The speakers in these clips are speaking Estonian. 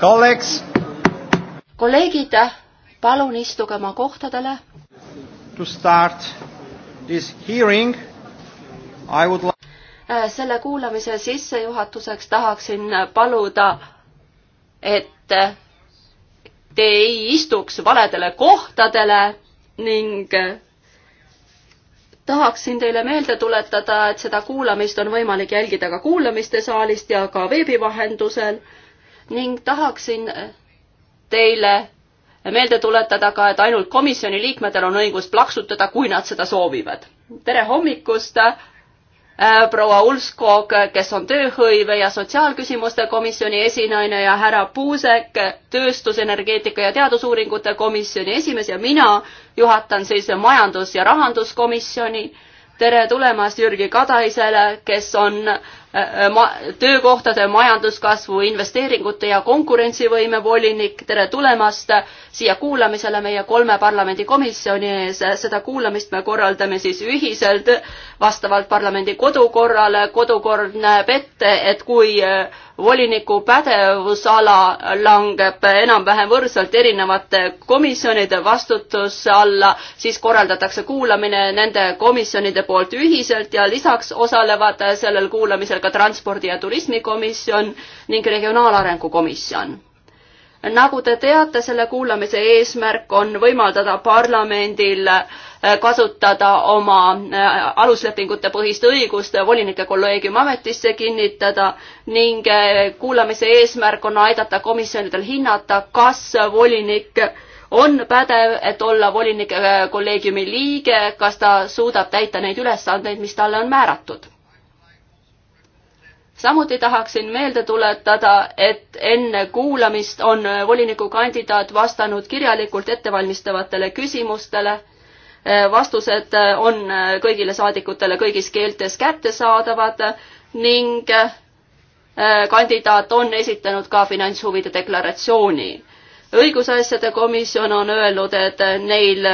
Kollegs. kolleegid, palun istuge oma kohtadele. To start this hearing I would like äh, selle kuulamise sissejuhatuseks tahaksin paluda, et te ei istuks valedele kohtadele ning tahaksin teile meelde tuletada, et seda kuulamist on võimalik jälgida ka kuulamiste saalist ja ka veebi vahendusel ning tahaksin teile meelde tuletada ka, et ainult komisjoni liikmetel on õigus plaksutada, kui nad seda soovivad. tere hommikust äh,, proua Ulskog, kes on tööhõive ja sotsiaalküsimuste komisjoni esinaine ja härra Puusek, tööstusenergeetika ja teadusuuringute komisjoni esimees ja mina juhatan siis majandus- ja rahanduskomisjoni. tere tulemast Jürgi Kadaisele, kes on äh, Äh, äh, ma-, töökohtade, majanduskasvu, investeeringute ja konkurentsivõime volinik, tere tulemast siia kuulamisele meie kolme parlamendikomisjoni ees. seda kuulamist me korraldame siis ühiselt vastavalt parlamendi kodukorrale. kodukord näeb ette, et kui äh, voliniku pädevusala langeb enam-vähem võrdselt erinevate komisjonide vastutuse alla, siis korraldatakse kuulamine nende komisjonide poolt ühiselt ja lisaks osalevad sellel kuulamisel ka Transpordi- ja Turismikomisjon ning Regionaalarengu Komisjon nagu te teate, selle kuulamise eesmärk on võimaldada parlamendil äh, kasutada oma äh, aluslepingute põhist õigust volinike kolleegiumi ametisse kinnitada ning äh, kuulamise eesmärk on aidata komisjonidel hinnata, kas volinik on pädev, et olla volinike kolleegiumi liige, kas ta suudab täita neid ülesandeid, mis talle on määratud samuti tahaksin meelde tuletada, et enne kuulamist on volinikukandidaat vastanud kirjalikult ettevalmistavatele küsimustele. vastused on kõigile saadikutele kõigis keeltes kättesaadavad ning kandidaat on esitanud ka finantshuvide deklaratsiooni. õigusasjade komisjon on öelnud, et neil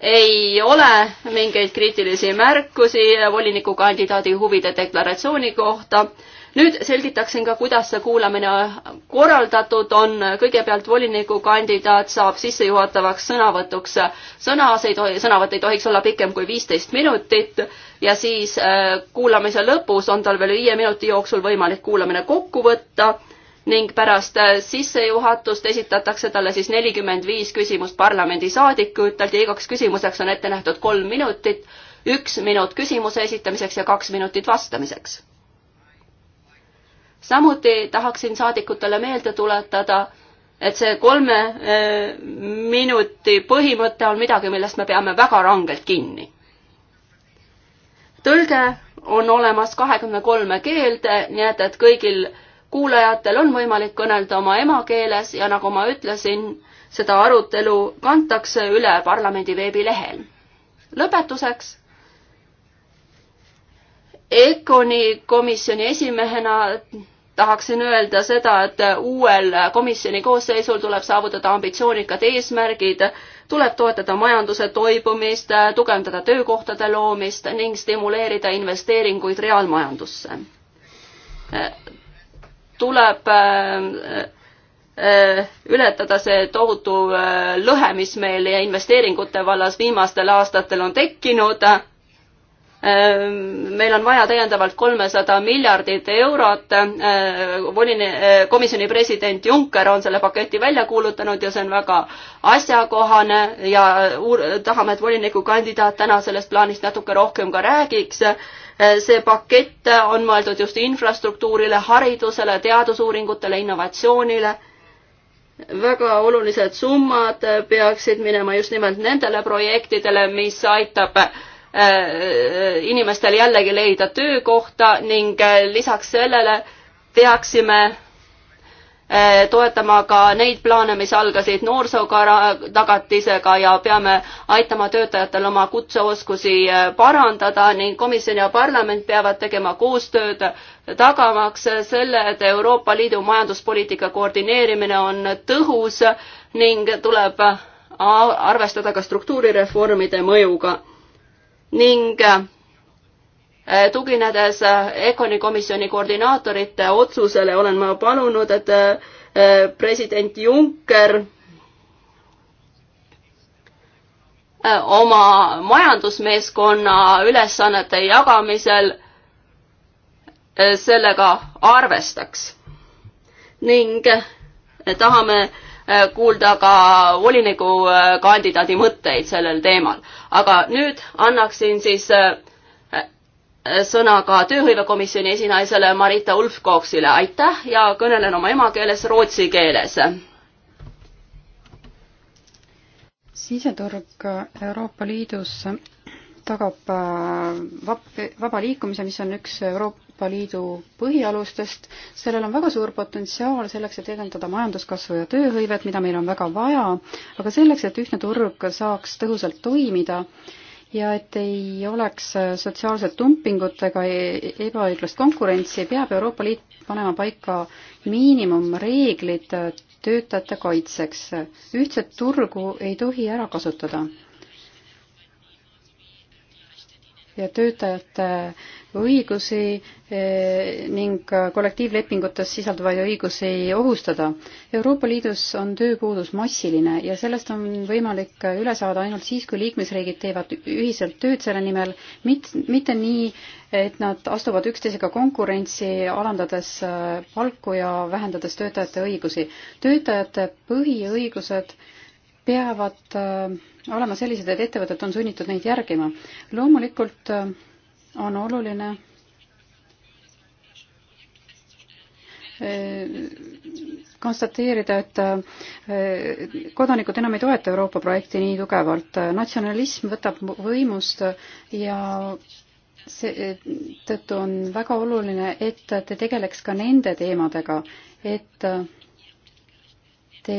ei ole mingeid kriitilisi märkusi volinikukandidaadi huvide deklaratsiooni kohta. nüüd selgitaksin ka, kuidas see kuulamine korraldatud on. kõigepealt volinikukandidaat saab sissejuhatavaks sõnavõtuks sõna, see ei tohi, sõnavõtt ei tohiks olla pikem kui viisteist minutit ja siis äh, kuulamise lõpus on tal veel viie minuti jooksul võimalik kuulamine kokku võtta ning pärast äh, sissejuhatust esitatakse talle siis nelikümmend viis küsimust parlamendisaadikutelt ja igaks küsimuseks on ette nähtud kolm minutit, üks minut küsimuse esitamiseks ja kaks minutit vastamiseks. samuti tahaksin saadikutele meelde tuletada, et see kolme äh, minuti põhimõte on midagi, millest me peame väga rangelt kinni. tõlge on olemas kahekümne kolme keelde, nii et, et kõigil kuulajatel on võimalik kõnelda oma emakeeles ja nagu ma ütlesin, seda arutelu kantakse üle parlamendi veebilehel. lõpetuseks. EKONi komisjoni esimehena tahaksin öelda seda, et uuel komisjoni koosseisul tuleb saavutada ambitsioonikad eesmärgid, tuleb toetada majanduse toibumist, tugevdada töökohtade loomist ning stimuleerida investeeringuid reaalmajandusse tuleb äh, äh, ületada see tohutu äh, lõhe, mis meil investeeringute vallas viimastel aastatel on tekkinud. meil on vaja täiendavalt kolmesada miljardit eurot. volini-, komisjoni president Juncker on selle paketi välja kuulutanud ja see on väga asjakohane ja uur-, tahame, et volinikukandidaat täna sellest plaanist natuke rohkem ka räägiks see pakett on mõeldud just infrastruktuurile, haridusele, teadusuuringutele, innovatsioonile. väga olulised summad peaksid minema just nimelt nendele projektidele, mis aitab äh, inimestel jällegi leida töökohta ning äh, lisaks sellele peaksime Eh, toetama ka neid plaane, mis algasid noorsootagatisega ja peame aitama töötajatel oma kutseoskusi eh, parandada ning komisjon ja parlament peavad tegema koostööd, tagamaks selle, et Euroopa Liidu majanduspoliitika koordineerimine on tõhus ning tuleb arvestada ka struktuurireformide mõjuga ning eh, Eh, tuginedes eh, ECONi komisjoni koordinaatorite otsusele olen ma palunud, et eh, president Juncker oma majandusmeeskonna ülesannete jagamisel sellega arvestaks. ning tahame kuulda ka volinikukandidaadi mõtteid sellel teemal. aga nüüd annaksin siis sõna ka tööhõivekomisjoni esinaisele Marita Ulfkoksile, aitäh ja kõnelen oma emakeeles rootsi keeles. siseturg Euroopa Liidus tagab äh, vab-, vaba liikumise, mis on üks Euroopa Liidu põhialustest. sellel on väga suur potentsiaal selleks, et edendada majanduskasvu ja tööhõivet, mida meil on väga vaja, aga selleks, et ühtne turg saaks tõhusalt toimida, ja et ei oleks sotsiaalset dumpingut ega e-, ebaõiglast konkurentsi, peab Euroopa Liit panema paika miinimumreeglid töötajate kaitseks. ühtset turgu ei tohi ära kasutada ja töötajate õigusi eh, ning kollektiivlepingutes sisalduvaid õigusi ohustada. Euroopa Liidus on tööpuudus massiline ja sellest on võimalik üle saada ainult siis, kui liikmesriigid teevad ühiselt tööd selle nimel, mitte nii, et nad astuvad üksteisega konkurentsi, alandades eh, palku ja vähendades töötajate õigusi. töötajate põhiõigused peavad äh, olema sellised, et ettevõtted on sunnitud neid järgima. loomulikult äh, on oluline äh, konstateerida, et äh, kodanikud enam ei toeta Euroopa projekti nii tugevalt. natsionalism võtab võimust ja seetõttu on väga oluline, et te tegeleks ka nende teemadega, et te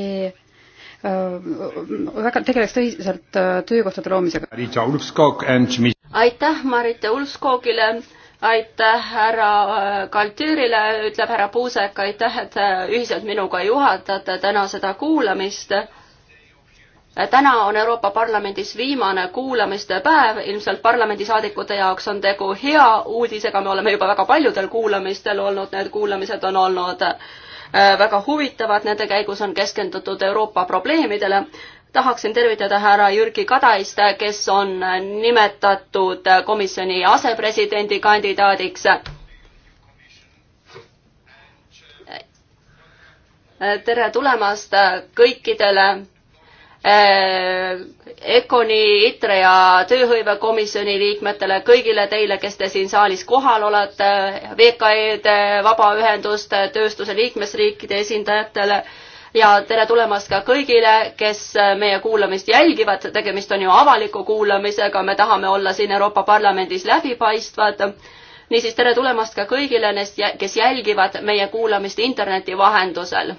Äh, väga tegeleks tõsiselt äh, töökohtade loomisega. aitäh Marita Ulfskogile, aitäh härra Kaltüürile, äh, ütleb härra Puusek, aitäh, et ühiselt minuga juhatate täna seda kuulamist täna on Euroopa Parlamendis viimane kuulamiste päev, ilmselt parlamendisaadikute jaoks on tegu hea uudisega, me oleme juba väga paljudel kuulamistel olnud, need kuulamised on olnud äh, Äh, väga huvitavad, nende käigus on keskendutud Euroopa probleemidele. tahaksin tervitada härra Jürgi Kadaist, kes on nimetatud komisjoni asepresidendi kandidaadiks. Äh, tere tulemast kõikidele Äh, Econi, ITRE ja Tööhõivekomisjoni liikmetele, kõigile teile, kes te siin saalis kohal olete, VKE-de, vabaühenduste, tööstuse liikmesriikide esindajatele ja tere tulemast ka kõigile, kes meie kuulamist jälgivad, tegemist on ju avaliku kuulamisega, me tahame olla siin Euroopa Parlamendis läbipaistvad. niisiis tere tulemast ka kõigile neist, kes jälgivad meie kuulamist interneti vahendusel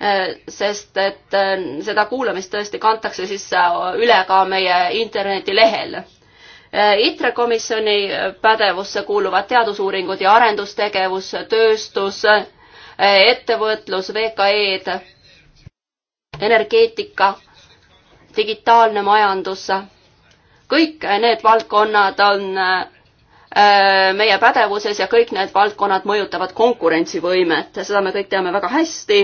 Äh, sest et äh, seda kuulamist tõesti kantakse siis äh, üle ka meie internetilehel. ITRE komisjoni pädevusse kuuluvad teadusuuringud ja arendustegevus, tööstus, ettevõtlus, VKE-d, energeetika, digitaalne majandus. kõik need valdkonnad on meie pädevuses ja kõik need valdkonnad mõjutavad konkurentsivõimet, seda me kõik teame väga hästi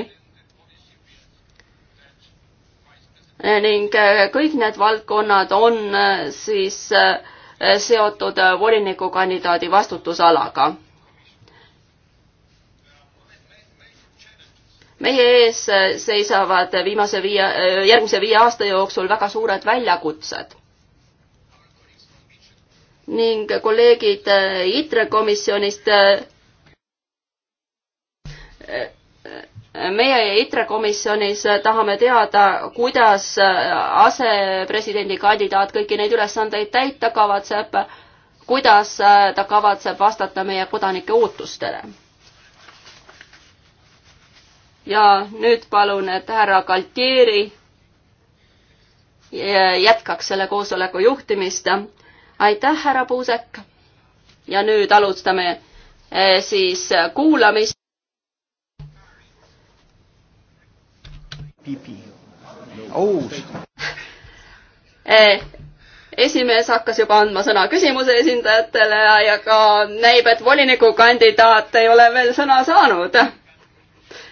ning äh, kõik need valdkonnad on äh, siis äh, seotud volinikukandidaadi vastutusalaga. meie ees seisavad viimase viie, järgmise viie aasta jooksul väga suured väljakutsed ning kolleegid ITRE komisjonist meie ITRE komisjonis tahame teada, kuidas asepresidendi kandidaat kõiki neid ülesandeid täita kavatseb, kuidas ta kavatseb vastata meie kodanike ootustele. ja nüüd palun, et härra Galtieri jätkaks selle koosoleku juhtimist. aitäh, härra Puusek. ja nüüd alustame eh, siis kuulamist. PP. aus. Oh. Eh, esimees hakkas juba andma sõna küsimuse esindajatele ja, ja ka näib, et volinikukandidaat ei ole veel sõna saanud.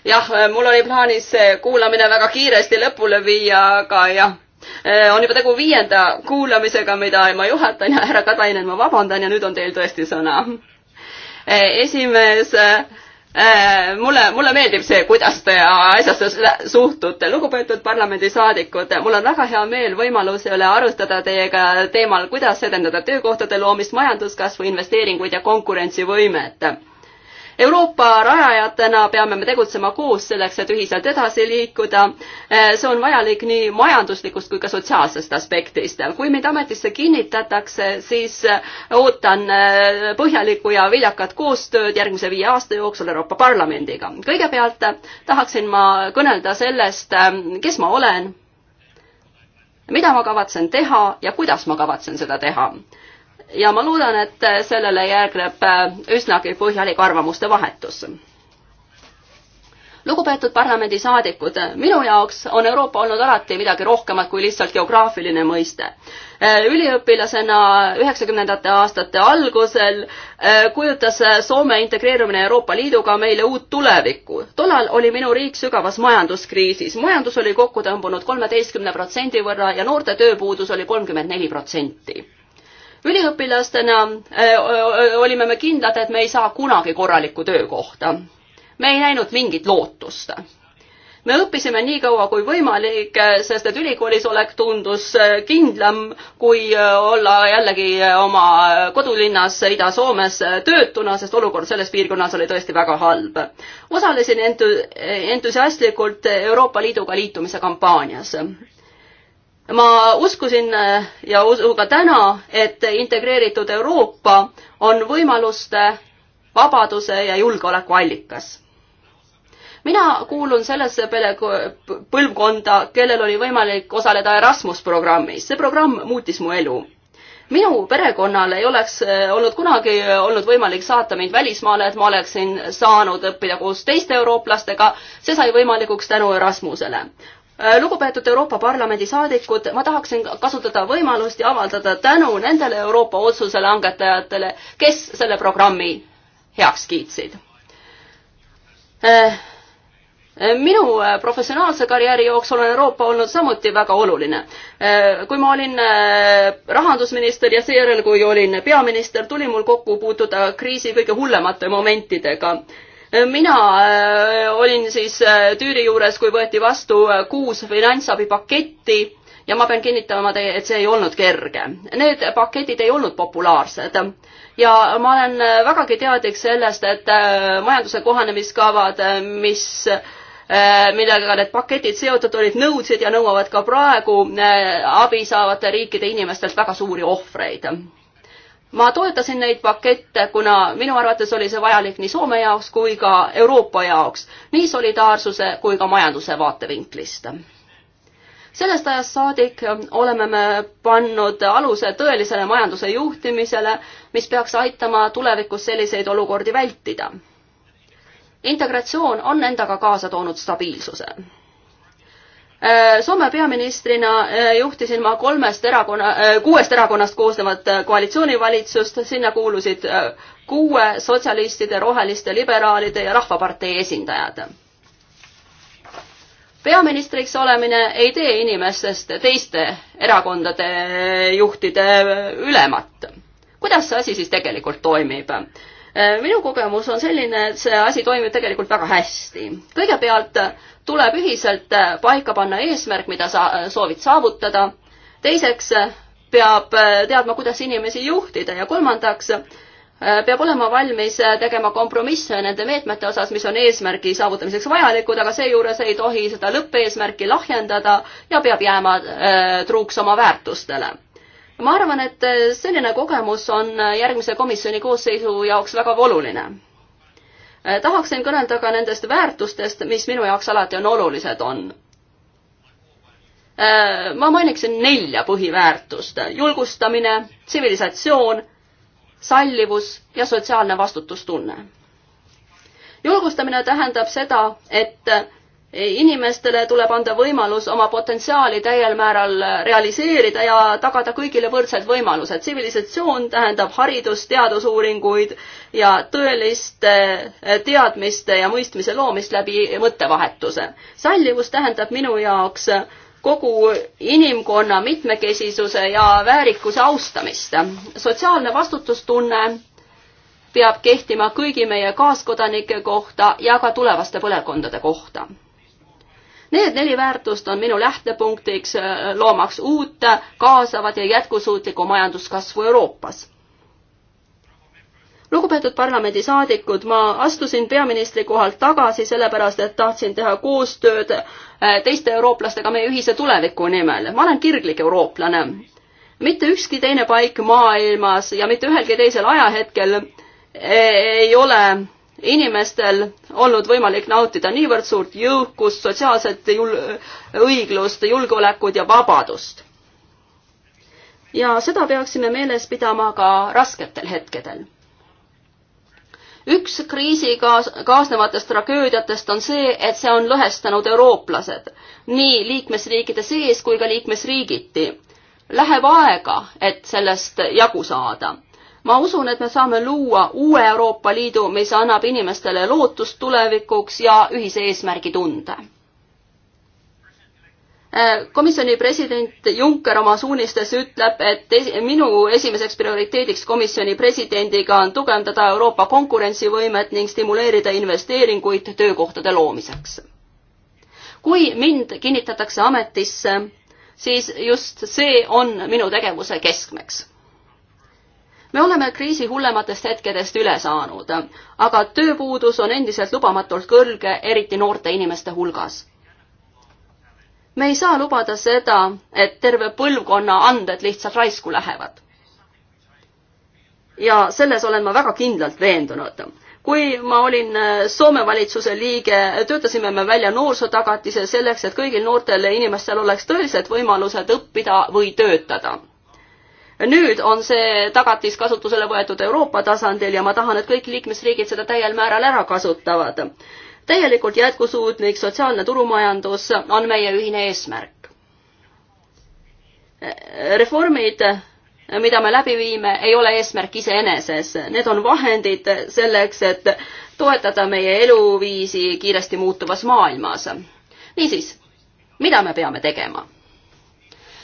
jah, mul oli plaanis kuulamine väga kiiresti lõpule viia, aga jah, eh, on juba tegu viienda kuulamisega, mida ma juhatan ja härra Katainen, ma vabandan ja nüüd on teil tõesti sõna. Eh, esimees äh, Äh, mulle, mulle meeldib see, kuidas te asjasse suhtute. lugupeetud parlamendisaadikud, mul on väga hea meel võimaluse üle arutada teiega teemal, kuidas edendada töökohtade loomist, majanduskasvu, investeeringuid ja konkurentsivõimet Euroopa rajajatena peame me tegutsema koos selleks, et ühiselt edasi liikuda. Eh, see on vajalik nii majanduslikust kui ka sotsiaalsest aspektist. kui meid ametisse kinnitatakse, siis eh, ootan eh, põhjalikku ja viljakat koostööd järgmise viie aasta jooksul Euroopa Parlamendiga. kõigepealt tahaksin ma kõnelda sellest, kes ma olen mida ma kavatsen teha ja kuidas ma kavatsen seda teha ja ma loodan, et sellele järgneb äh, üsnagi põhjalik arvamuste vahetus. lugupeetud parlamendisaadikud, minu jaoks on Euroopa olnud alati midagi rohkemat kui lihtsalt geograafiline mõiste. Äh, üliõpilasena üheksakümnendate aastate algusel äh, kujutas Soome integreerumine Euroopa Liiduga meile uut tulevikku. tollal oli minu riik sügavas majanduskriisis. majandus oli kokku tõmbunud kolmeteistkümne protsendi võrra ja noorte tööpuudus oli kolmkümmend neli protsenti üliõpilastena äh, olime me kindlad, et me ei saa kunagi korralikku töökohta. me ei näinud mingit lootust me õppisime nii kaua kui võimalik, äh, sest et ülikoolis olek tundus äh, kindlam kui olla jällegi oma kodulinnas Ida-Soomes töötuna, sest olukord selles piirkonnas oli tõesti väga halb. osalesin entu-, entusiastlikult Euroopa Liiduga liitumise kampaanias ma uskusin äh, ja usun ka täna, et integreeritud Euroopa on võimaluste, vabaduse ja julgeoleku allikas. mina kuulun sellesse põlvkonda, kellel oli võimalik osaleda Erasmus programmis. see programm muutis mu elu minu perekonnal ei oleks äh, olnud kunagi äh, olnud võimalik saata mind välismaale, et ma oleksin saanud õppida koos teiste eurooplastega. see sai võimalikuks tänu Erasmusele. Äh, lugupeetud Euroopa Parlamendi saadikud, ma tahaksin kasutada võimalust ja avaldada tänu nendele Euroopa otsuse langetajatele, kes selle programmi heaks kiitsid. Äh, minu äh, professionaalse karjääri jooksul on Euroopa olnud samuti väga oluline. kui ma olin rahandusminister ja seejärel, kui olin peaminister, tuli mul kokku puutuda kriisi kõige hullemate momentidega mina äh, olin siis äh, Tüüri juures, kui võeti vastu äh, kuus finantsabipaketti ja ma pean kinnitama teie, et see ei olnud kerge. Need paketid ei olnud populaarsed ja ma olen vägagi teadlik sellest, et majanduse kohanemiskavad, mis millega need paketid seotud olid, nõudsid ja nõuavad ka praegu abi saavate riikide inimestelt väga suuri ohvreid ma toetasin neid pakette, kuna minu arvates oli see vajalik nii Soome jaoks kui ka Euroopa jaoks, nii solidaarsuse kui ka majanduse vaatevinklist. sellest ajast saadik oleme me pannud aluse tõelisele majanduse juhtimisele, mis peaks aitama tulevikus selliseid olukordi vältida. integratsioon on endaga kaasa toonud stabiilsuse Äh, Soome peaministrina äh, juhtisin ma kolmest erakonna, äh, kuuest erakonnast koosnevat koalitsioonivalitsust, sinna kuulusid kuue sotsialistide, roheliste, liberaalide ja Rahvapartei esindajad. peaministriks olemine ei tee inimestest teiste erakondade juhtide ülemat. kuidas see asi siis tegelikult toimib? Äh, minu kogemus on selline, et see asi toimib tegelikult väga hästi. kõigepealt tuleb ühiselt äh, paika panna eesmärk, mida sa äh, soovid saavutada. teiseks peab teadma, kuidas inimesi juhtida ja kolmandaks peab olema valmis tegema kompromisse nende meetmete osas, mis on eesmärgi saavutamiseks vajalikud, aga seejuures ei tohi seda lõppeesmärki lahjendada ja peab jääma truuks oma väärtustele ma arvan, et äh, selline kogemus on äh, järgmise komisjoni koosseisu jaoks väga oluline. Äh, tahaksin kõnelda ka nendest väärtustest, mis minu jaoks alati on olulised, on. ma mainiksin nelja põhiväärtust, julgustamine, tsivilisatsioon, sallivus ja sotsiaalne vastutustunne julgustamine tähendab seda, et inimestele tuleb anda võimalus oma potentsiaali täiel määral realiseerida ja tagada kõigile võrdsed võimalused. tsivilisatsioon tähendab haridust, teadusuuringuid ja tõeliste eh, teadmiste ja mõistmise loomist läbi mõttevahetuse. sallivus tähendab minu jaoks kogu inimkonna mitmekesisuse ja väärikuse austamist. sotsiaalne vastutustunne peab kehtima kõigi meie kaaskodanike kohta ja ka tulevaste põlvkondade kohta Need neli väärtust on minu lähtepunktiks äh, loomaks uut, kaasavat ja jätkusuutlikku majanduskasvu Euroopas lugupeetud parlamendisaadikud, ma astusin peaministri kohalt tagasi sellepärast, et tahtsin teha koostööd äh, teiste eurooplastega meie ühise tuleviku nimel. ma olen kirglik eurooplane. mitte ükski teine paik maailmas ja mitte ühelgi teisel ajahetkel äh, ei ole inimestel olnud võimalik nautida niivõrd suurt jõukust, sotsiaalset jul-, õiglust, julgeolekut ja vabadust. ja seda peaksime meeles pidama ka rasketel hetkedel. üks kriisi kaas-, kaasnevatest tragöödiatest on see, et see on lõhestanud eurooplased nii liikmesriikide sees kui ka liikmesriigiti. Läheb aega, et sellest jagu saada ma usun, et me saame luua uue Euroopa Liidu, mis annab inimestele lootust tulevikuks ja ühise eesmärgi tunde. Äh, komisjoni president Juncker oma suunistes ütleb, et es minu esimeseks prioriteediks komisjoni presidendiga on tugevdada Euroopa konkurentsivõimet ning stimuleerida investeeringuid töökohtade loomiseks. kui mind kinnitatakse ametisse, siis just see on minu tegevuse keskmeks me oleme kriisi hullematest hetkedest üle saanud, aga tööpuudus on endiselt lubamatult kõrge, eriti noorte inimeste hulgas. me ei saa lubada seda, et terve põlvkonna anded lihtsalt raisku lähevad. ja selles olen ma väga kindlalt veendunud kui ma olin äh, Soome valitsuse liige, töötasime me välja noorsootagatise selleks, et kõigil noortel inimestel oleks tõelised võimalused õppida või töötada nüüd on see tagatis kasutusele võetud Euroopa tasandil ja ma tahan, et kõik liikmesriigid seda täiel määral ära kasutavad. täielikult jätkusuutlik sotsiaalne turumajandus on meie ühine eesmärk. reformid, mida me läbi viime, ei ole eesmärk iseeneses, need on vahendid selleks, et toetada meie eluviisi kiiresti muutuvas maailmas. niisiis, mida me peame tegema?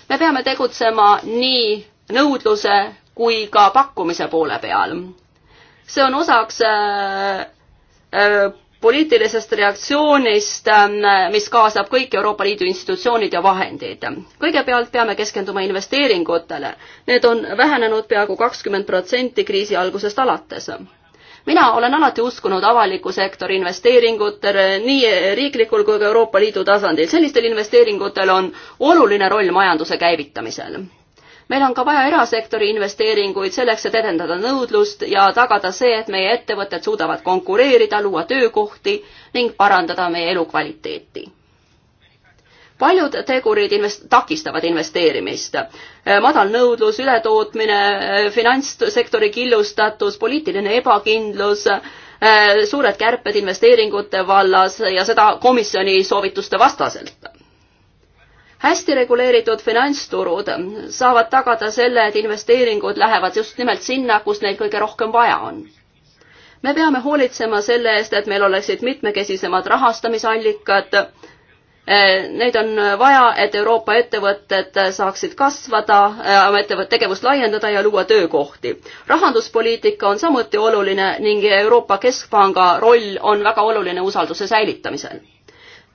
me peame tegutsema nii, nõudluse kui ka pakkumise poole peal. see on osaks äh, äh, poliitilisest reaktsioonist, ähm, mis kaasab kõik Euroopa Liidu institutsioonid ja vahendid. kõigepealt peame keskenduma investeeringutele. Need on vähenenud peaaegu kakskümmend protsenti kriisi algusest alates. mina olen alati uskunud avaliku sektori investeeringutele nii riiklikul kui ka Euroopa Liidu tasandil. sellistel investeeringutel on oluline roll majanduse käivitamisel meil on ka vaja erasektori investeeringuid selleks, et edendada nõudlust ja tagada see, et meie ettevõtted suudavad konkureerida, luua töökohti ning parandada meie elukvaliteeti paljud tegurid invest-, takistavad investeerimist. madal nõudlus, ületootmine, finantssektori killustatus, poliitiline ebakindlus, suured kärped investeeringute vallas ja seda komisjoni soovituste vastaselt hästi reguleeritud finantsturud saavad tagada selle, et investeeringud lähevad just nimelt sinna, kus neid kõige rohkem vaja on. me peame hoolitsema selle eest, et meil oleksid mitmekesisemad rahastamisallikad. Eh, neid on vaja, et Euroopa ettevõtted saaksid kasvada, eh, oma ettevõtte tegevust laiendada ja luua töökohti. rahanduspoliitika on samuti oluline ning Euroopa Keskpanga roll on väga oluline usalduse säilitamisel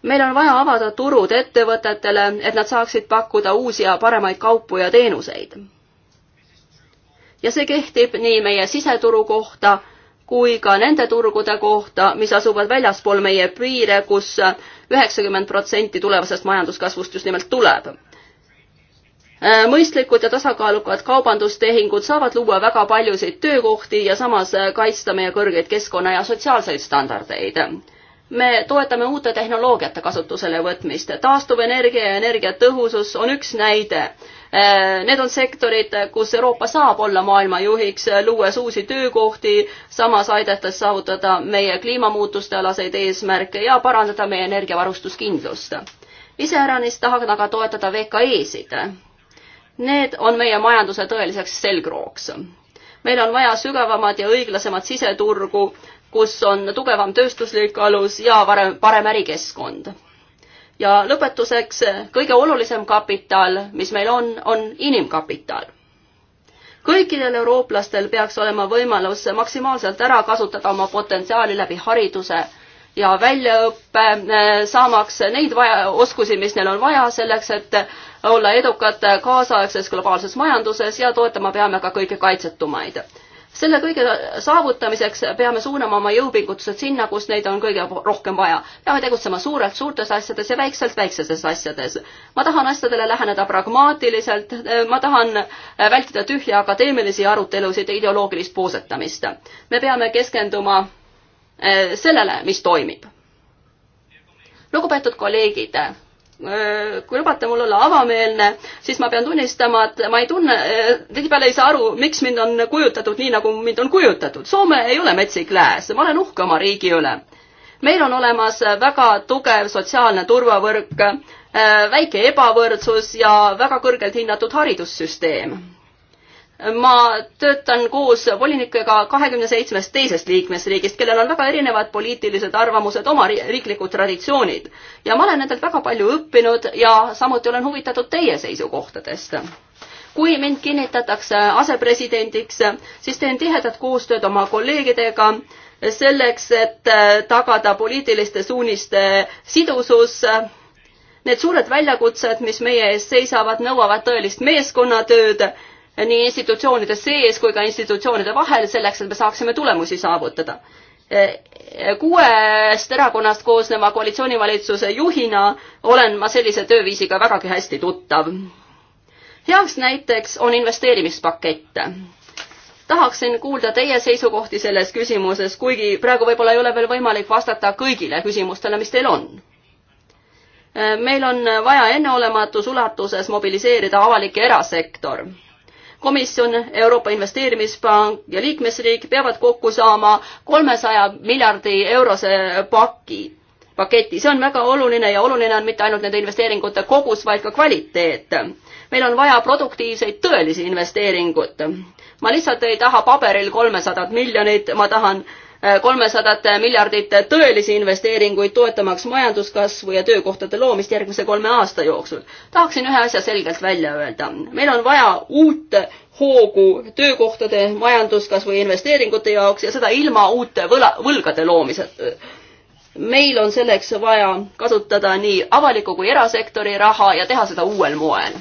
meil on vaja avada turud ettevõtetele, et nad saaksid pakkuda uusi ja paremaid kaupu ja teenuseid. ja see kehtib nii meie siseturu kohta kui ka nende turgude kohta, mis asuvad väljaspool meie piire kus, kus üheksakümmend protsenti tulevasest majanduskasvust just nimelt tuleb mõistlikud ja tasakaalukad kaubandustehingud saavad luua väga paljusid töökohti ja samas kaitsta meie kõrgeid keskkonna ja sotsiaalseid standardeid me toetame uute tehnoloogiate kasutusele võtmist. taastuvenergia ja energiatõhusus on üks näide. Äh, need on sektorid, kus Euroopa saab olla maailma juhiks, luues uusi töökohti, samas aidates saavutada meie kliimamuutuste alaseid eesmärke ja parandada meie energiavarustuskindlust. iseäranis tahan aga toetada VKE-sid. Need on meie majanduse tõeliseks selgrooks meil on vaja sügavamat ja õiglasemat siseturgu, kus on tugevam tööstuslik alus ja varem, parem ärikeskkond. ja lõpetuseks, kõige olulisem kapital, mis meil on, on inimkapital. kõikidel eurooplastel peaks olema võimalus maksimaalselt ära kasutada oma potentsiaali läbi hariduse ja väljaõppe, eh, saamaks neid vaja, oskusi, mis neil on vaja selleks, et olla edukad kaasaegses globaalses majanduses ja toetama peame ka kõige kaitsetumaid selle kõige saavutamiseks peame suunama oma jõupingutused sinna, kus neid on kõige rohkem vaja. peame tegutsema suurelt suurtes asjades ja väikselt väikseses asjades. ma tahan asjadele läheneda pragmaatiliselt, ma tahan vältida tühja akadeemilisi arutelusid ja ideoloogilist puusetamist. me peame keskenduma eh, sellele, mis toimib. lugupeetud kolleegid Äh, kui lubate mul olla avameelne, siis ma pean tunnistama, et ma ei tunne, äh, tihtipeale ei saa aru, miks mind on kujutatud nii, nagu mind on kujutatud. Soome ei ole metsik lääs, ma olen uhke oma riigi üle. meil on olemas väga tugev sotsiaalne turvavõrk, äh, väike ebavõrdsus ja väga kõrgelt hinnatud haridussüsteem ma töötan koos volinikega kahekümne seitsmest teisest liikmesriigist, kellel on väga erinevad poliitilised arvamused, oma riiklikud traditsioonid. ja ma olen nendelt väga palju õppinud ja samuti olen huvitatud teie seisukohtadest. kui mind kinnitatakse asepresidendiks, siis teen tihedat koostööd oma kolleegidega selleks, et äh, tagada poliitiliste suuniste sidusus Need suured väljakutsed, mis meie ees seisavad, nõuavad tõelist meeskonnatööd nii institutsioonide sees kui ka institutsioonide vahel, selleks et me saaksime tulemusi saavutada. kuuest erakonnast koosneva koalitsioonivalitsuse juhina olen ma sellise tööviisiga vägagi hästi tuttav. heaks näiteks on investeerimispakett tahaksin kuulda teie seisukohti selles küsimuses, kuigi praegu võib-olla ei ole veel võimalik vastata kõigile küsimustele, mis teil on. meil on vaja enneolematus ulatuses mobiliseerida avalik ja erasektor komisjon, Euroopa Investeerimispank ja liikmesriik peavad kokku saama kolmesaja miljardi eurose paki, paketi. see on väga oluline ja oluline on mitte ainult nende investeeringute kogus, vaid ka kvaliteet. meil on vaja produktiivseid tõelisi investeeringuid. ma lihtsalt ei taha paberil kolmesadat miljonit, ma tahan äh, kolmesadat miljardit tõelisi investeeringuid, toetamaks majanduskasvu ja töökohtade loomist järgmise kolme aasta jooksul. tahaksin ühe asja selgelt välja öelda. meil on vaja uut hoogu töökohtade, majanduskasvu ja investeeringute jaoks ja seda ilma uute võla, võlgade loomiseta meil on selleks vaja kasutada nii avaliku kui erasektori raha ja teha seda uuel moel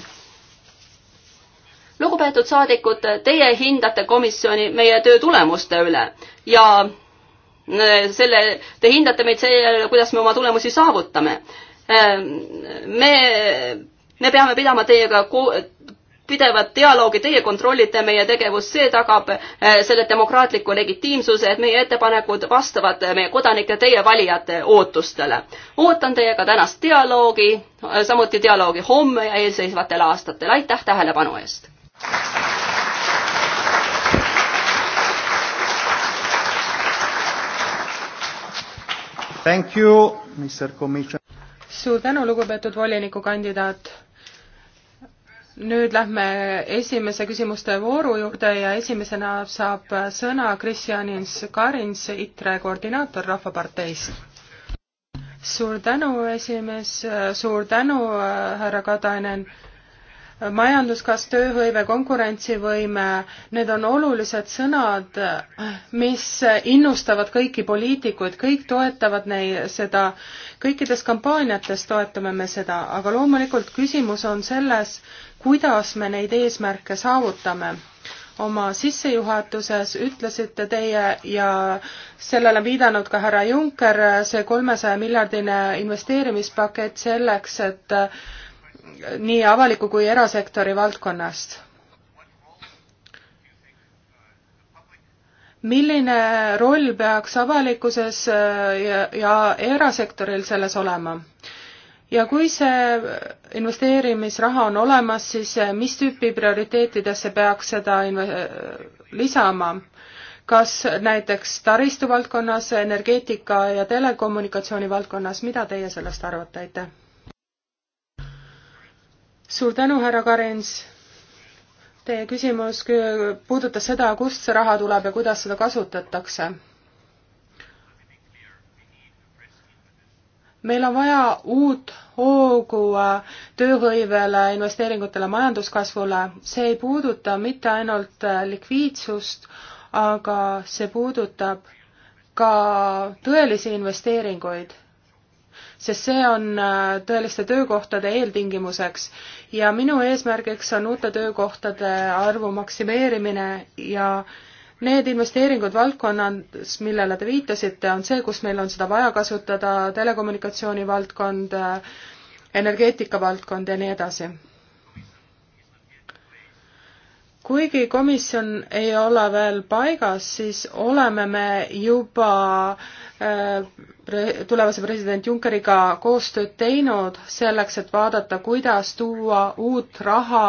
lugupeetud saadikud, teie hindate komisjoni meie töö tulemuste üle ja selle, te hindate meid selle, kuidas me oma tulemusi saavutame. Ehm, me, me peame pidama teiega pidevat dialoogi, teie kontrollite meie tegevust, see tagab eh, selle demokraatliku legitiimsuse, et meie ettepanekud vastavad meie kodanike, teie valijate ootustele. ootan teiega tänast dialoogi, samuti dialoogi homme ja eelseisvatel aastatel, aitäh tähelepanu eest! Thank you, Mr Commissioner. suur tänu, lugupeetud volinikukandidaat. nüüd lähme esimese küsimuste vooru juurde ja esimesena saab sõna Kristjanins Karins, ITRE koordinaator Rahvaparteist. suur tänu, esimees, suur tänu, härra Katainen majanduskasv, tööhõive, konkurentsivõime, need on olulised sõnad, mis innustavad kõiki poliitikuid, kõik toetavad neid, seda, kõikides kampaaniates toetame me seda, aga loomulikult küsimus on selles, kuidas me neid eesmärke saavutame oma sissejuhatuses ütlesite teie ja sellele on viidanud ka härra Juncker, see kolmesaja miljardine investeerimispakett selleks, et nii avaliku kui erasektori valdkonnast. milline roll peaks avalikkuses äh, ja, ja erasektoril selles olema? ja kui see investeerimisraha on olemas, siis äh, mis tüüpi prioriteetidesse peaks seda äh, lisama? kas näiteks taristu valdkonnas, energeetika ja telekommunikatsiooni valdkonnas, mida teie sellest arvate, aitäh? suur tänu, härra Karens. Teie küsimus puudutas seda, kust see raha tuleb ja kuidas seda kasutatakse. meil on vaja uut hoogu äh, tööhõivele, investeeringutele, majanduskasvule. see ei puuduta mitte ainult äh, likviidsust, aga see puudutab ka tõelisi investeeringuid sest see on äh, tõeliste töökohtade eeltingimuseks. ja minu eesmärgiks on uute töökohtade arvu maksimeerimine ja need investeeringud valdkonnas, millele te viitasite, on see, kus meil on seda vaja kasutada, telekommunikatsiooni valdkond, äh, energeetika valdkond ja nii edasi kuigi komisjon ei ole veel paigas, siis oleme me juba äh, tulevase president Junckeriga koostööd teinud selleks, et vaadata, kuidas tuua uut raha,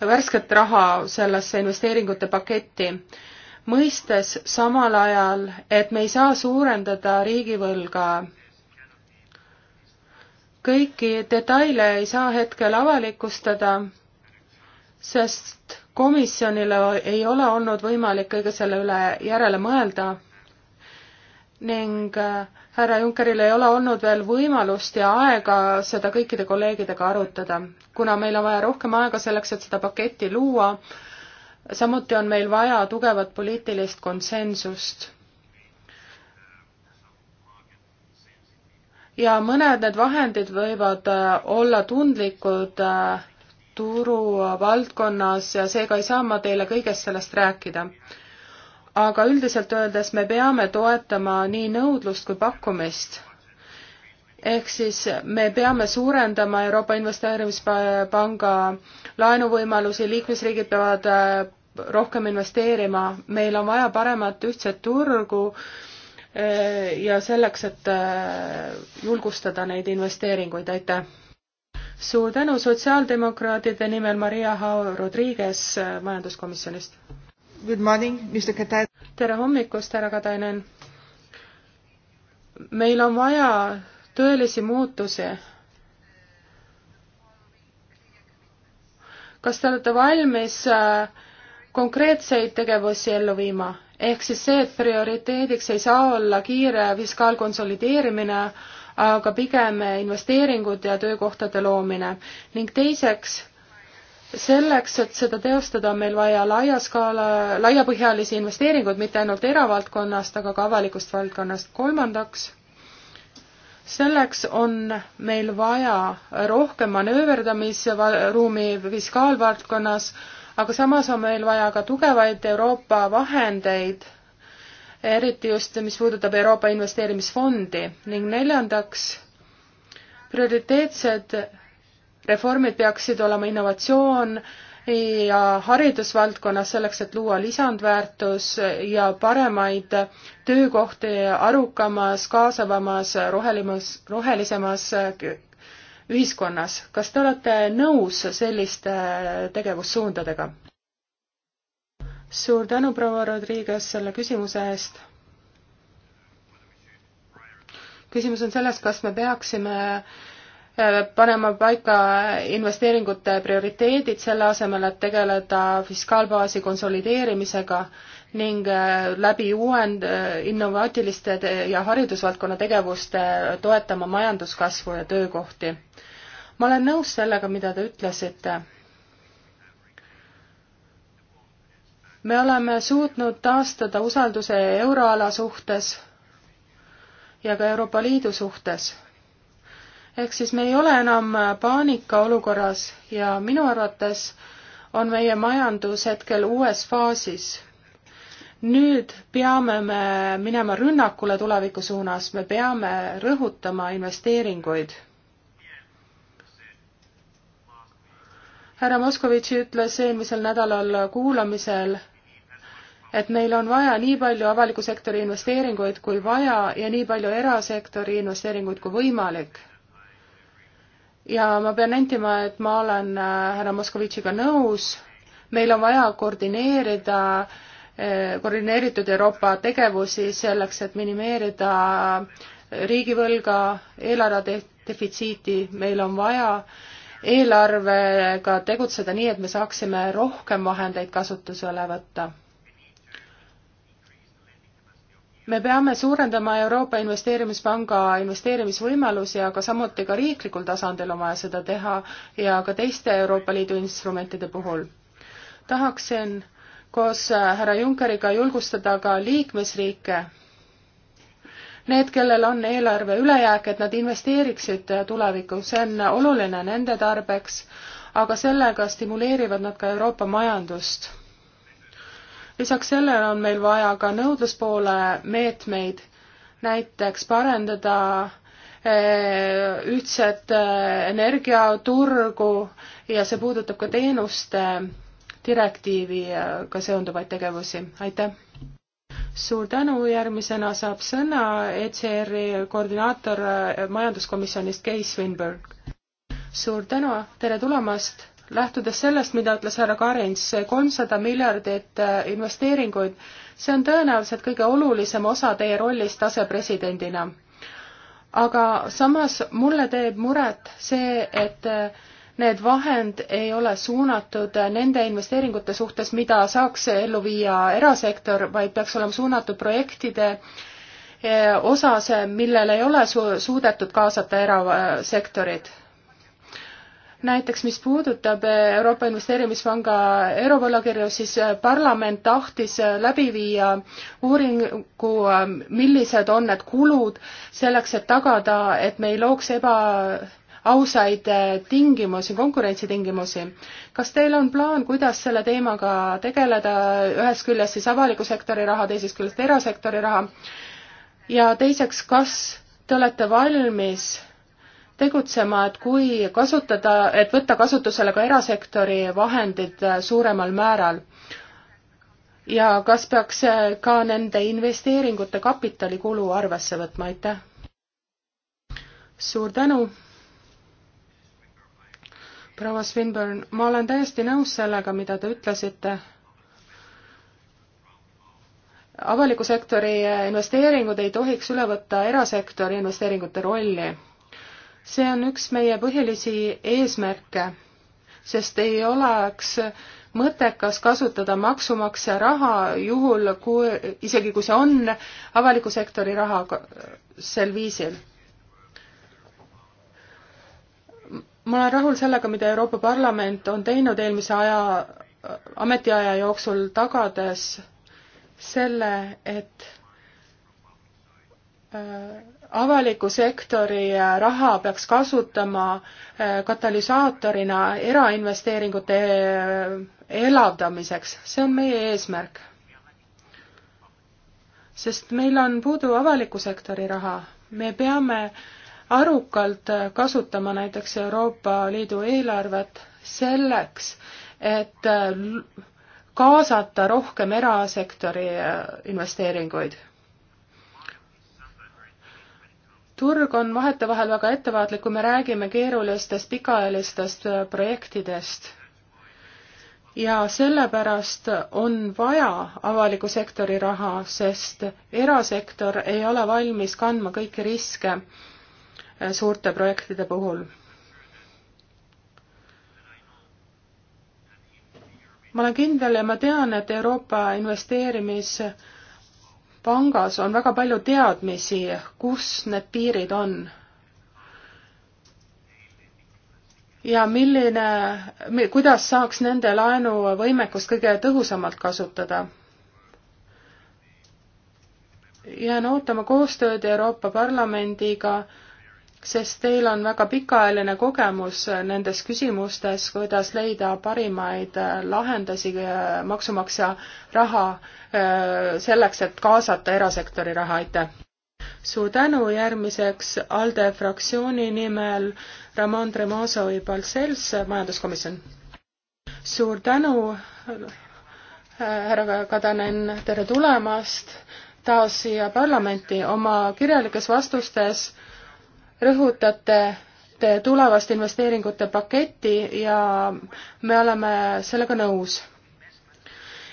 värsket raha sellesse investeeringute paketti. mõistes samal ajal, et me ei saa suurendada riigivõlga kõiki detaile ei saa hetkel avalikustada sest komisjonile ei ole olnud võimalik kõige selle üle järele mõelda ning äh, härra Junckeril ei ole olnud veel võimalust ja aega seda kõikide kolleegidega arutada. kuna meil on vaja rohkem aega selleks, et seda paketti luua, samuti on meil vaja tugevat poliitilist konsensust. ja mõned need vahendid võivad äh, olla tundlikud äh, turuvaldkonnas ja seega ei saa ma teile kõigest sellest rääkida. aga üldiselt öeldes me peame toetama nii nõudlust kui pakkumist. ehk siis me peame suurendama Euroopa Investeerimispanga laenuvõimalusi, liikmesriigid peavad äh, rohkem investeerima, meil on vaja paremat ühtset turgu äh, ja selleks, et äh, julgustada neid investeeringuid, aitäh! suur tänu sotsiaaldemokraatide nimel, Maria Rodriguez äh, majanduskomisjonist. tere hommikust, härra Katainen. meil on vaja tõelisi muutusi. kas te olete valmis äh, konkreetseid tegevusi ellu viima? ehk siis see, et prioriteediks ei saa olla kiire fiskaalkonsolideerimine, aga pigem investeeringud ja töökohtade loomine. ning teiseks, selleks, et seda teostada, on meil vaja laia skaala, laiapõhjalisi investeeringuid, mitte ainult eravaldkonnast, aga ka avalikust valdkonnast. kolmandaks, selleks on meil vaja rohkem manööverdamisruumi fiskaalvaldkonnas, aga samas on meil vaja ka tugevaid Euroopa vahendeid eriti just, mis puudutab Euroopa Investeerimisfondi ning neljandaks, prioriteetsed reformid peaksid olema innovatsioon ja haridusvaldkonnas selleks, et luua lisandväärtus ja paremaid töökohti arukamas, kaasavamas, rohelimas, rohelisemas ühiskonnas. kas te olete nõus selliste tegevussuundadega? suur tänu, proua Rodriguez, selle küsimuse eest. küsimus on selles, kas me peaksime äh, panema paika investeeringute prioriteedid selle asemel, et tegeleda fiskaalbaasi konsolideerimisega ning äh, läbi uuend-, äh, innovaatiliste ja haridusvaldkonna tegevuste toetama majanduskasvu ja töökohti. ma olen nõus sellega, mida te ütlesite me oleme suutnud taastada usalduse euroala suhtes ja ka Euroopa Liidu suhtes. ehk siis me ei ole enam paanikaolukorras ja minu arvates on meie majandus hetkel uues faasis. nüüd peame me minema rünnakule tuleviku suunas, me peame rõhutama investeeringuid härra Moskovitš ütles eelmisel nädalal kuulamisel, et meil on vaja nii palju avaliku sektori investeeringuid kui vaja ja nii palju erasektori investeeringuid kui võimalik. ja ma pean nentima, et ma olen äh, härra Moskovitšiga nõus, meil on vaja koordineerida äh, koordineeritud Euroopa tegevusi selleks, et minimeerida äh, riigivõlga, eelarve defitsiiti, meil on vaja eelarvega tegutseda nii, et me saaksime rohkem vahendeid kasutusele võtta me peame suurendama Euroopa Investeerimispanga investeerimisvõimalusi, aga samuti ka riiklikul tasandil on vaja seda teha ja ka teiste Euroopa Liidu instrumentide puhul. tahaksin koos äh, härra Junckeriga julgustada ka liikmesriike, need, kellel on eelarve ülejääk, et nad investeeriksid äh, tulevikku, see on oluline nende tarbeks, aga sellega stimuleerivad nad ka Euroopa majandust lisaks sellele on meil vaja ka nõudluspoole meetmeid, näiteks parendada eh, ühtset eh, energiaturgu ja see puudutab ka teenuste direktiiviga seonduvaid tegevusi, aitäh! suur tänu, järgmisena saab sõna ECR-i koordinaator eh, majanduskomisjonist, Kei Swinburne. suur tänu, tere tulemast! lähtudes sellest, mida ütles härra Karins, see kolmsada miljardit äh, investeeringuid, see on tõenäoliselt kõige olulisem osa teie rollist asepresidendina. aga samas mulle teeb muret see, et äh, need vahend ei ole suunatud äh, nende investeeringute suhtes, mida saaks ellu viia erasektor, vaid peaks olema suunatud projektide osas, millel ei ole su-, suudetud kaasata erasektorit näiteks mis puudutab eh, Euroopa Investeerimispanga eurovõlakirju, siis eh, parlament tahtis eh, läbi viia uuringu, millised on need kulud selleks, et tagada, et me ei looks ebaausaid tingimusi, konkurentsitingimusi. kas teil on plaan, kuidas selle teemaga tegeleda, ühest küljest siis avaliku sektori raha, teisest küljest erasektori raha ja teiseks, kas te olete valmis tegutsema, et kui kasutada, et võtta kasutusele ka erasektori vahendid äh, suuremal määral. ja kas peaks äh, ka nende investeeringute kapitalikulu arvesse võtma, aitäh! suur tänu! proua Swinburne, ma olen täiesti nõus sellega, mida te ütlesite avaliku sektori äh, investeeringud ei tohiks üle võtta erasektori investeeringute rolli see on üks meie põhilisi eesmärke, sest ei oleks mõttekas kasutada maksumaksja raha juhul, kui, isegi kui see on avaliku sektori raha sel viisil. ma olen rahul sellega, mida Euroopa Parlament on teinud eelmise aja, ametiaja jooksul, tagades selle, et äh, avaliku sektori äh, raha peaks kasutama äh, katalüsaatorina erainvesteeringute äh, elavdamiseks, see on meie eesmärk. sest meil on puudu avaliku sektori raha, me peame arukalt kasutama näiteks Euroopa Liidu eelarvet selleks, et kaasata rohkem erasektori investeeringuid turg on vahetevahel väga ettevaatlik, kui me räägime keerulistest pikaajalistest äh, projektidest. ja sellepärast on vaja avaliku sektori raha, sest erasektor ei ole valmis kandma kõiki riske äh, suurte projektide puhul. ma olen kindel ja ma tean, et Euroopa investeerimis- pangas on väga palju teadmisi, kus need piirid on. ja milline, kuidas saaks nende laenuvõimekust kõige tõhusamalt kasutada. jään ootama koostööd Euroopa Parlamendiga sest teil on väga pikaajaline kogemus nendes küsimustes, kuidas leida parimaid lahendusi äh, maksumaksja raha äh, selleks, et kaasata erasektori raha, aitäh! suur tänu, järgmiseks ALDE fraktsiooni nimel Ramon Tremoso y Balcells, majanduskomisjon. suur tänu, härra Kadanen, tere tulemast taas siia parlamenti. oma kirjalikes vastustes rõhutate te tulevast investeeringute paketti ja me oleme sellega nõus.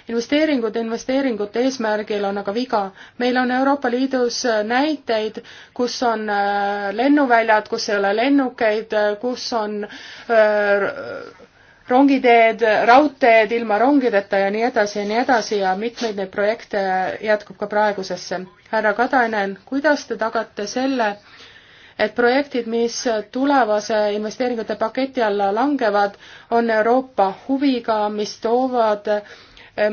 investeeringud investeeringute eesmärgil on aga viga. meil on Euroopa Liidus näiteid, kus on äh, lennuväljad, kus ei ole lennukeid, kus on äh, rongiteed, raudteed ilma rongideta ja nii edasi ja nii edasi ja mitmeid neid projekte jätkub ka praegusesse. härra Kadanen, kuidas te tagate selle, et projektid, mis tulevase investeeringute paketi alla langevad, on Euroopa huviga, mis toovad,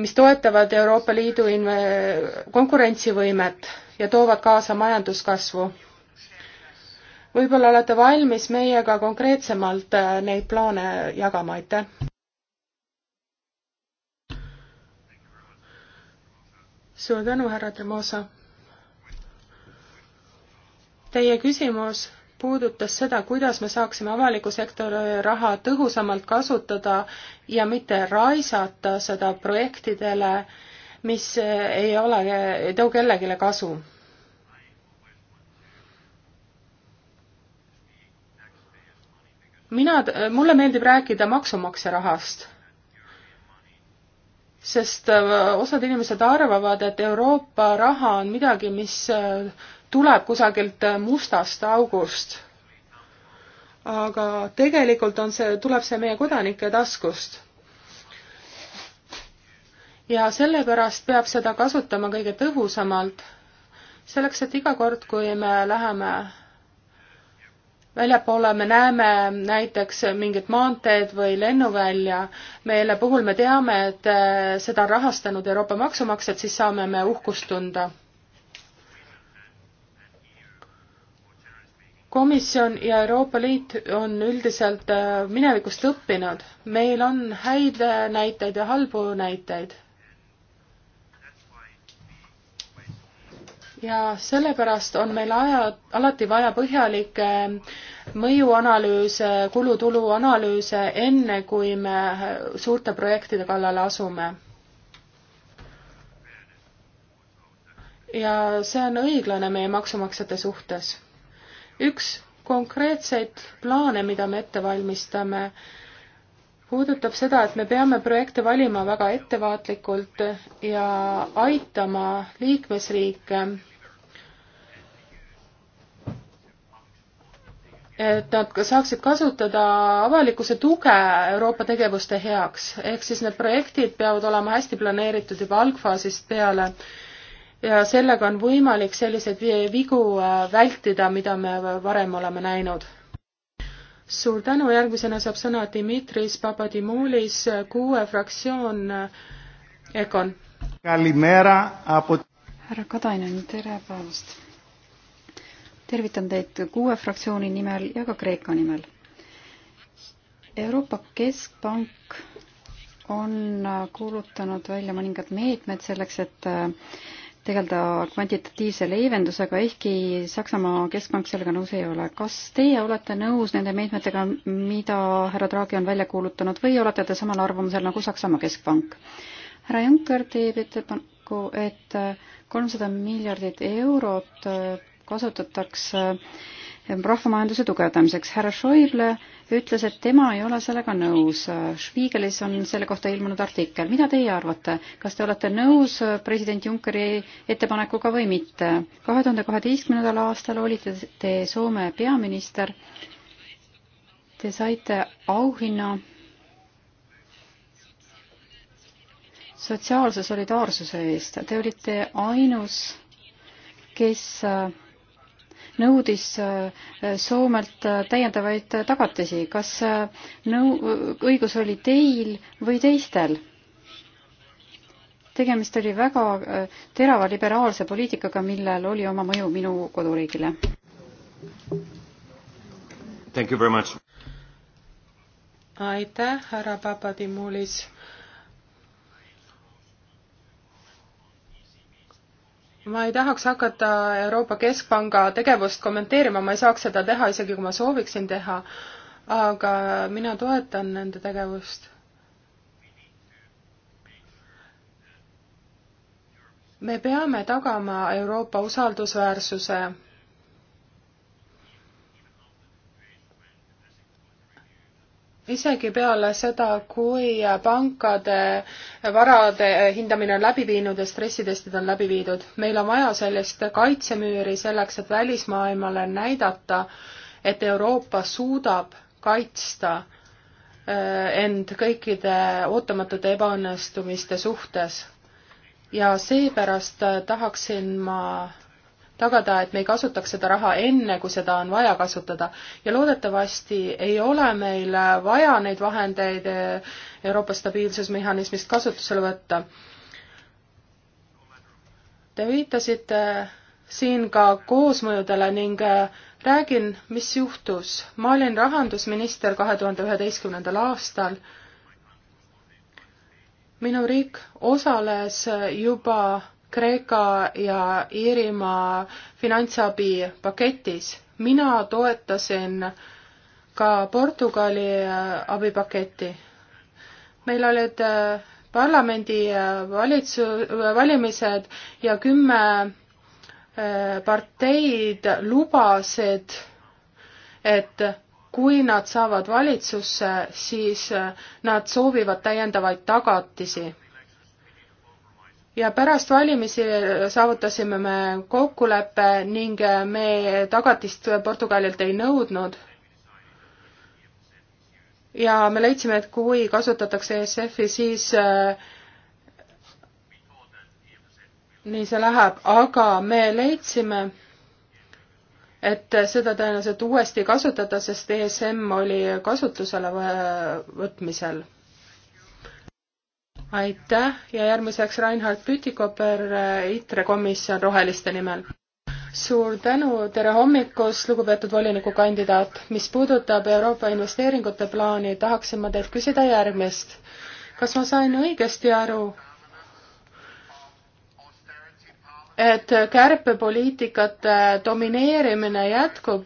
mis toetavad Euroopa Liidu inve-, konkurentsivõimet ja toovad kaasa majanduskasvu. võib-olla olete valmis meiega konkreetsemalt äh, neid plaane jagama, aitäh! suur tänu, härra Tremosa! Teie küsimus puudutas seda, kuidas me saaksime avaliku sektori raha tõhusamalt kasutada ja mitte raisata seda projektidele, mis ei ole, ei too kellelegi kasu. mina, mulle meeldib rääkida maksumaksja rahast, sest osad inimesed arvavad, et Euroopa raha on midagi, mis tuleb kusagilt mustast august. aga tegelikult on see, tuleb see meie kodanike taskust. ja sellepärast peab seda kasutama kõige tõhusamalt, selleks et iga kord, kui me läheme väljapoole me näeme näiteks mingit maanteed või lennuvälja, mille puhul me teame, et seda on rahastanud Euroopa maksumaksjad, siis saame me uhkust tunda. komisjon ja Euroopa Liit on üldiselt äh, minevikust õppinud. meil on häid äh, näiteid ja halbu näiteid. ja sellepärast on meil aja, alati vaja põhjalikke äh, mõjuanalüüse, kulutulu analüüse, enne kui me suurte projektide kallale asume. ja see on õiglane meie maksumaksjate suhtes üks konkreetseid plaane, mida me ette valmistame, puudutab seda, et me peame projekte valima väga ettevaatlikult ja aitama liikmesriike, et nad ka saaksid kasutada avalikkuse tuge Euroopa tegevuste heaks. ehk siis need projektid peavad olema hästi planeeritud juba algfaasist peale ja sellega on võimalik selliseid vigu äh, vältida, mida me varem oleme näinud. suur tänu, järgmisena saab sõna Dimitris Papadimoulis, äh, kuue fraktsioon, äh, Econ. härra Katainen, tere päevast! tervitan teid kuue fraktsiooni nimel ja ka Kreeka nimel. Euroopa Keskpank on kuulutanud välja mõningad meetmed selleks, et tegeleda kvantitatiivse leevendusega, ehkki Saksamaa keskpank sellega nõus ei ole. kas teie olete nõus nende meetmetega, mida härra Draghi on välja kuulutanud või olete te samal arvamusel nagu Saksamaa keskpank? härra Juncker teeb ettepaneku, et kolmsada miljardit eurot kasutatakse rahvamajanduse tugevdamiseks. härra Schäuble ütles, et tema ei ole sellega nõus. Spiegelis on selle kohta ilmunud artikkel. mida teie arvate, kas te olete nõus president Junckeri ettepanekuga või mitte? kahe tuhande kaheteistkümnendal aastal olite te Soome peaminister. Te saite auhinna sotsiaalse solidaarsuse eest. Te olite ainus, kes nõudis äh, Soomelt äh, täiendavaid äh, tagatisi. kas nõu-, õigus oli teil või teistel? tegemist oli väga terava liberaalse poliitikaga, millel oli oma mõju minu koduriigile. aitäh, härra Papadimulis ma ei tahaks hakata Euroopa Keskpanga tegevust kommenteerima, ma ei saaks seda teha, isegi kui ma sooviksin teha, aga mina toetan nende tegevust. me peame tagama Euroopa usaldusväärsuse isegi peale seda, kui pankade varade hindamine on läbi viinud ja stressitestid on läbi viidud. meil on vaja sellist kaitsemüüri selleks, et välismaailmale näidata, et Euroopa suudab kaitsta eh, end kõikide ootamatute ebaõnnestumiste suhtes. ja seepärast tahaksin ma tagada, et me ei kasutaks seda raha enne, kui seda on vaja kasutada. ja loodetavasti ei ole meil vaja neid vahendeid eh, Euroopa stabiilsusmehhanismist kasutusele võtta. Te viitasite siin ka koosmõjudele ning eh, räägin, mis juhtus. ma olin rahandusminister kahe tuhande üheteistkümnendal aastal. minu riik osales juba Kreeka ja Iirimaa finantsabipaketis. mina toetasin ka Portugali äh, abipaketti. meil olid äh, parlamendi äh, valitsu-, valimised ja kümme parteid lubasid, et kui nad saavad valitsusse, siis nad soovivad täiendavaid tagatisi ja pärast valimisi saavutasime me kokkuleppe ning me tagatist Portugalilt ei nõudnud. ja me leidsime, et kui kasutatakse ESF-i, siis äh, nii see läheb, aga me leidsime, et seda tõenäoliselt uuesti kasutada, sest ESM oli kasutusele võtmisel aitäh ja järgmiseks Reinhard Pütikoper, äh, ITRE komisjon Roheliste nimel. suur tänu, tere hommikust, lugupeetud volinikukandidaat. mis puudutab Euroopa investeeringute plaani, tahaksin ma teilt küsida järgmist. kas ma sain õigesti aru, et kärpepoliitikate domineerimine jätkub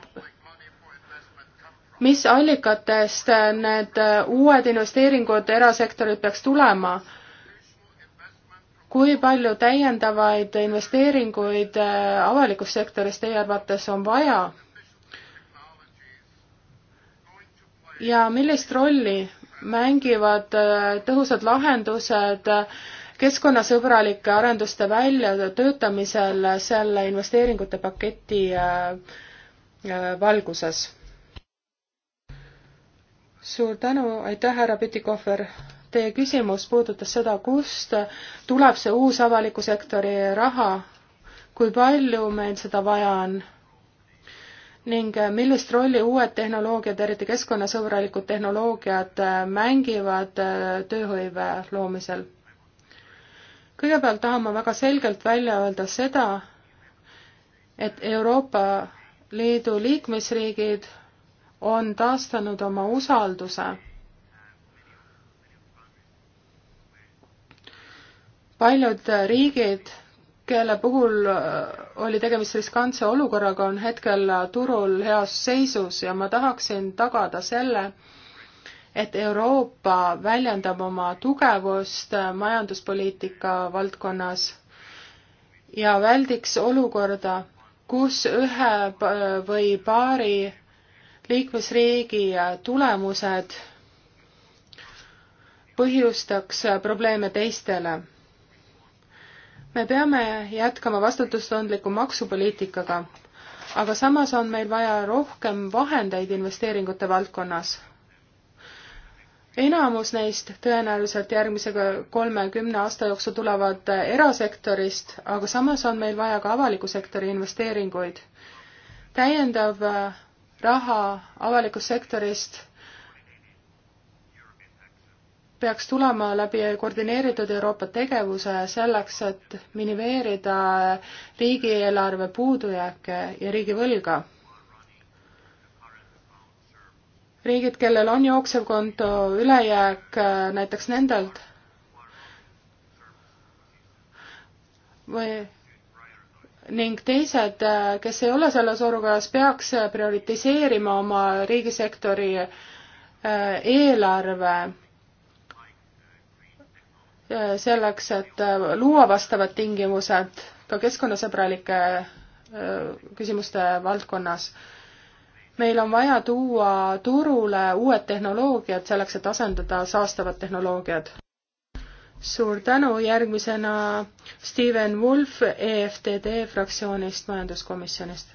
mis allikatest need uued investeeringud erasektorit peaks tulema? kui palju täiendavaid investeeringuid äh, avalikus sektoris teie arvates on vaja? ja millist rolli mängivad äh, tõhusad lahendused äh, keskkonnasõbralike arenduste väljatöötamisel selle investeeringute paketi valguses? suur tänu, aitäh, härra Pütikohver. Teie küsimus puudutas seda, kust tuleb see uus avaliku sektori raha, kui palju meil seda vaja on ning millist rolli uued tehnoloogiad, eriti keskkonnasõbralikud tehnoloogiad, mängivad tööhõive loomisel. kõigepealt tahan ma väga selgelt välja öelda seda, et Euroopa Liidu liikmesriigid on taastanud oma usalduse. paljud riigid, kelle puhul äh, oli tegemist riskantse olukorraga, on hetkel turul heas seisus ja ma tahaksin tagada selle, et Euroopa väljendab oma tugevust äh, majanduspoliitika valdkonnas ja väldiks olukorda, kus ühe äh, või paari liikmesriigi tulemused põhjustaks probleeme teistele. me peame jätkama vastutustundliku maksupoliitikaga, aga samas on meil vaja rohkem vahendeid investeeringute valdkonnas. enamus neist tõenäoliselt järgmise kolme-kümne aasta jooksul tulevad erasektorist, aga samas on meil vaja ka avaliku sektori investeeringuid. täiendav raha avalikust sektorist peaks tulema läbi koordineeritud Euroopa tegevuse selleks, et minimeerida riigieelarve puudujääke ja riigivõlga. riigid, kellel on jooksev konto ülejääk näiteks nendelt või ning teised, kes ei ole selles olukorras, peaks prioritiseerima oma riigisektori äh, eelarve äh, selleks, et äh, luua vastavad tingimused ka keskkonnasõbralike küsimuste valdkonnas. meil on vaja tuua turule uued tehnoloogiad selleks, et asendada saastavad tehnoloogiad suur tänu, järgmisena Steven Wolf EFTD fraktsioonist, majanduskomisjonist.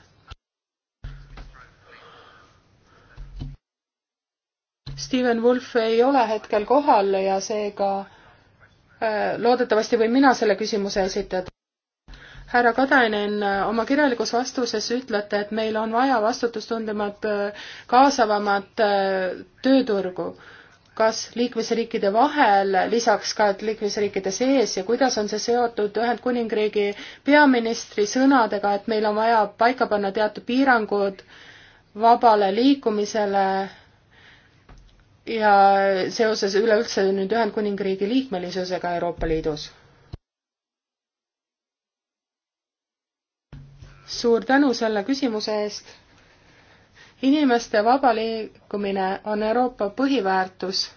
Steven Wolf ei ole hetkel kohal ja seega äh, loodetavasti võin mina selle küsimuse esitada. härra Kadanen, oma kirjalikus vastuses ütlete, et meil on vaja vastutustundemat, äh, kaasavamat äh, tööturgu kas liikmesriikide vahel, lisaks ka liikmesriikide sees ja kuidas on see seotud Ühendkuningriigi peaministri sõnadega, et meil on vaja paika panna teatud piirangud vabale liikumisele ja seoses üleüldse nüüd Ühendkuningriigi liikmelisusega Euroopa Liidus? suur tänu selle küsimuse eest inimeste vaba liikumine on Euroopa põhiväärtus.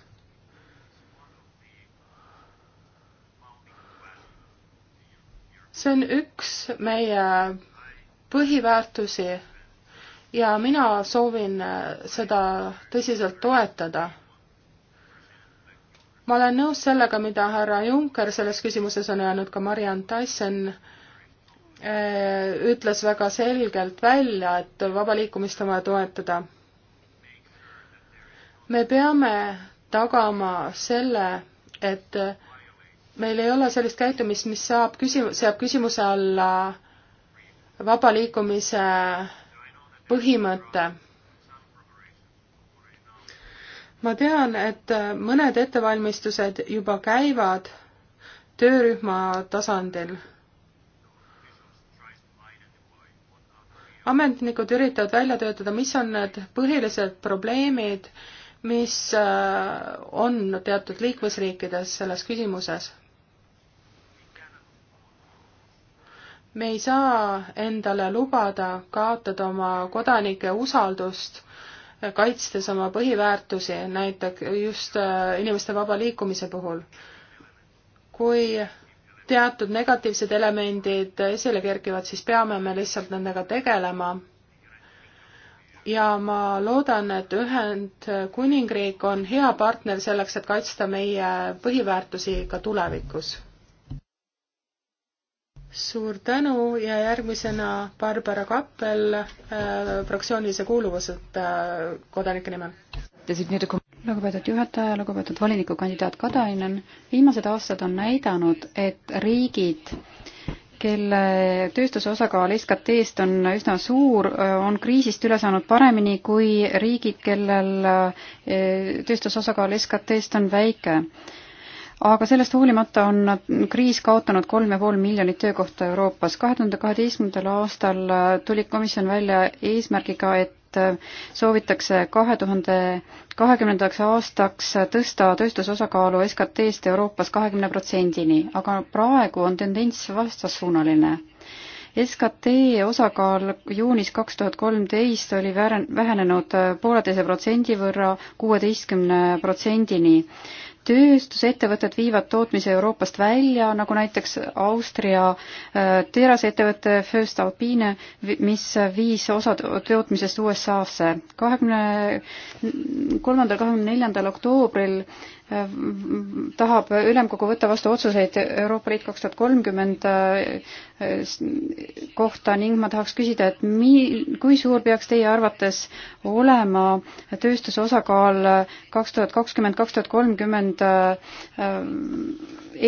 see on üks meie põhiväärtusi ja mina soovin seda tõsiselt toetada. ma olen nõus sellega, mida härra Juncker selles küsimuses on öelnud, ka Mariann Tyson Äh, ütles väga selgelt välja, et vaba liikumist on vaja toetada. me peame tagama selle, et meil ei ole sellist käitumist, mis saab küsimus, seab küsimuse alla vaba liikumise põhimõte. ma tean, et mõned ettevalmistused juba käivad töörühma tasandil ametnikud üritavad välja töötada, mis on need põhilised probleemid, mis äh, on teatud liikmesriikides selles küsimuses. me ei saa endale lubada kaotada oma kodanike usaldust, äh, kaitstes oma põhiväärtusi, näiteks just äh, inimeste vaba liikumise puhul. kui teatud negatiivsed elemendid esile kerkivad, siis peame me lihtsalt nendega tegelema. ja ma loodan, et Ühendkuningriik on hea partner selleks, et kaitsta meie põhiväärtusi ka tulevikus. suur tänu ja järgmisena Barbara Kappel äh, fraktsioonilise kuuluvuseta äh, kodanike nimel lugupeetud juhataja, lugupeetud volinikukandidaat Katainen, viimased aastad on näidanud, et riigid, kelle tööstuse osakaal SKT-st on üsna suur, on kriisist üle saanud paremini kui riigid, kellel eh, tööstuse osakaal SKT-st on väike. aga sellest hoolimata on kriis kaotanud kolm ja pool miljonit töökohta Euroopas. kahe tuhande kaheteistkümnendal aastal tuli komisjon välja eesmärgiga, et et äh, soovitakse kahe tuhande kahekümnendaks aastaks tõsta tööstusosakaalu SKT-st Euroopas kahekümne protsendini, aga praegu on tendents vastassuunaline. SKT osakaal juunis kaks tuhat kolmteist oli vähenenud äh, pooleteise protsendi võrra kuueteistkümne protsendini tööstusettevõtted viivad tootmise Euroopast välja, nagu näiteks Austria äh, terasettevõte First Alpine, mis viis osa tootmisest USA-sse. kahekümne kolmandal, kahekümne neljandal oktoobril Ehm, tahab ülemkogu võtta vastu otsuseid Euroopa Liit kaks tuhat kolmkümmend ehm, kohta ning ma tahaks küsida, et mi-, kui suur peaks teie arvates olema tööstuse osakaal kaks tuhat kakskümmend, kaks tuhat kolmkümmend ehm,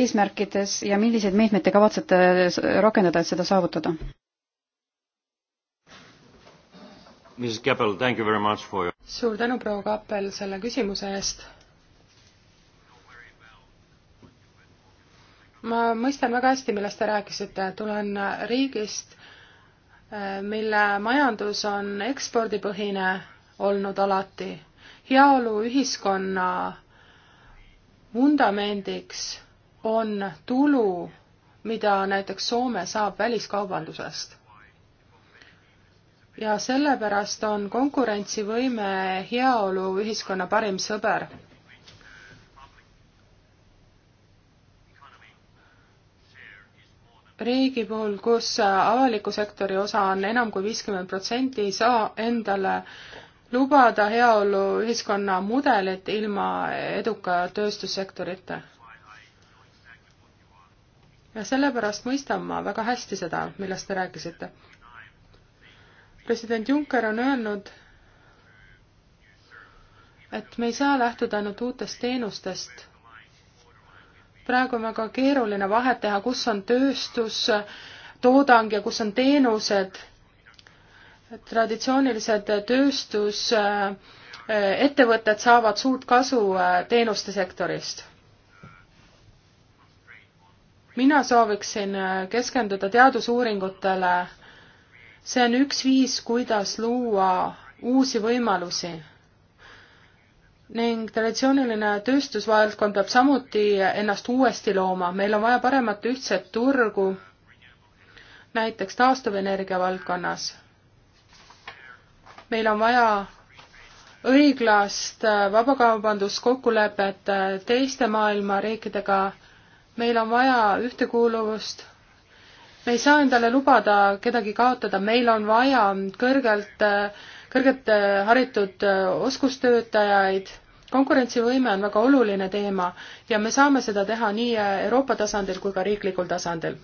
eesmärkides ja milliseid meetmeid te kavatsete rakendada, et seda saavutada? Mrs Keppel, thank you very much for your suur tänu, proua Kappel, selle küsimuse eest ma mõistan väga hästi, millest te rääkisite, tulen riigist, eh, mille majandus on ekspordipõhine olnud alati. heaoluühiskonna vundamendiks on tulu, mida näiteks Soome saab väliskaubandusest ja sellepärast on konkurentsivõime heaolu ühiskonna parim sõber. riigi puhul, kus avaliku sektori osa on enam kui viiskümmend protsenti, ei saa endale lubada heaoluühiskonna mudelit ilma eduka tööstussektorita. ja sellepärast mõistan ma väga hästi seda, millest te rääkisite. president Juncker on öelnud, et me ei saa lähtuda ainult uutest teenustest praegu on väga keeruline vahet teha, kus on tööstus, toodang ja kus on teenused. traditsioonilised tööstusettevõtted äh, saavad suurt kasu äh, teenuste sektorist. mina sooviksin äh, keskenduda teadusuuringutele. see on üks viis, kuidas luua uusi võimalusi ning traditsiooniline tööstusvaldkond peab samuti ennast uuesti looma, meil on vaja paremat ühtset turgu, näiteks taastuvenergia valdkonnas. meil on vaja õiglast äh, vabakaubanduskokkulepet äh, teiste maailma riikidega, meil on vaja ühtekuuluvust, me ei saa endale lubada kedagi kaotada, meil on vaja kõrgelt, äh, kõrgelt haritud oskustöötajaid konkurentsivõime on väga oluline teema ja me saame seda teha nii Euroopa tasandil kui ka riiklikul tasandil.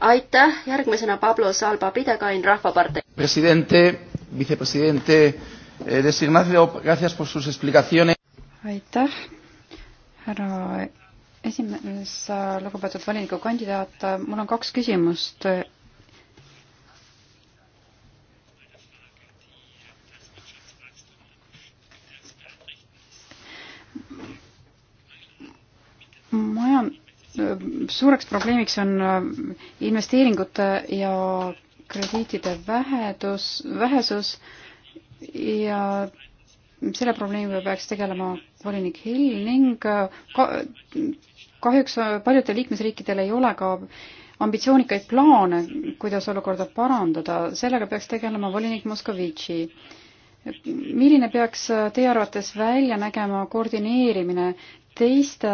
aitäh, järgmisena Pablo Salba Pidegain Rahvapartei. presidente, vicepresidente, eh, designacio, gracias por sus explicaciones. aitäh, härra esimees, lugupeetud volinikukandidaat, mul on kaks küsimust maja, suureks probleemiks on äh, investeeringute ja krediitide vähedus, vähesus ja selle probleemiga peaks tegelema volinik Hill ning äh, ka, kahjuks äh, paljudel liikmesriikidel ei ole ka ambitsioonikaid plaane, kuidas olukorda parandada, sellega peaks tegelema volinik Moskovitši. milline peaks teie arvates välja nägema koordineerimine teiste,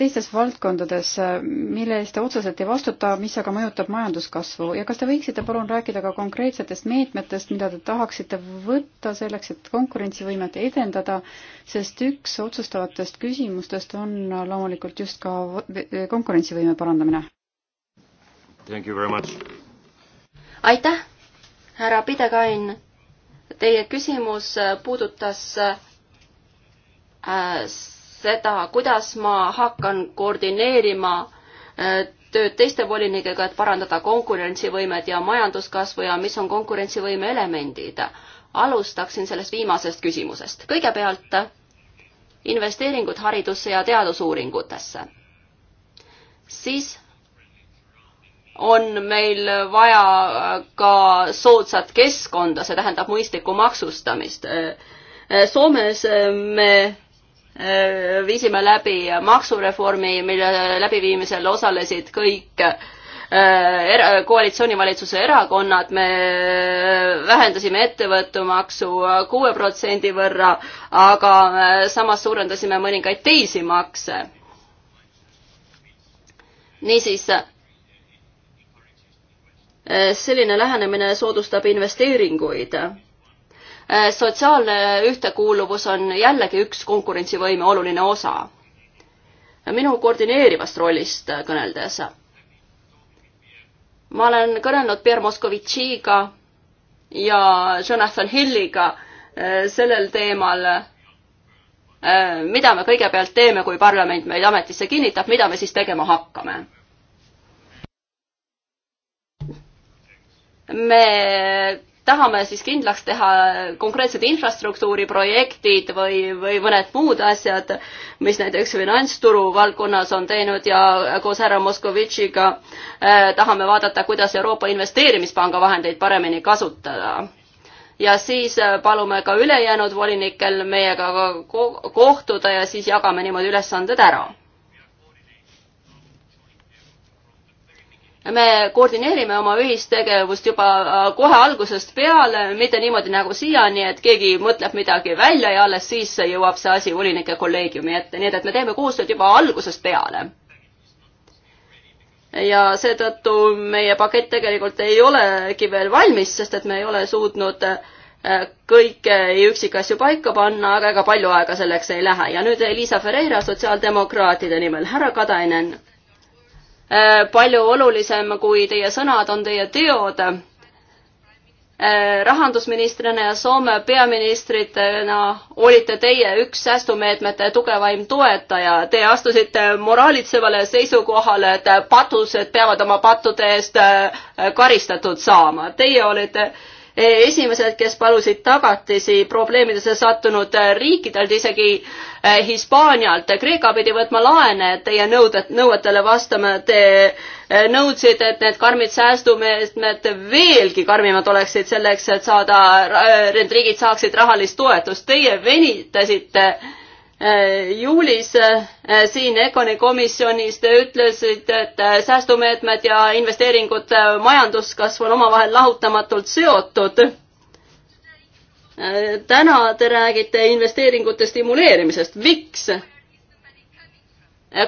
teistes valdkondades, mille eest te otseselt ei vastuta, mis aga mõjutab majanduskasvu ja kas te võiksite palun rääkida ka konkreetsetest meetmetest, mida te tahaksite võtta selleks, et konkurentsivõimet edendada, sest üks otsustavatest küsimustest on loomulikult just ka konkurentsivõime parandamine. aitäh, härra Pidekain. Teie küsimus puudutas äh, seda, kuidas ma hakkan koordineerima äh, tööd teiste volinikega, et parandada konkurentsivõimet ja majanduskasvu ja mis on konkurentsivõime elemendid. alustaksin sellest viimasest küsimusest. kõigepealt investeeringud haridusse ja teadusuuringutesse. siis on meil vaja äh, ka soodsat keskkonda, see tähendab mõistlikku maksustamist. Äh, Soomes me Äh, viisime läbi maksureformi, mille läbiviimisel osalesid kõik äh, era-, koalitsioonivalitsuse erakonnad, me äh, vähendasime ettevõtumaksu kuue protsendi võrra, aga samas suurendasime mõningaid teisi makse. niisiis, selline lähenemine soodustab investeeringuid Äh, sotsiaalne ühtekuuluvus on jällegi üks konkurentsivõime oluline osa. minu koordineerivast rollist äh, kõneldes. ma olen kõnelnud Pierre Moskovitšiga ja Jonathan Hilliga äh, sellel teemal, mida me kõigepealt teeme, kui parlament meid ametisse kinnitab, mida me siis tegema hakkame me tahame siis kindlaks teha konkreetsed infrastruktuuriprojektid või, või mõned muud asjad, mis näiteks finantsturu valdkonnas on teinud ja koos härra Moskovitšiga eh, tahame vaadata, kuidas Euroopa Investeerimispanga vahendeid paremini kasutada ja siis äh, palume ka ülejäänud volinikel meiega ko kohtuda ja siis jagame niimoodi ülesanded ära me koordineerime oma ühistegevust juba äh, kohe algusest peale, mitte niimoodi nagu siiani, et keegi mõtleb midagi välja ja alles siis jõuab see asi volinike kolleegiumi ette, nii et, et me teeme koostööd juba algusest peale. ja seetõttu meie pakett tegelikult ei olegi veel valmis, sest et me ei ole suutnud äh, kõike üksikasju paika panna, aga ega palju aega selleks ei lähe ja nüüd Elisa Ferreira sotsiaaldemokraatide nimel, härra Katainen Äh, palju olulisem kui teie sõnad on teie teod. Äh, rahandusministrina ja Soome peaministritena olite teie üks säästumeetmete tugevaim toetaja. Te astusite moraalitsevale seisukohale, et patused peavad oma pattude eest äh, karistatud saama. Teie olite äh, esimesed, kes palusid tagatisi probleemidesse sattunud riikidelt, isegi eh, Hispaanialt. Kreeka pidi võtma laene, et teie nõuded, nõuetele vastama. Te eh, nõudsite, et need karmid säästumeetmed veelgi karmimad oleksid selleks, et saada, eh, need riigid saaksid rahalist toetust. Teie venitasite Äh, juulis äh, siin Econi komisjonis te ütlesite, et äh, säästumeetmed ja investeeringud majanduskasv on omavahel lahutamatult seotud. täna te räägite investeeringute stimuleerimisest, miks?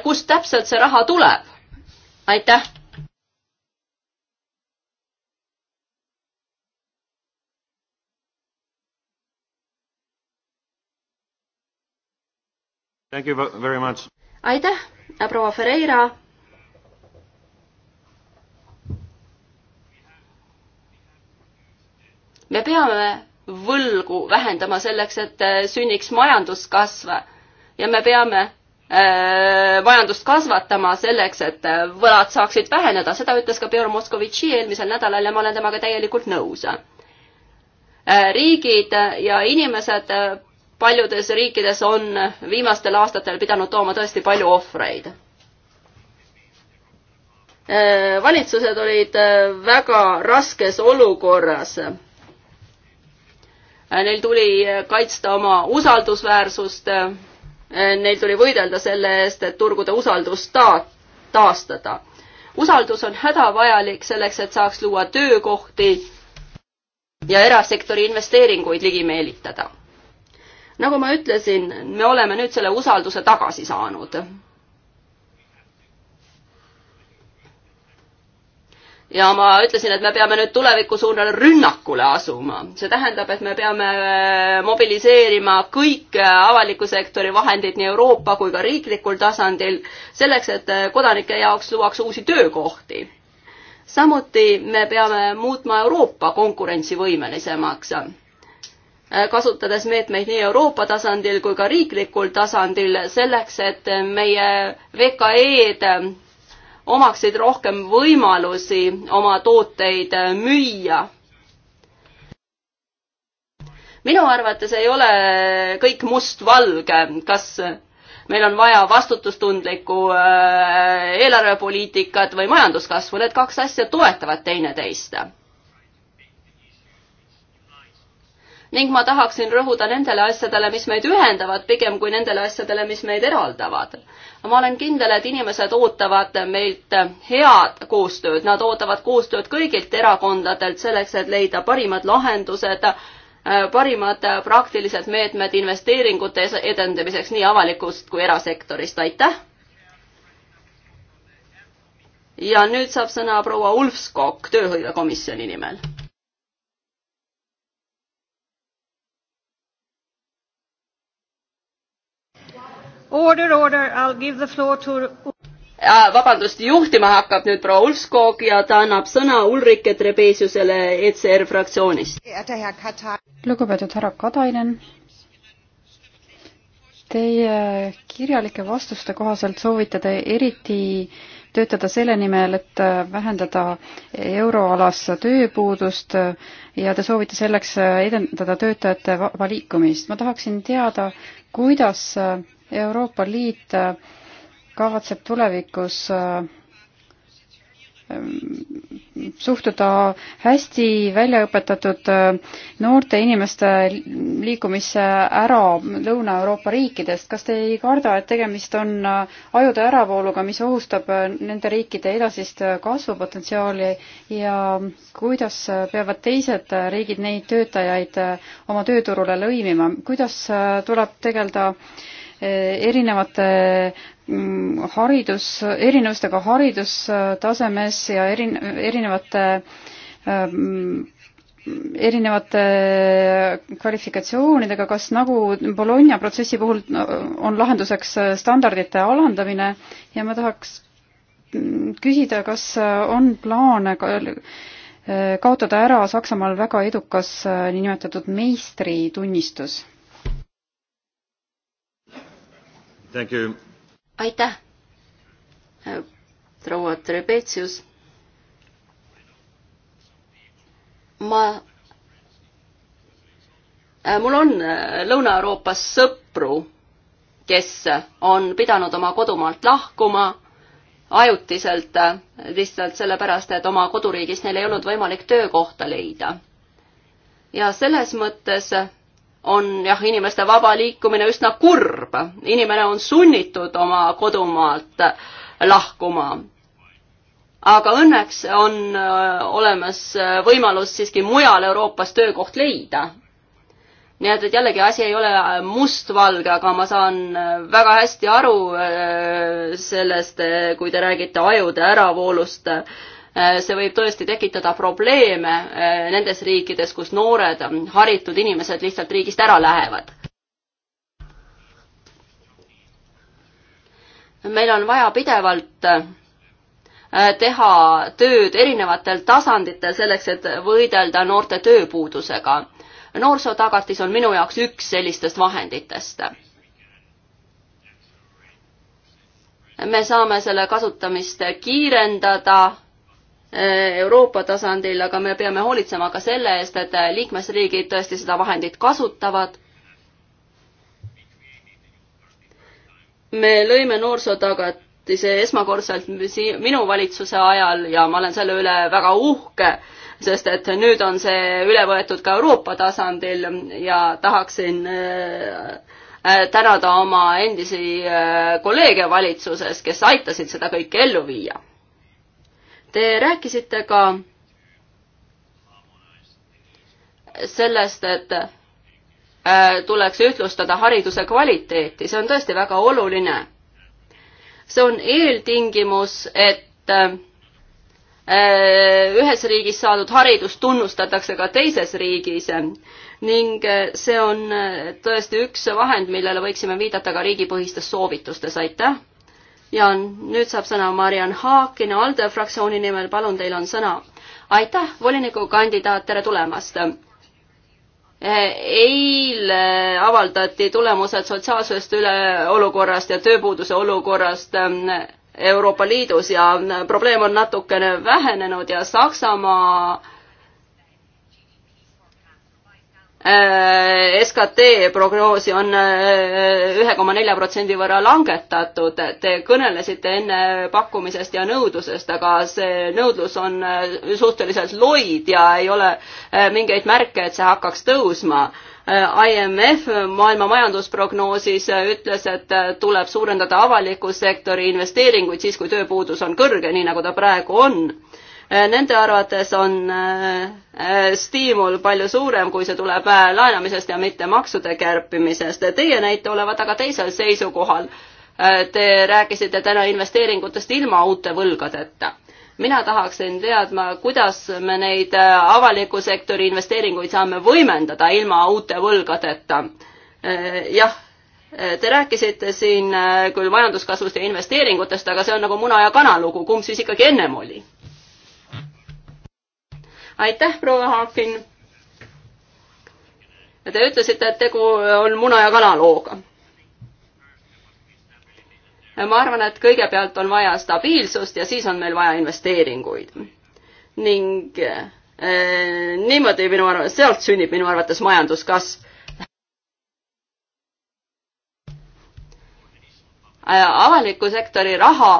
kust täpselt see raha tuleb? aitäh aitäh, proua Ferreira. me peame võlgu vähendama selleks, et äh, sünniks majanduskasv ja me peame äh, majandust kasvatama selleks, et äh, võlad saaksid väheneda, seda ütles ka Björn Moskovitši eelmisel nädalal ja ma olen temaga täielikult nõus äh, riigid ja inimesed paljudes riikides on viimastel aastatel pidanud tooma tõesti palju ohvreid. Äh, valitsused olid äh, väga raskes olukorras. Äh, neil tuli kaitsta oma usaldusväärsust, neil tuli võidelda selle eest, et turgude usaldust ta-, taastada. usaldus on hädavajalik selleks, et saaks luua töökohti ja erasektori investeeringuid ligi meelitada nagu ma ütlesin, me oleme nüüd selle usalduse tagasi saanud. ja ma ütlesin, et me peame nüüd tuleviku suunal rünnakule asuma. see tähendab, et me peame äh, mobiliseerima kõik äh, avaliku sektori vahendid nii Euroopa kui ka riiklikul tasandil selleks, et äh, kodanike jaoks luuakse uusi töökohti. samuti me peame muutma Euroopa konkurentsivõimelisemaks Äh, kasutades meetmeid nii Euroopa tasandil kui ka riiklikul tasandil selleks, et meie VKE-d äh, omaksid rohkem võimalusi oma tooteid äh, müüa. minu arvates ei ole kõik mustvalge, kas meil on vaja vastutustundlikku eelarvepoliitikat või majanduskasvu, need kaks asja toetavad teineteist ning ma tahaksin rõhuda nendele asjadele, mis meid ühendavad, pigem kui nendele asjadele, mis meid eraldavad. ma olen kindel, et inimesed ootavad meilt head koostööd, nad ootavad koostööd kõigilt erakondadelt selleks, et leida parimad lahendused, parimad praktilised meetmed investeeringute edendamiseks nii avalikust kui erasektorist, aitäh! ja nüüd saab sõna proua Ulfskog tööhõivekomisjoni nimel Order, order, I will give the floor to ja ah, vabandust, juhtima hakkab nüüd proua Ulfskog ja ta annab sõna Ulrike Trebesiusele ECR fraktsioonist. lugupeetud härra Katainen, teie kirjalike vastuste kohaselt soovite te eriti töötada selle nimel, et vähendada euroalas tööpuudust ja te soovite selleks edendada töötajate vaba liikumist. ma tahaksin teada, kuidas Euroopa Liit äh, kavatseb tulevikus äh, ähm, suhtuda hästi väljaõpetatud äh, noorte inimeste liikumisse ära Lõuna-Euroopa riikidest. kas te ei karda, et tegemist on ajude äravooluga, mis ohustab nende riikide edasist kasvupotentsiaali ja kuidas peavad teised riigid neid töötajaid oma tööturule lõimima, kuidas tuleb tegeleda äh, erinevate mm, haridus, erinevustega haridustasemes ja erin-, erinevate mm, erinevate kvalifikatsioonidega, kas nagu Bologna protsessi puhul on lahenduseks standardite alandamine ja ma tahaks mm, küsida, kas on plaane kaotada ära Saksamaal väga edukas niinimetatud meistritunnistus? aitäh, proua Trebetsius. ma, äh, mul on äh, Lõuna-Euroopas sõpru, kes on pidanud oma kodumaalt lahkuma ajutiselt äh, lihtsalt sellepärast, et oma koduriigis neil ei olnud võimalik töökohta leida. ja selles mõttes on jah, inimeste vaba liikumine üsna kurb. inimene on sunnitud oma kodumaalt lahkuma. aga õnneks on äh, olemas äh, võimalus siiski mujal Euroopas töökoht leida. nii et, et jällegi asi ei ole mustvalge, aga ma saan äh, väga hästi aru sellest, kui te räägite ajude äravoolust Äh, see võib tõesti tekitada probleeme äh, nendes riikides, kus noored, ähm, haritud inimesed lihtsalt riigist ära lähevad. meil on vaja pidevalt äh, teha tööd erinevatel tasanditel selleks, et võidelda noorte tööpuudusega. noorsootagatis on minu jaoks üks sellistest vahenditest me saame selle kasutamist kiirendada Eh, Euroopa tasandil, aga me peame hoolitsema ka selle eest, et eh, liikmesriigid tõesti seda vahendit kasutavad. me lõime noorsootagatise esmakordselt minu valitsuse ajal ja ma olen selle üle väga uhke, sest et nüüd on see üle võetud ka Euroopa tasandil ja tahaksin eh, tänada oma endisi kolleege valitsuses, kes aitasid seda kõike ellu viia Te rääkisite ka sellest, et äh, tuleks ühtlustada hariduse kvaliteeti, see on tõesti väga oluline. see on eeltingimus, et äh, ühes riigis saadud haridust tunnustatakse ka teises riigis ning äh, see on tõesti üks vahend, millele võiksime viidata ka riigipõhistes soovitustes, aitäh! ja nüüd saab sõna Mariann Haakin ALDE fraktsiooni nimel, palun, teil on sõna. aitäh, volinikukandidaat, tere tulemast! eile avaldati tulemused sotsiaalsest üleolukorrast ja tööpuuduse olukorrast ähm, Euroopa Liidus ja ähm, probleem on natukene vähenenud ja Saksamaa Äh, SKT prognoosi on äh, ühe koma nelja protsendi võrra langetatud. Te kõnelesite enne pakkumisest ja nõudlusest, aga see nõudlus on äh, suhteliselt loid ja ei ole mingeid märke, et see hakkaks tõusma. IMF maailma majandusprognoosis ütles, et tuleb suurendada avaliku sektori investeeringuid siis, kui tööpuudus on kõrge, nii nagu ta praegu on Äh, nende arvates on äh, äh, stiimul palju suurem, kui see tuleb laenamisest ja mitte maksude kärpimisest. Teie näite olevat aga teisel seisukohal. Te rääkisite täna investeeringutest ilma uute võlgadeta mina tahaksin teadma, kuidas me neid avaliku sektori investeeringuid saame võimendada ilma uute võlgadeta. jah, te rääkisite siin küll majanduskasvust ja investeeringutest, aga see on nagu muna ja kana lugu, kumb siis ikkagi ennem oli? aitäh, proua Harkin. Te ütlesite, et tegu on muna ja kana looga. ma arvan, et kõigepealt on vaja stabiilsust ja siis on meil vaja investeeringuid. ning eh, niimoodi minu arvates, sealt sünnib minu arvates majanduskasv avaliku sektori raha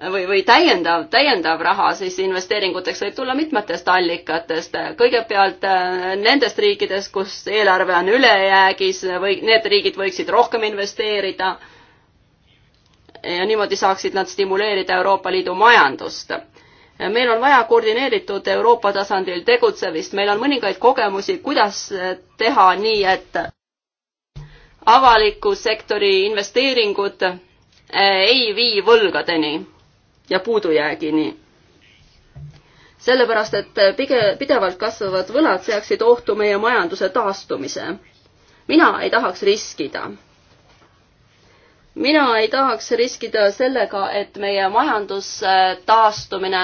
või, või täiendav, täiendav raha siis investeeringuteks võib tulla mitmetest allikatest. kõigepealt äh, nendest riikidest, kus eelarve on ülejäägis või need riigid võiksid rohkem investeerida. ja niimoodi saaksid nad stimuleerida Euroopa Liidu majandust meil on vaja koordineeritud Euroopa tasandil tegutsemist, meil on mõningaid kogemusi, kuidas teha nii, et avaliku sektori investeeringud äh, ei vii võlgadeni ja puudujäägini. sellepärast, et pige-, pidevalt kasvavad võlad seaksid ohtu meie majanduse taastumise. mina ei tahaks riskida. mina ei tahaks riskida sellega, et meie majandustaastumine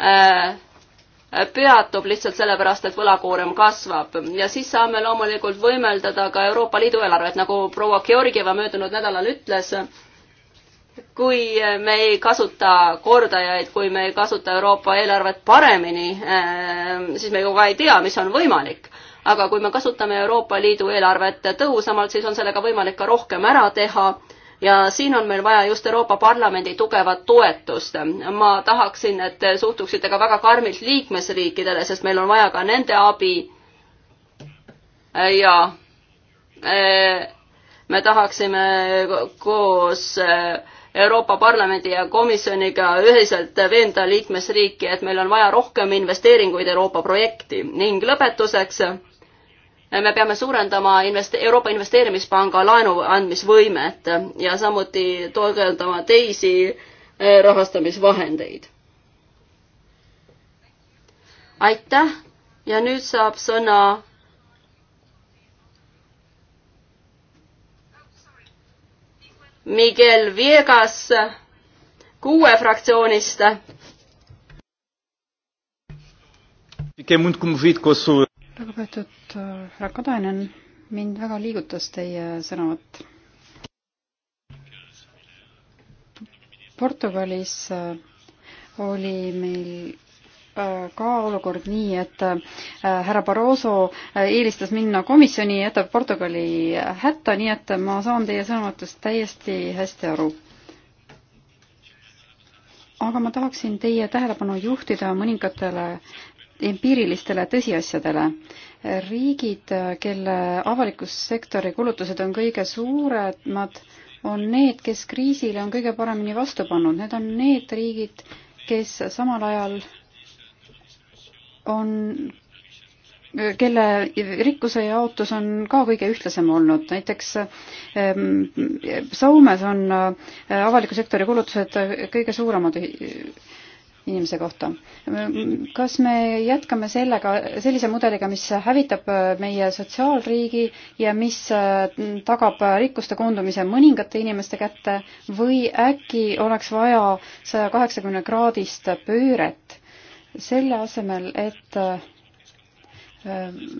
äh, äh, peatub lihtsalt sellepärast, et võlakoorem kasvab ja siis saame loomulikult võimeldada ka Euroopa Liidu eelarvet, nagu proua Georgieva möödunud nädalal ütles kui me ei kasuta kordajaid, kui me ei kasuta Euroopa eelarvet paremini, ehm, siis me ju ka ei tea, mis on võimalik. aga kui me kasutame Euroopa Liidu eelarvet tõhusamalt, siis on sellega võimalik ka rohkem ära teha ja siin on meil vaja just Euroopa Parlamendi tugevat toetust. ma tahaksin, et te suhtuksite ka väga karmilt liikmesriikidele, sest meil on vaja ka nende abi ja eh, me tahaksime koos äh, Euroopa Parlamendi ja komisjoniga ühiselt veenda liikmesriiki, et meil on vaja rohkem investeeringuid Euroopa projekti ning lõpetuseks me peame suurendama invest-, Euroopa Investeerimispanga laenu andmisvõimet ja samuti toetama teisi eh, rahastamisvahendeid. aitäh ja nüüd saab sõna Miguel Viegas kuue fraktsioonist. lugupeetud äh, härra Kadanen, mind väga liigutas teie sõnavõtt. Portugalis äh, oli meil ka olukord nii, et äh, härra Barroso äh, eelistas minna komisjoni, jätab Portugali hätta, nii et ma saan teie sõnavõtust täiesti hästi aru. aga ma tahaksin teie tähelepanu juhtida mõningatele empiirilistele tõsiasjadele. riigid, kelle avalikus sektori kulutused on kõige suuremad, on need, kes kriisile on kõige paremini vastu pannud, need on need riigid, kes samal ajal on, kelle rikkuse jaotus on ka kõige ühtlasem olnud, näiteks ähm, Soomes on äh, avaliku sektori kulutused kõige suuremad inimese kohta. kas me jätkame sellega, sellise mudeliga, mis hävitab äh, meie sotsiaalriigi ja mis äh, tagab rikkuste koondumise mõningate inimeste kätte või äkki oleks vaja saja kaheksakümne kraadist pööret selle asemel, et äh,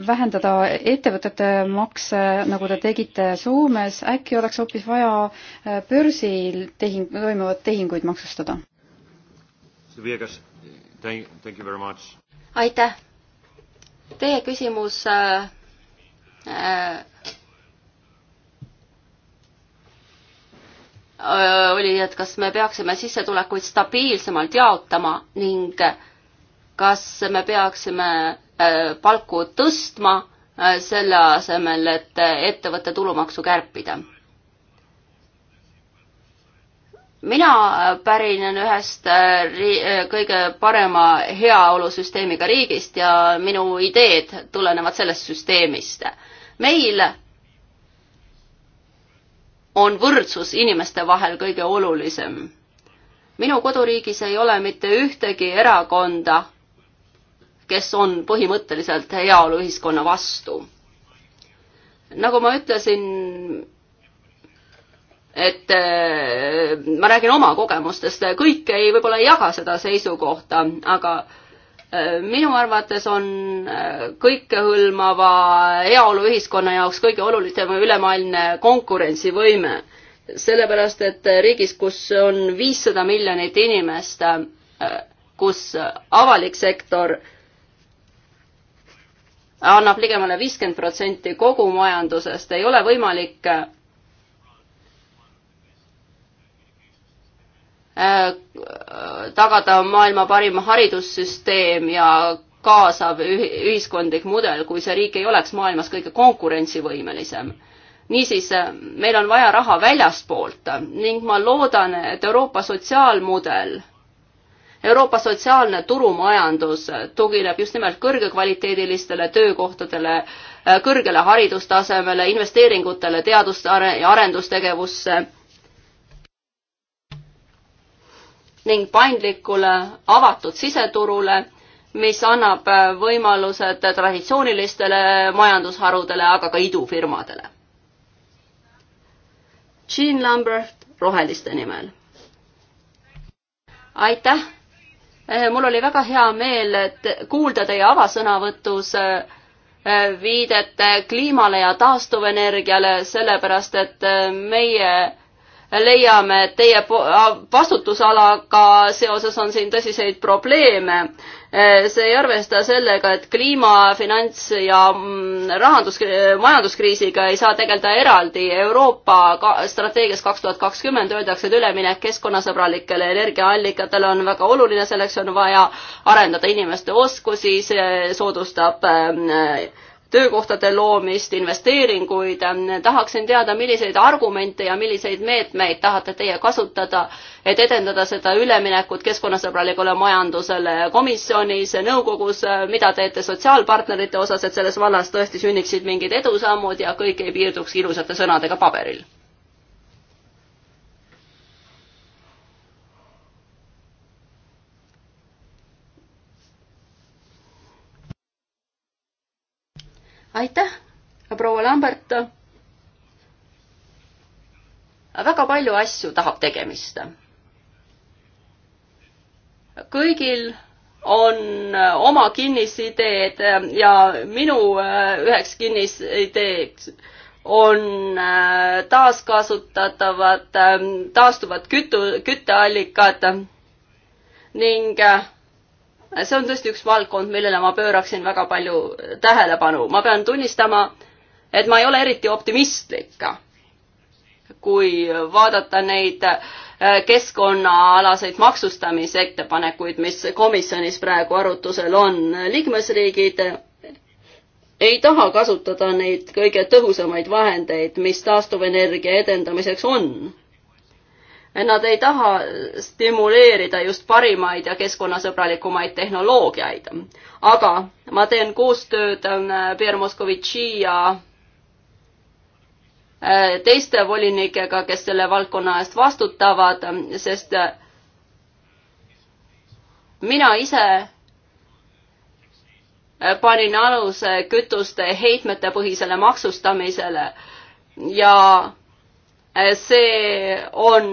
vähendada ettevõtete makse, nagu te tegite Soomes, äkki oleks hoopis vaja äh, börsil tehing, toimuvaid tehinguid maksustada? aitäh. Teie küsimus äh, äh, oli, et kas me peaksime sissetulekuid stabiilsemalt jaotama ning äh, kas me peaksime äh, palku tõstma äh, selle asemel, et äh, ettevõtte tulumaksu kärpida. mina pärinen ühest kõige parema heaolusüsteemiga riigist ja minu ideed tulenevad sellest süsteemist. meil on võrdsus inimeste vahel kõige olulisem. minu koduriigis ei ole mitte ühtegi erakonda, kes on põhimõtteliselt heaoluühiskonna vastu. nagu ma ütlesin, et äh, ma räägin oma kogemustest, kõik ei, võib-olla ei jaga seda seisukohta, aga äh, minu arvates on äh, kõikehõlmava heaoluühiskonna jaoks kõige olulisem ülemaailmne konkurentsivõime. sellepärast, et riigis, kus on viissada miljonit inimest, kus avalik sektor annab ligemale viiskümmend protsenti kogu majandusest, ei ole võimalik äh, tagada maailma parim haridussüsteem ja kaasav ühiskondlik mudel, kui see riik ei oleks maailmas kõige konkurentsivõimelisem. niisiis, äh, meil on vaja raha väljaspoolt ning ma loodan, et Euroopa sotsiaalmudel Euroopa sotsiaalne turumajandus tugineb just nimelt kõrgekvaliteedilistele töökohtadele, kõrgele haridustasemele, investeeringutele teadus- ja arendustegevusse ning paindlikule avatud siseturule, mis annab võimalused traditsioonilistele majandusharudele, aga ka idufirmadele. Jean Lambert roheliste nimel. aitäh Eh, mul oli väga hea meel kuulda teie avasõnavõtus eh, viidet kliimale ja taastuvenergiale, sellepärast et eh, meie leiame, et teie vastutusalaga seoses on siin tõsiseid probleeme. see ei arvesta sellega, et kliima, finants ja mm, rahandus, majanduskriisiga ei saa tegeleda eraldi. Euroopa strateegias kaks tuhat kakskümmend öeldakse, et üleminek keskkonnasõbralikele energiaallikatele on väga oluline, selleks on vaja arendada inimeste oskusi, see soodustab äh, töökohtade loomist, investeeringuid. tahaksin teada, milliseid argumente ja milliseid meetmeid tahate teie kasutada, et edendada seda üleminekut keskkonnasõbralikule majandusele komisjonis, nõukogus, mida teete sotsiaalpartnerite osas, et selles vallas tõesti sünniksid mingid edusammud ja kõik ei piirduks ilusate sõnadega paberil? aitäh, proua Lambert. väga palju asju tahab tegemist. kõigil on oma kinnisideed ja minu äh, üheks kinnisideeks on äh, taaskasutatavad, äh, taastuvad kütu, kütteallikad ning see on tõesti üks valdkond, millele ma pööraksin väga palju tähelepanu. ma pean tunnistama, et ma ei ole eriti optimistlik, kui vaadata neid eh, keskkonnaalaseid maksustamise ettepanekuid, mis komisjonis praegu arutusel on. liikmesriigid ei taha kasutada neid kõige tõhusamaid vahendeid, mis taastuvenergia edendamiseks on Nad ei taha stimuleerida just parimaid ja keskkonnasõbralikumaid tehnoloogiaid. aga ma teen koostööd ähm, Pierre Moskovitši ja äh, teiste volinikega, kes selle valdkonna eest vastutavad, sest äh, mina ise äh, panin aluse kütuste heitmetepõhisele maksustamisele ja Äh, see on,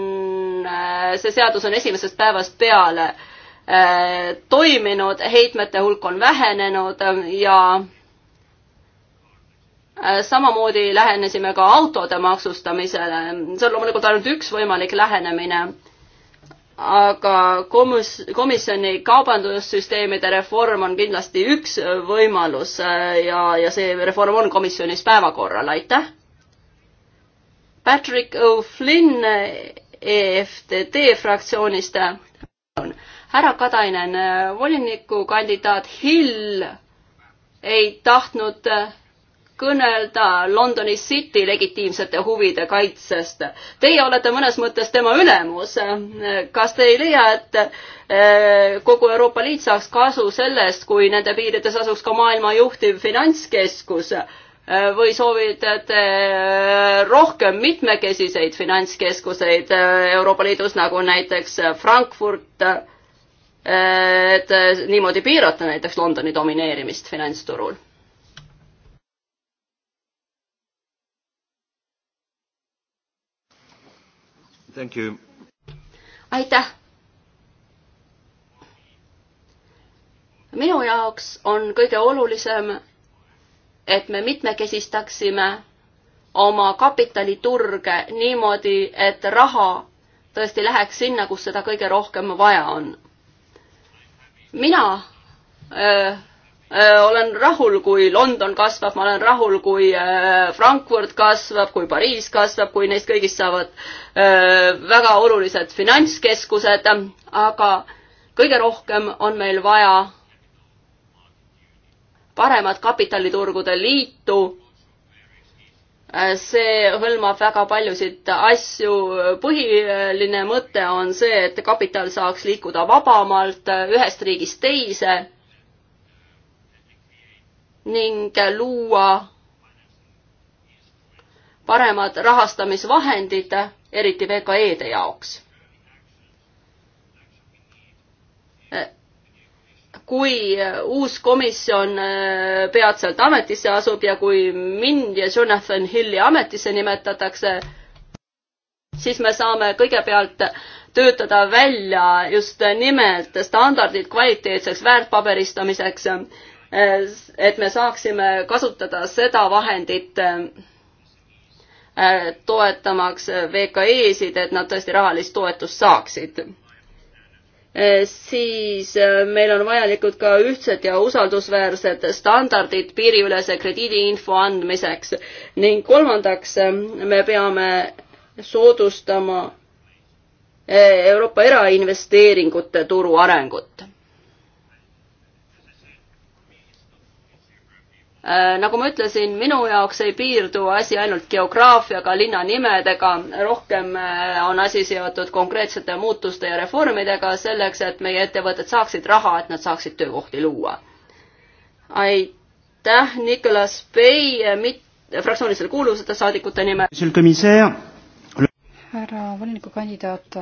äh, see seadus on esimesest päevast peale äh, toiminud, heitmete hulk on vähenenud ähm, ja samamoodi lähenesime ka autode maksustamisele, see on loomulikult ainult üks võimalik lähenemine aga komus-, komisjoni kaubandussüsteemide reform on kindlasti üks võimalus ja, ja see reform on komisjonis päevakorral, aitäh! Patrick O'Flynn EFTD fraktsioonist. härra Katainen, volinikukandidaat Hill ei tahtnud kõnelda Londoni City legitiimsete huvide kaitsest. Teie olete mõnes mõttes tema ülemus. kas te ei leia, et eh, kogu Euroopa Liit saaks kasu sellest, kui nende piirides asuks ka maailma juhtiv finantskeskus? Äh, või soovitate äh, rohkem mitmekesiseid finantskeskuseid äh, Euroopa Liidus, nagu näiteks Frankfurt, et niimoodi piirata näiteks Londoni domineerimist finantsturul? aitäh! minu jaoks on kõige olulisem et me mitmekesistaksime oma kapitaliturge niimoodi, et raha tõesti läheks sinna, kus seda kõige rohkem vaja on. mina öö, öö, olen rahul, kui London kasvab, ma olen rahul, kui öö, Frankfurt kasvab, kui Pariis kasvab, kui neist kõigist saavad öö, väga olulised finantskeskused, aga kõige rohkem on meil vaja paremat kapitaliturgude liitu. Äh, see hõlmab väga paljusid asju. põhiline mõte on see, et kapital saaks liikuda vabamalt äh, ühest riigist teise ning luua paremad rahastamisvahendid, eriti VKE-de jaoks äh, kui äh, uus komisjon äh, peatselt ametisse asub ja kui mind ja Jonathan Hilli ametisse nimetatakse, siis me saame kõigepealt töötada välja just nimelt standardid kvaliteetseks väärtpaberistamiseks, äh, et me saaksime kasutada seda vahendit toetamaks VKE-sid, et nad tõesti rahalist toetust saaksid Eh, siis eh, meil on vajalikud ka ühtsed ja usaldusväärsed standardid piiriülese krediidiinfo andmiseks ning kolmandaks eh, me peame soodustama Euroopa erainvesteeringute turu arengut Äh, nagu ma ütlesin, minu jaoks ei piirdu asi ainult geograafiaga, linnanimedega, rohkem äh, on asi seotud konkreetsete muutuste ja reformidega selleks, et meie ettevõtted saaksid raha, et nad saaksid töökohti luua. aitäh, Nicolas Bey, äh, fraktsioonidele kuuluvate saadikute nimel. härra volinikukandidaat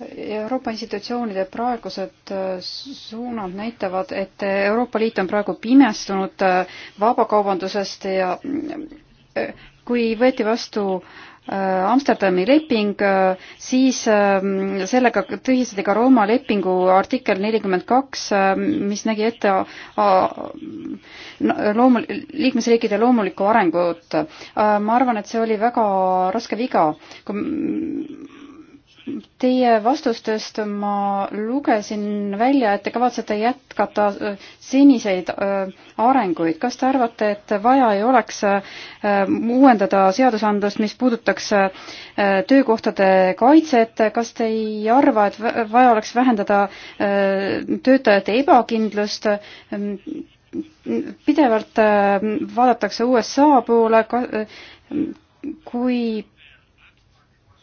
Euroopa institutsioonide praegused äh, suunad näitavad, et Euroopa Liit on praegu pimestunud äh, vabakaubandusest ja äh, kui võeti vastu Amsterdami leping, siis ähm, sellega tühistati ka Rooma lepingu artikkel nelikümmend kaks, mis nägi ette loomu-, liikmesriikide loomulikku arengut. ma arvan, et see oli väga raske viga, kui Teie vastustest ma lugesin välja, et te kavatsete jätkata äh, seniseid äh, arenguid. kas te arvate, et vaja ei oleks äh, uuendada seadusandlust, mis puudutaks töökohtade kaitset, kas te ei arva, et vaja oleks vähendada töötajate ebakindlust? Ähm, pidevalt vaadatakse USA poole, kui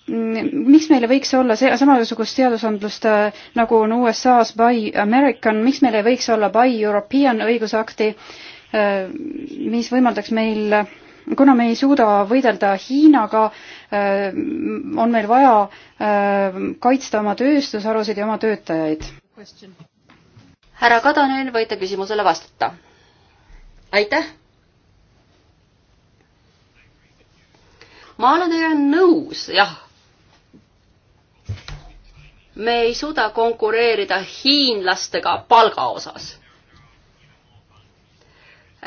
Mm, miks meil ei võiks olla see, samasugust seadusandlust äh, nagu on USA-s by American, miks meil ei võiks olla by European õigusakti, äh, mis võimaldaks meil, kuna me ei suuda võidelda Hiinaga, äh, on meil vaja kaitsta oma tööstusharusid ja oma töötajaid. härra Kadanen, võite küsimusele vastata. aitäh ma olen teiega nõus, jah, me ei suuda konkureerida hiinlastega palga osas.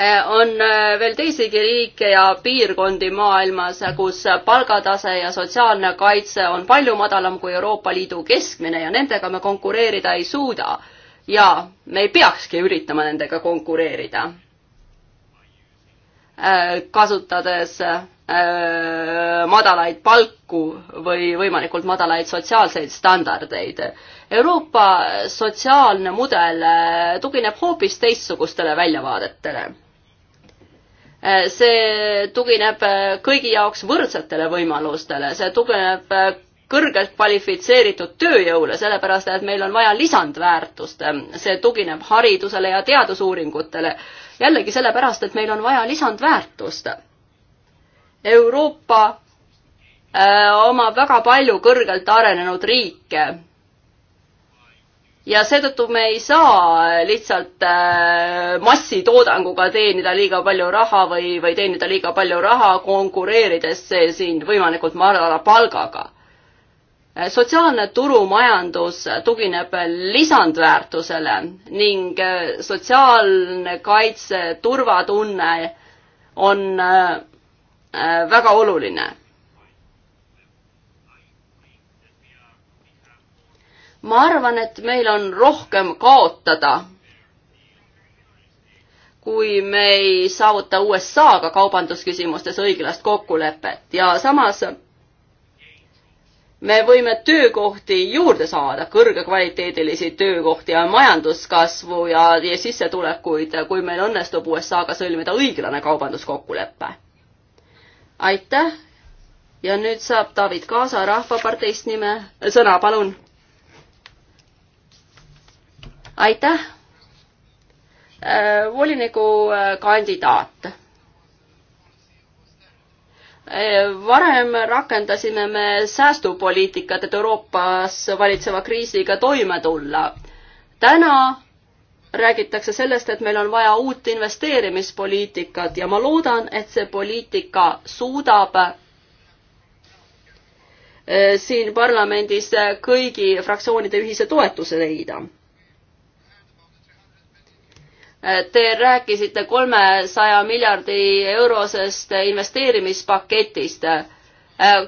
Eh, on eh, veel teisigi riike ja piirkondi maailmas, kus palgatase ja sotsiaalne kaitse on palju madalam kui Euroopa Liidu keskmine ja nendega me konkureerida ei suuda. ja me ei peakski üritama nendega konkureerida Äh, kasutades äh, madalaid palku või võimalikult madalaid sotsiaalseid standardeid. Euroopa sotsiaalne mudel äh, tugineb hoopis teistsugustele väljavaadetele. see tugineb kõigi jaoks võrdsetele võimalustele, see tugineb kõrgelt kvalifitseeritud tööjõule, sellepärast et meil on vaja lisandväärtust. see tugineb haridusele ja teadusuuringutele jällegi sellepärast, et meil on vaja lisandväärtust. Euroopa äh, omab väga palju kõrgelt arenenud riike. ja seetõttu me ei saa lihtsalt äh, massitoodanguga teenida liiga palju raha või, või teenida liiga palju raha konkureerides siin võimalikult madala palgaga Äh, sotsiaalne turumajandus tugineb lisandväärtusele ning äh, sotsiaalne kaitse, turvatunne on äh, väga oluline. ma arvan, et meil on rohkem kaotada, kui me ei saavuta USA-ga kaubandusküsimustes õiglast kokkulepet ja samas me võime töökohti juurde saada, kõrgekvaliteedilisi töökohti ja majanduskasvu ja, ja sissetulekuid, kui meil õnnestub USA-ga sõlmida õiglane kaubanduskokkulepe. aitäh ja nüüd saab David Kaasa Rahvaparteist nime, sõna, palun. aitäh äh,, voliniku äh, kandidaat varem rakendasime me säästupoliitikat, et Euroopas valitseva kriisiga toime tulla. täna räägitakse sellest, et meil on vaja uut investeerimispoliitikat ja ma loodan, et see poliitika suudab eh, siin parlamendis kõigi fraktsioonide ühise toetuse leida Te rääkisite kolmesaja miljardi eurosest investeerimispaketist.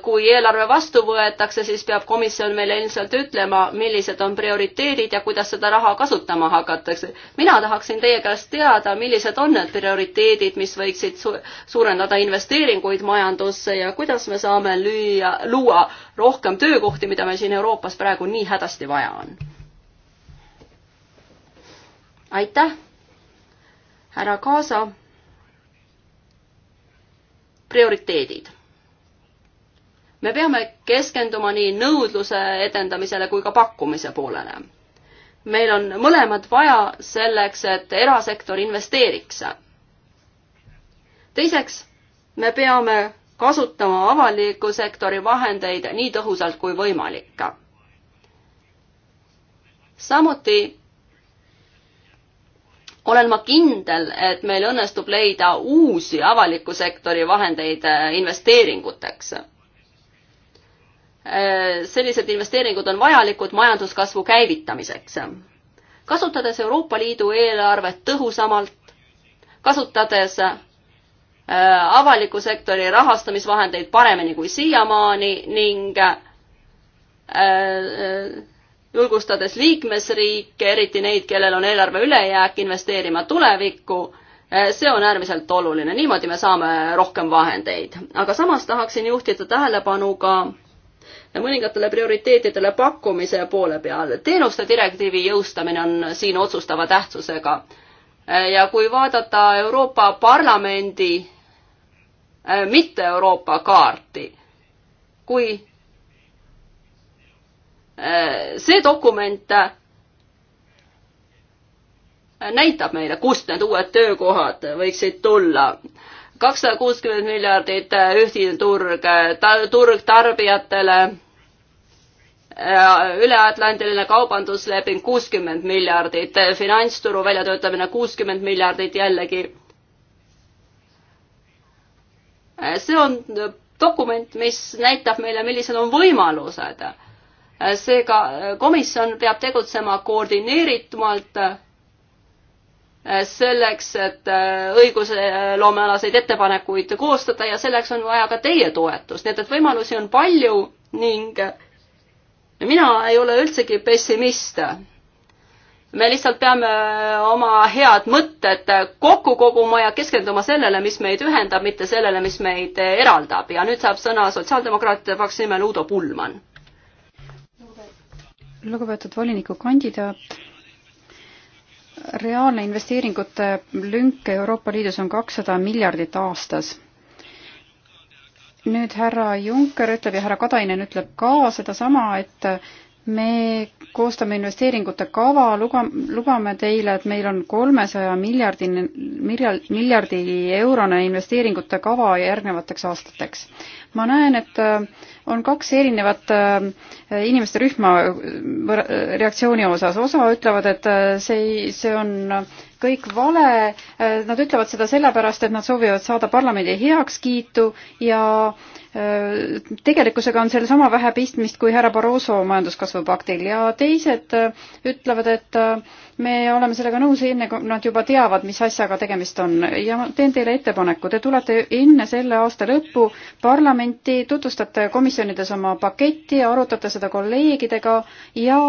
kui eelarve vastu võetakse, siis peab komisjon meile ilmselt ütlema, millised on prioriteedid ja kuidas seda raha kasutama hakatakse. mina tahaksin teie käest teada, millised on need prioriteedid, mis võiksid su suurendada investeeringuid majandusse ja kuidas me saame lüüa, luua rohkem töökohti, mida meil siin Euroopas praegu nii hädasti vaja on. aitäh härra Kaasa. prioriteedid. me peame keskenduma nii nõudluse edendamisele kui ka pakkumise poolele. meil on mõlemad vaja selleks, et erasektor investeeriks. teiseks, me peame kasutama avaliku sektori vahendeid nii tõhusalt kui võimalik. samuti olen ma kindel, et meil õnnestub leida uusi avaliku sektori vahendeid äh, investeeringuteks. Äh, sellised investeeringud on vajalikud majanduskasvu käivitamiseks. kasutades Euroopa Liidu eelarvet tõhusamalt, kasutades äh, avaliku sektori rahastamisvahendeid paremini kui siiamaani ning julgustades liikmesriike, eriti neid, kellel on eelarve ülejääk, investeerima tulevikku eh, see on äärmiselt oluline, niimoodi me saame rohkem vahendeid, aga samas tahaksin juhtida tähelepanu ka mõningatele prioriteetidele pakkumise poole peal. teenuste direktiivi jõustamine on siin otsustava tähtsusega. Eh, ja kui vaadata Euroopa Parlamendi eh, mitte Euroopa kaarti, kui Äh, see dokument äh, näitab meile, kust need uued töökohad võiksid tulla. kakssada kuuskümmend miljardit äh, ühtine turg, turg tarbijatele, üleatlandiline kaubandusleping kuuskümmend miljardit, finantsturu väljatöötamine kuuskümmend miljardit jällegi. see on dokument, mis näitab meile, millised on võimalused seega äh, komisjon peab tegutsema koordineeritumalt äh, selleks, et äh, õigusloomealaseid ettepanekuid koostada ja selleks on vaja ka teie toetust, nii et, et võimalusi on palju ning mina ei ole üldsegi pessimist. me lihtsalt peame oma head mõtted kokku koguma ja keskenduma sellele, mis meid ühendab, mitte sellele, mis meid eraldab ja nüüd saab sõna sotsiaaldemokraatide fraktsiooni nimel Uudo Pullmann lugupeetud volinikukandidaat reaalne investeeringute lünk Euroopa Liidus on kakssada miljardit aastas. nüüd härra Juncker ütleb ja härra Katainen ütleb ka sedasama, et me koostame investeeringute kava, luba, lubame teile, et meil on kolmesaja miljardine, miljard, miljardi eurone investeeringute kava järgnevateks aastateks. ma näen, et äh, on kaks erinevat äh, inimeste rühma äh, reaktsiooni osas, osa ütlevad, et see, see on kõik vale, nad ütlevad seda sellepärast, et nad soovivad saada parlamendi heakskiitu ja äh, Äh, tegelikkusega on seal sama vähe pistmist kui härra Barroso majanduskasvu paktil ja teised äh, ütlevad, et äh, me oleme sellega nõus enne, kui nad juba teavad, mis asjaga tegemist on ja ma teen teile ettepaneku, te tulete enne selle aasta lõppu parlamenti, tutvustate komisjonides oma paketti, arutate seda kolleegidega ja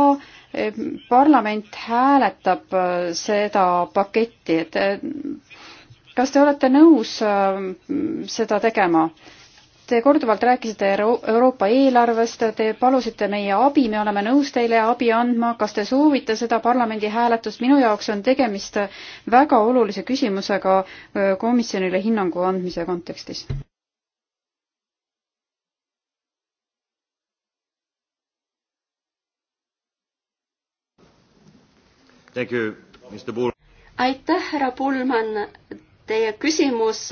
parlament hääletab seda paketti, et kas te olete nõus seda tegema? Te korduvalt rääkisite Euro Euroopa eelarvest, te palusite meie abi, me oleme nõus teile abi andma, kas te soovite seda parlamendi hääletust, minu jaoks on tegemist väga olulise küsimusega äh, komisjonile hinnangu andmise kontekstis. aitäh, härra Pullmann, teie küsimus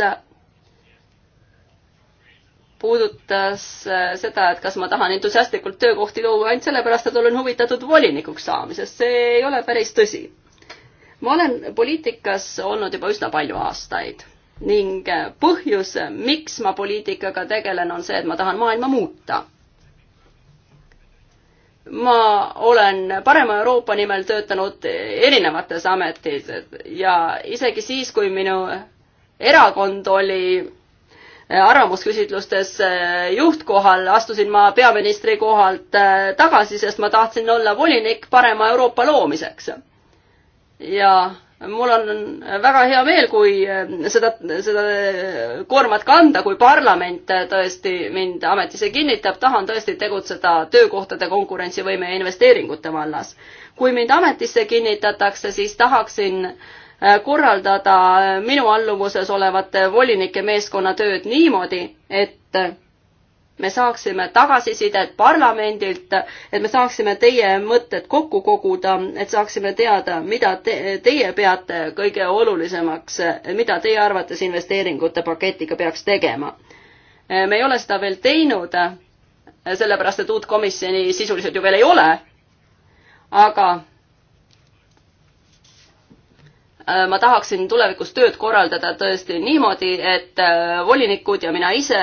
puudutas äh, seda, et kas ma tahan entusiastlikult töökohti luua ainult sellepärast, et olen huvitatud volinikuks saamisest, see ei ole päris tõsi. ma olen poliitikas olnud juba üsna palju aastaid ning äh, põhjus, miks ma poliitikaga tegelen, on see, et ma tahan maailma muuta. ma olen parema Euroopa nimel töötanud erinevates ametites ja isegi siis, kui minu erakond oli arvamusküsitlustes äh, juhtkohal, astusin ma peaministri kohalt äh, tagasi, sest ma tahtsin olla volinik parema Euroopa loomiseks. ja mul on väga hea meel, kui äh, seda, seda koormat kanda, kui parlament tõesti mind ametisse kinnitab, tahan tõesti tegutseda töökohtade konkurentsivõime ja investeeringute vallas. kui mind ametisse kinnitatakse, siis tahaksin äh, Äh, korraldada äh, minu alluvuses olevate volinike meeskonna tööd niimoodi, et äh, me saaksime tagasisidet parlamendilt, et me saaksime teie mõtted kokku koguda, et saaksime teada, mida te, teie peate kõige olulisemaks, mida teie arvates investeeringute paketiga peaks tegema. me ei ole seda veel teinud, sellepärast et uut komisjoni sisuliselt ju veel ei ole. aga Äh, ma tahaksin tulevikus tööd korraldada tõesti niimoodi, et äh, volinikud ja mina ise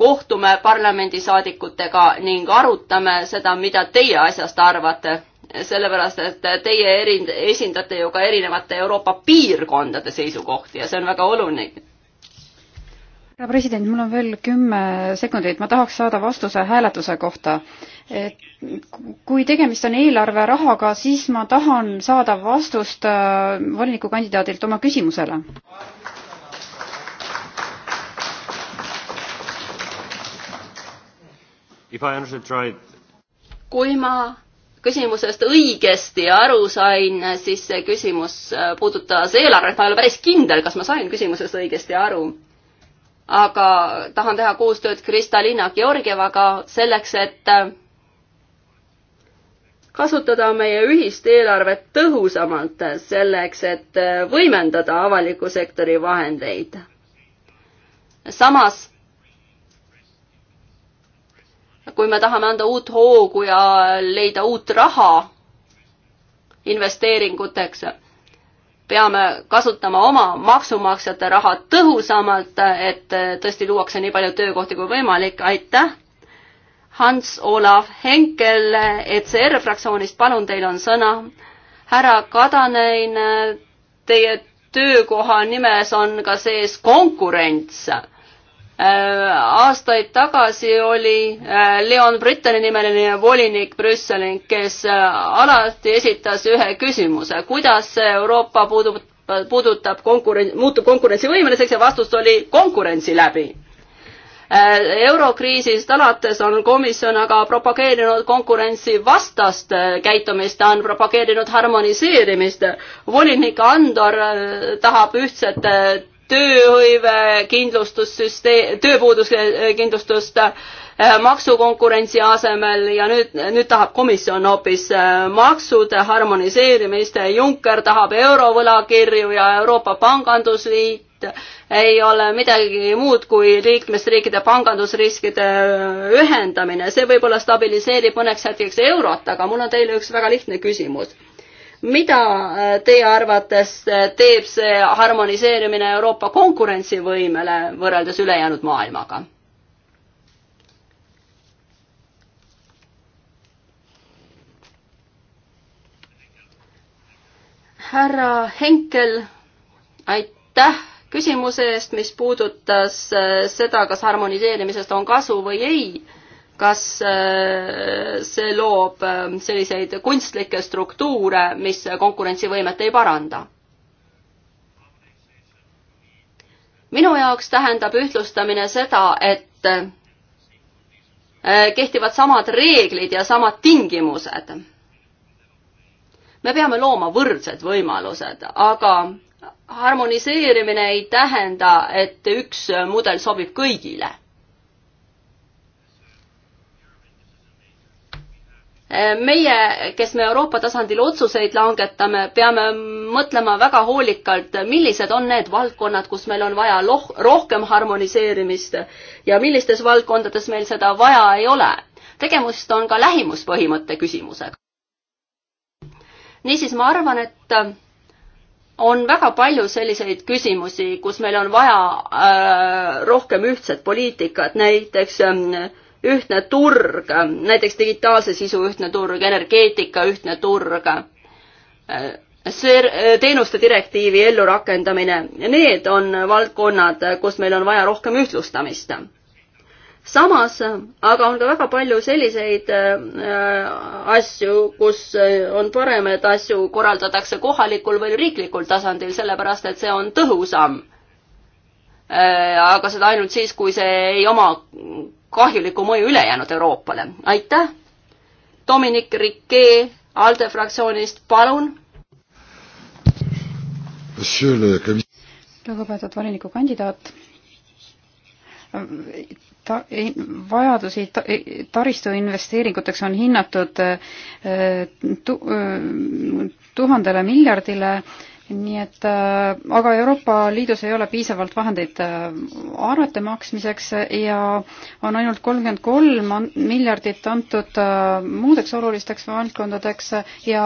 kohtume parlamendisaadikutega ning arutame seda, mida teie asjast arvate. sellepärast, et teie eri, esindate ju ka erinevate Euroopa piirkondade seisukohti ja see on väga oluline härra president, mul on veel kümme sekundit, ma tahaks saada vastuse hääletuse kohta. et kui tegemist on eelarverahaga, siis ma tahan saada vastust äh, volinikukandidaadilt oma küsimusele. kui ma küsimusest õigesti aru sain, siis see küsimus äh, puudutas eelarvet, ma ei ole päris kindel, kas ma sain küsimusest õigesti aru aga tahan teha koostööd Kristalina Georgievaga selleks, et äh, kasutada meie ühist eelarvet tõhusamalt selleks, et äh, võimendada avaliku sektori vahendeid. samas kui me tahame anda uut hoogu ja leida uut raha investeeringuteks peame kasutama oma maksumaksjate raha tõhusamalt, et tõesti luuakse nii palju töökohti kui võimalik, aitäh. Hans-Olav Henkel ECR fraktsioonist, palun, teil on sõna. härra Kadanen, teie töökoha nimes on ka sees konkurents Äh, aastaid tagasi oli äh, Leon Brittani nimeline volinik Brüsseli, kes äh, alati esitas ühe küsimuse, kuidas Euroopa puudub, puudutab konkurents, muutub konkurentsivõimeliseks ja vastus oli konkurentsi läbi. Eurokriisist alates on komisjon aga propageerinud konkurentsi vastast käitumist, ta on propageerinud harmoniseerimist. volinik Andor tahab ühtset tööhõive kindlustussüsteem, tööpuuduskindlustust äh, maksukonkurentsi asemel ja nüüd, nüüd tahab komisjon hoopis äh, maksude harmoniseerimist, Juncker tahab eurovõlakirju ja Euroopa Pangandusliit ei ole midagi muud kui liikmesriikide pangandusriskide äh, ühendamine, see võib-olla stabiliseerib mõneks hetkeks eurot, aga mul on teile üks väga lihtne küsimus mida äh, teie arvates äh, teeb see harmoniseerimine Euroopa konkurentsivõimele võrreldes ülejäänud maailmaga? härra Henkel, aitäh küsimuse eest, mis puudutas äh, seda, kas harmoniseerimisest on kasu või ei kas äh, see loob äh, selliseid kunstlikke struktuure, mis konkurentsivõimet ei paranda? minu jaoks tähendab ühtlustamine seda, et äh, kehtivad samad reeglid ja samad tingimused. me peame looma võrdsed võimalused, aga harmoniseerimine ei tähenda, et üks mudel sobib kõigile meie, kes me Euroopa tasandil otsuseid langetame, peame mõtlema väga hoolikalt, millised on need valdkonnad, kus meil on vaja loh-, rohkem harmoniseerimist ja millistes valdkondades meil seda vaja ei ole. tegemist on ka lähimuspõhimõtte küsimusega. niisiis, ma arvan, et on väga palju selliseid küsimusi, kus meil on vaja äh, rohkem ühtset poliitikat, näiteks äh, ühtne turg, näiteks digitaalse sisu ühtne turg, energeetika ühtne turg, see teenuste direktiivi ellurakendamine, need on valdkonnad, kus meil on vaja rohkem ühtlustamist. samas aga on ka väga palju selliseid äh, asju, kus äh, on parem, et asju korraldatakse kohalikul või riiklikul tasandil, sellepärast et see on tõhusam äh, aga seda ainult siis, kui see ei oma kahjulikku mõju ülejäänud Euroopale. aitäh! Dominic Riquet ALDE fraktsioonist, palun! lugupeetud volinikukandidaat ta-, vajadusi ta, taristu investeeringuteks on hinnatud äh, tu, äh, tuhandele miljardile nii et äh, aga Euroopa Liidus ei ole piisavalt vahendeid äh, arvete maksmiseks ja on ainult kolmkümmend kolm miljardit antud äh, muudeks olulisteks valdkondadeks ja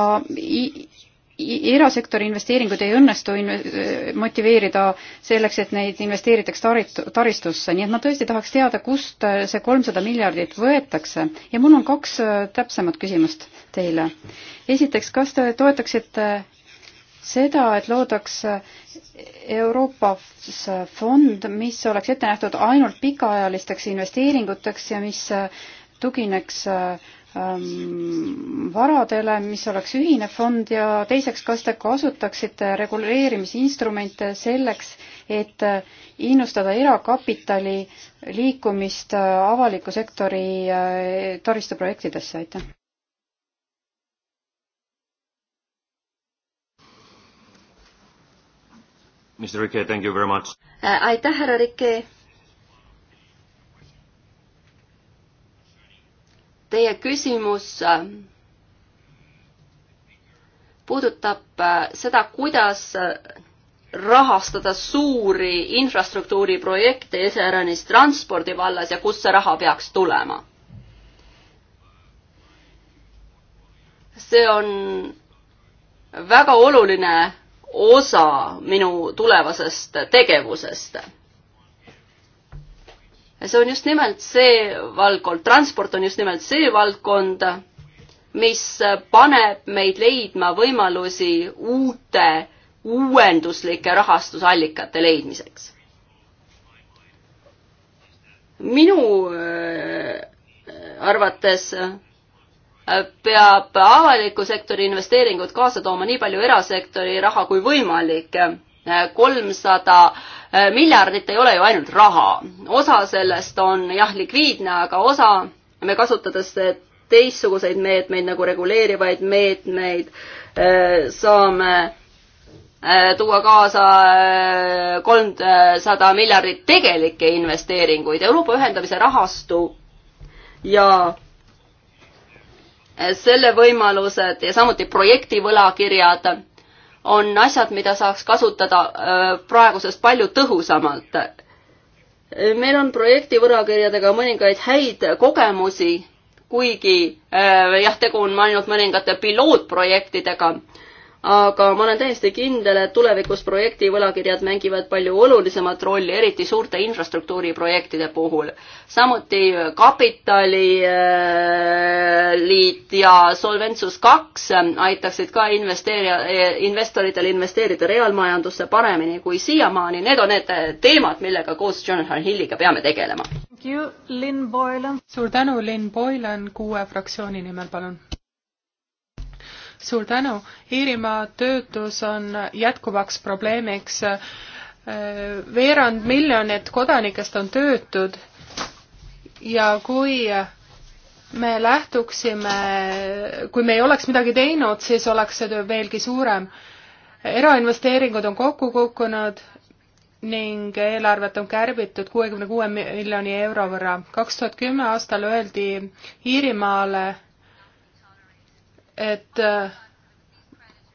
erasektori investeeringuid ei õnnestu inve-, äh, motiveerida selleks, et neid investeeritaks tarit-, taristusse, nii et ma tõesti tahaks teada, kust äh, see kolmsada miljardit võetakse ja mul on kaks äh, täpsemat küsimust teile. esiteks, kas te toetaksite seda, et loodaks Euroopas fond, mis oleks ette nähtud ainult pikaajalisteks investeeringuteks ja mis äh, tugineks ähm, varadele, mis oleks ühine fond ja teiseks, kas te kasutaksite reguleerimisinstrumente selleks, et äh, innustada erakapitali liikumist äh, avaliku sektori taristuprojektidesse, aitäh? Mr Rike, thank you very much. Äh, aitäh, härra Rike. Teie küsimus ähm, puudutab äh, seda, kuidas äh, rahastada suuri infrastruktuuriprojekte iseäranis transpordi vallas ja kust see raha peaks tulema. see on väga oluline osa minu tulevasest tegevusest. see on just nimelt see valdkond, transport on just nimelt see valdkond, mis paneb meid leidma võimalusi uute, uuenduslike rahastusallikate leidmiseks. minu äh, arvates peab avaliku sektori investeeringud kaasa tooma nii palju erasektori raha kui võimalik. kolmsada miljardit ei ole ju ainult raha, osa sellest on jah, likviidne, aga osa me kasutades teistsuguseid meetmeid nagu reguleerivaid meetmeid saame äh, tuua kaasa äh, kolmsada miljardit tegelikke investeeringuid. Euroopa ühendamise rahastu ja Eh, selle võimalused ja samuti projektivõlakirjad on asjad, mida saaks kasutada eh, praegusest palju tõhusamalt. Eh, meil on projektivõlakirjadega mõningaid häid kogemusi, kuigi jah, tegu on ainult mõningate pilootprojektidega aga ma olen täiesti kindel, et tulevikus projekti võlakirjad mängivad palju olulisemat rolli, eriti suurte infrastruktuuriprojektide puhul. samuti Kapitaliliit äh, ja Solventsus kaks aitaksid ka investeerija, eh, investoritel investeerida reaalmajandusse paremini kui siiamaani. Need on need teemad, millega koos Jonathan Hilliga peame tegelema. suur tänu, Lynn Boylan, kuue fraktsiooni nimel, palun suur tänu. Iirimaa töötus on jätkuvaks probleemiks. veerand miljonit kodanikest on töötud ja kui me lähtuksime, kui me ei oleks midagi teinud, siis oleks see töö veelgi suurem. erainvesteeringud on kokku kukkunud ning eelarvet on kärbitud kuuekümne kuue miljoni euro võrra. kaks tuhat kümme aastal öeldi Iirimaale et äh,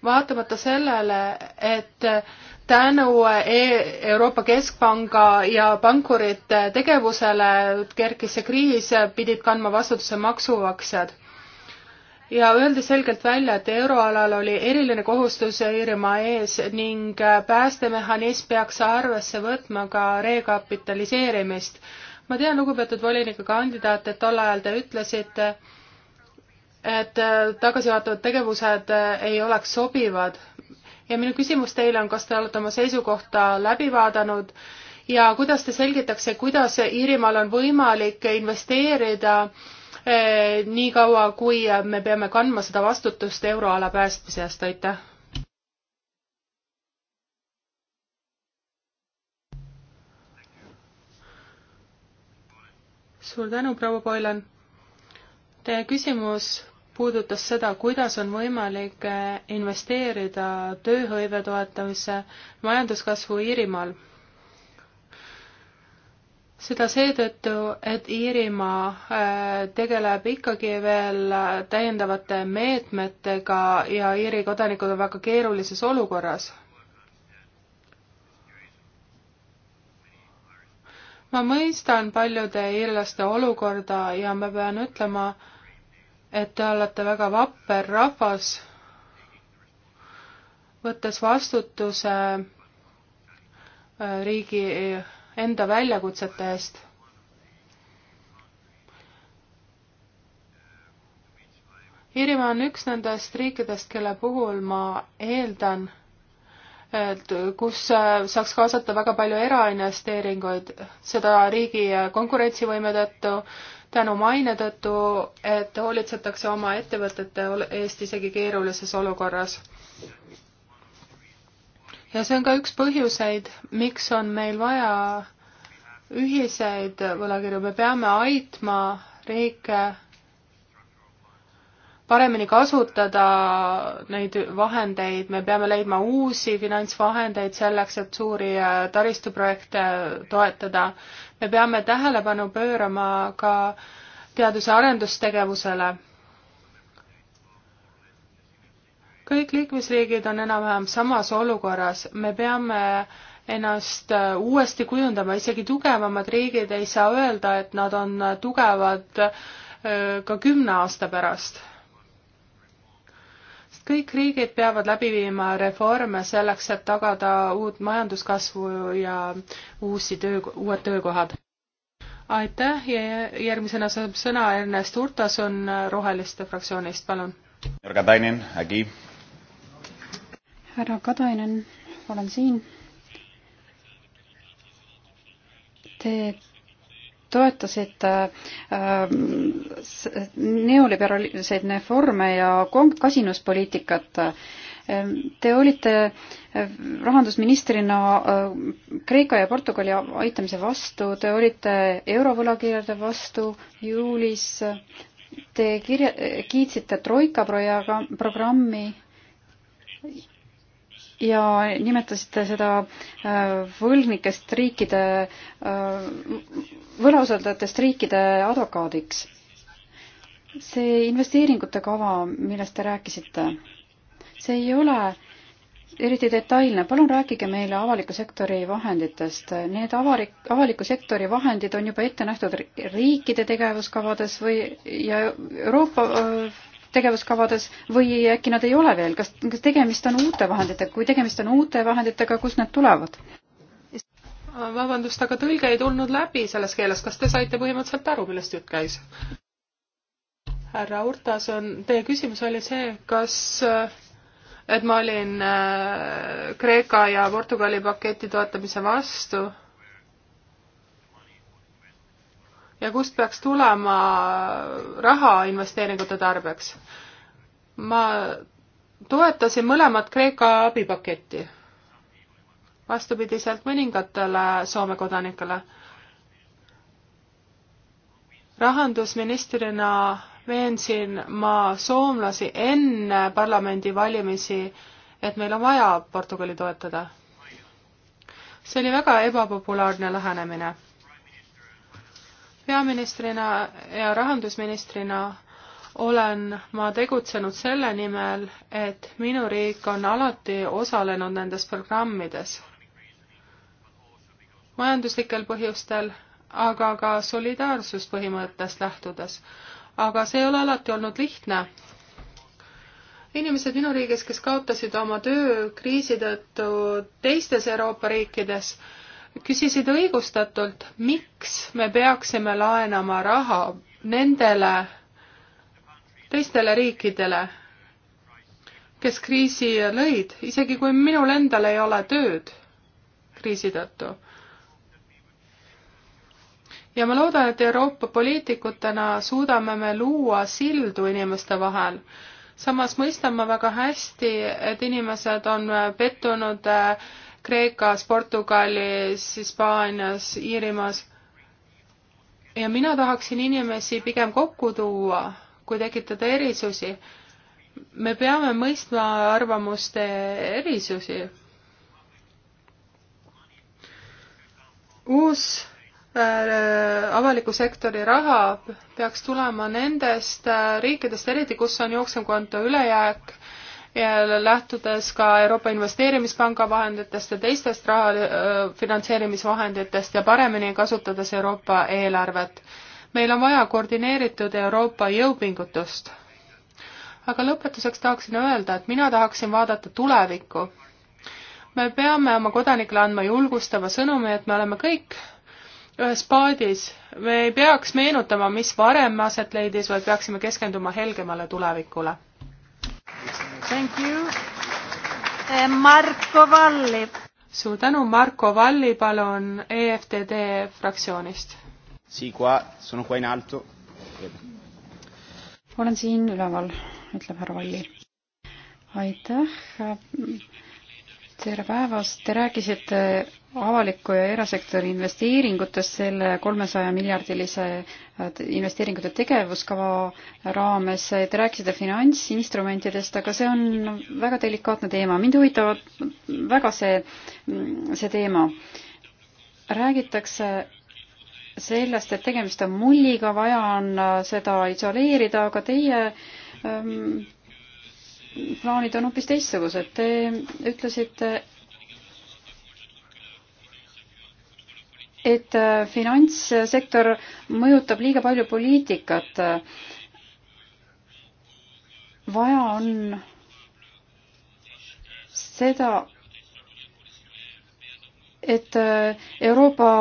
vaatamata sellele, et äh, tänu äh, e-, Euroopa Keskpanga ja pankurite tegevusele kerkis see kriis, pidid kandma vastutuse maksumaksjad. ja öeldi selgelt välja, et euroalal oli eriline kohustus Iirimaa ees ning päästemehhanism peaks arvesse võtma ka rekapitaliseerimist. ma tean, lugupeetud volinikukandidaat, et tol ajal te ütlesite, et äh, tagasijuhatavad tegevused äh, ei oleks sobivad. ja minu küsimus teile on, kas te olete oma seisukohta läbi vaadanud ja kuidas te selgitakse, kuidas Iirimaal on võimalik investeerida äh, nii kaua, kui me peame kandma seda vastutust euroala päästmise eest, aitäh! suur tänu, proua Boylan! Teie küsimus puudutas seda, kuidas on võimalik eh, investeerida tööhõive toetamisse majanduskasvu Iirimaal. seda seetõttu, et Iirimaa eh, tegeleb ikkagi veel täiendavate meetmetega ja Iiri kodanikud on väga keerulises olukorras ma mõistan paljude iirlaste olukorda ja ma pean ütlema, et te olete väga vapper rahvas, võttes vastutuse äh, riigi äh, enda väljakutsete eest. Iirimaa on üks nendest riikidest, kelle puhul ma eeldan, et kus äh, saaks kaasata väga palju erainvesteeringuid, seda riigi konkurentsivõime tõttu, tänu maine tõttu, et hoolitsetakse oma ettevõtete eest isegi keerulises olukorras. ja see on ka üks põhjuseid, miks on meil vaja ühiseid võlakirju, me peame aitma riike paremini kasutada neid vahendeid, me peame leidma uusi finantsvahendeid selleks, et suuri äh, taristuprojekte toetada. me peame tähelepanu pöörama ka teadus- ja arendustegevusele. kõik liikmesriigid on enam-vähem samas olukorras, me peame ennast äh, uuesti kujundama, isegi tugevamad riigid ei saa öelda, et nad on tugevad äh, ka kümne aasta pärast kõik riigid peavad läbi viima reforme selleks, et tagada uut majanduskasvu ja uusi töö, uued töökohad. aitäh ja järgmisena saab sõna Ernest Urtasun Roheliste fraktsioonist, palun. härra Katainen, äkki? härra Katainen, olen siin. Te toetasite äh, äh, neoliberaalseid reforme ja kasinuspoliitikat. Ähm, te olite äh, rahandusministrina äh, Kreeka ja Portugali aitamise vastu, te olite eurovõlakirjade vastu juulis, te kirja-, kiitsite Troika proja-, programmi ja nimetasite seda äh, võlgnikest riikide, äh, võlausaldajatest riikide advokaadiks. see investeeringute kava, millest te rääkisite, see ei ole eriti detailne, palun rääkige meile avaliku sektori vahenditest. Need avalik, avaliku sektori vahendid on juba ette nähtud riikide tegevuskavades või ja Euroopa äh, tegevuskavades või äkki nad ei ole veel, kas, kas tegemist on uute vahenditega, kui tegemist on uute vahenditega, kust need tulevad? Ah, vabandust, aga tõlge ei tulnud läbi selles keeles, kas te saite põhimõtteliselt aru, millest jutt käis? härra Urtas, on, teie küsimus oli see, kas eh, et ma olin eh, Kreeka ja Portugali paketi toetamise vastu ja kust peaks tulema raha investeeringute tarbeks. ma toetasin mõlemat Kreeka abipaketti, vastupidiselt mõningatele Soome kodanikele. rahandusministrina veensin ma soomlasi enne parlamendivalimisi, et meil on vaja Portugali toetada. see oli väga ebapopulaarne lähenemine peaministrina ja rahandusministrina olen ma tegutsenud selle nimel, et minu riik on alati osalenud nendes programmides. majanduslikel põhjustel, aga ka solidaarsuspõhimõttest lähtudes. aga see ei ole alati olnud lihtne. inimesed minu riigis, kes kaotasid oma töö kriisi tõttu teistes Euroopa riikides, küsisid õigustatult, miks me peaksime laenama raha nendele teistele riikidele, kes kriisi lõid, isegi kui minul endal ei ole tööd kriisi tõttu. ja ma loodan, et Euroopa poliitikutena suudame me luua sildu inimeste vahel. samas mõistan ma väga hästi, et inimesed on pettunud Kreekas, Portugalis, Hispaanias, Iirimaas. ja mina tahaksin inimesi pigem kokku tuua, kui tekitada erisusi. me peame mõistma arvamuste erisusi. uus äh, avaliku sektori raha peaks tulema nendest äh, riikidest, eriti kus on jooksevkonto ülejääk ja lähtudes ka Euroopa Investeerimispanga vahenditest ja teistest raha äh, finantseerimisvahenditest ja paremini kasutades Euroopa eelarvet. meil on vaja koordineeritud Euroopa jõupingutust. aga lõpetuseks tahaksin öelda, et mina tahaksin vaadata tulevikku. me peame oma kodanikele andma julgustava sõnumi, et me oleme kõik ühes paadis, me ei peaks meenutama, mis varem aset leidis, vaid peaksime keskenduma helgemale tulevikule Thank you. Eh, Marko Valli. suur tänu, Marko Valli, palun EFTD fraktsioonist. olen siin üleval, ütleb härra Valli. aitäh, tere päevast, te rääkisite avaliku ja erasektori investeeringutest selle kolmesaja miljardilise äh, investeeringute tegevuskava raames. Te rääkisite finantsinstrumentidest, aga see on väga delikaatne teema. mind huvitab väga see, mm, see teema. räägitakse sellest, et tegemist on mulliga, vaja on äh, seda isoleerida, aga teie ähm, plaanid on hoopis teistsugused. Te ütlesite, et äh, finantssektor mõjutab liiga palju poliitikat. vaja on seda, et äh, Euroopa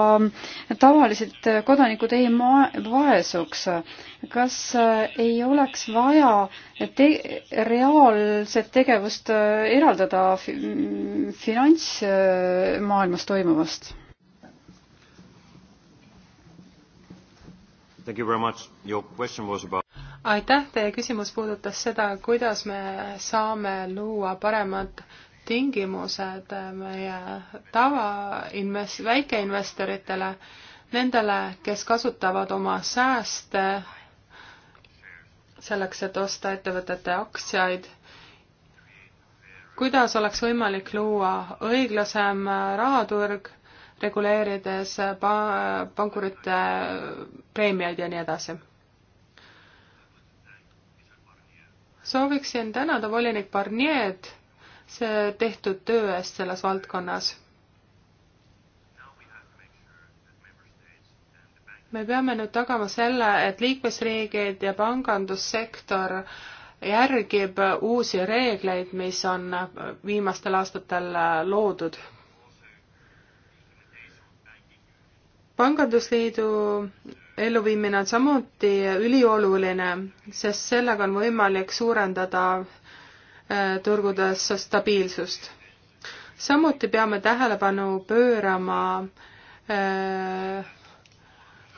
tavalised kodanikud ei vaesuks. kas äh, ei oleks vaja te reaalset tegevust eraldada finantsmaailmas toimuvast? About... aitäh, teie küsimus puudutas seda, kuidas me saame luua paremad tingimused meie tavainvest-, väikeinvestoritele, nendele, kes kasutavad oma sääste selleks, et osta ettevõtete aktsiaid, kuidas oleks võimalik luua õiglasem rahaturg reguleerides pa-, pankurite preemiaid ja nii edasi. sooviksin tänada volinik Barnier'd see tehtud töö eest selles valdkonnas me peame nüüd tagama selle, et liikmesriigid ja pangandussektor järgib uusi reegleid, mis on viimastel aastatel loodud pangandusliidu elluviimine on samuti ülioluline, sest sellega on võimalik suurendada äh, turgudes stabiilsust. samuti peame tähelepanu pöörama äh,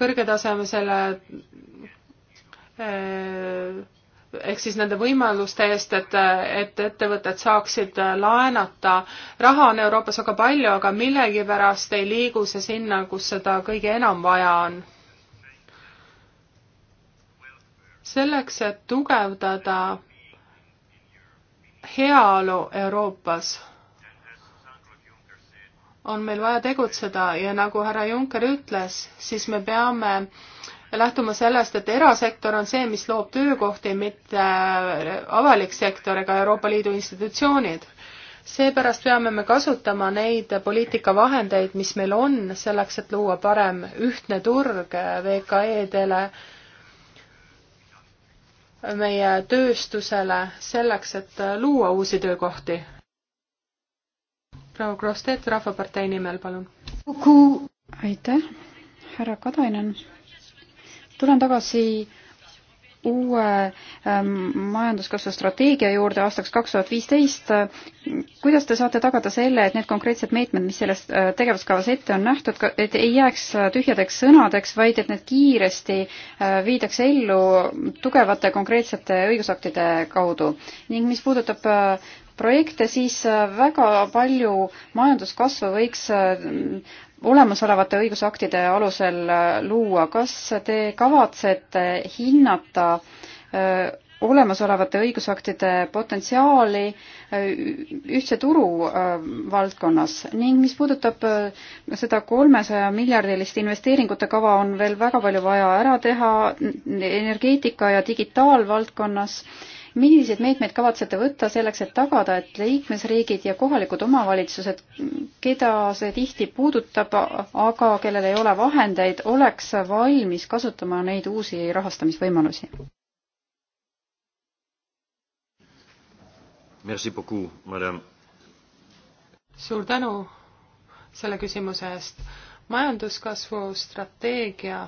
kõrgetasemesele äh, ehk siis nende võimaluste eest, et, et ettevõtted saaksid laenata. raha on Euroopas väga palju, aga millegipärast ei liigu see sinna, kus seda kõige enam vaja on. selleks, et tugevdada heaolu Euroopas, on meil vaja tegutseda ja nagu härra Juncker ütles, siis me peame lähtuma sellest, et erasektor on see, mis loob töökohti, mitte äh, avalik sektor ega Euroopa Liidu institutsioonid. seepärast peame me kasutama neid poliitikavahendeid, mis meil on, selleks, et luua parem ühtne turg äh, VKE-dele, meie tööstusele, selleks, et äh, luua uusi töökohti. proua Krossstedt Rahvapartei nimel, palun. aitäh, härra Katainen tulen tagasi uue ähm, majanduskasvu strateegia juurde aastaks kaks tuhat viisteist. kuidas te saate tagada selle, et need konkreetsed meetmed, mis selles äh, tegevuskavas ette on nähtud, et ei jääks äh, tühjadeks sõnadeks, vaid et need kiiresti äh, viidaks ellu tugevate konkreetsete õigusaktide kaudu ning mis puudutab projekte, siis väga palju majanduskasvu võiks olemasolevate õigusaktide alusel luua, kas te kavatsete hinnata olemasolevate õigusaktide potentsiaali ühtse turu valdkonnas ning mis puudutab seda kolmesaja miljardilist investeeringute kava, on veel väga palju vaja ära teha energeetika ja digitaalvaldkonnas milliseid meetmeid kavatsete võtta selleks, et tagada, et liikmesriigid ja kohalikud omavalitsused, keda see tihti puudutab, aga kellel ei ole vahendeid, oleks valmis kasutama neid uusi rahastamisvõimalusi? Merci beaucoup, madame. suur tänu selle küsimuse eest. majanduskasvu strateegia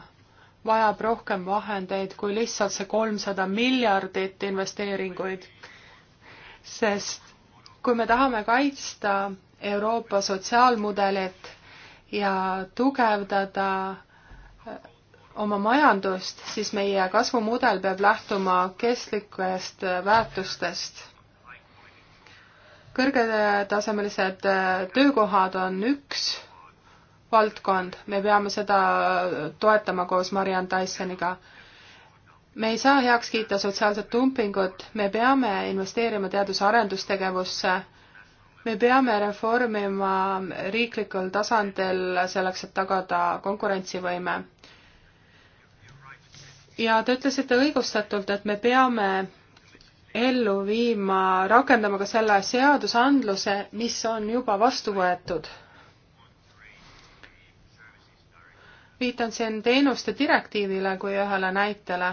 vajab rohkem vahendeid kui lihtsalt see kolmsada miljardit investeeringuid. sest kui me tahame kaitsta Euroopa sotsiaalmudelit ja tugevdada äh, oma majandust, siis meie kasvumudel peab lähtuma kestlikest äh, väärtustest. kõrgetasemelised äh, töökohad on üks valdkond, me peame seda toetama koos Marianne Tysoniga. me ei saa heaks kiita sotsiaalset dumpingut, me peame investeerima teadus- ja arendustegevusse, me peame reformima riiklikul tasandil selleks, et tagada konkurentsivõime. ja te ütlesite õigustatult, et me peame ellu viima, rakendama ka selle seadusandluse, mis on juba vastu võetud viitan siin teenuste direktiivile kui ühele näitele.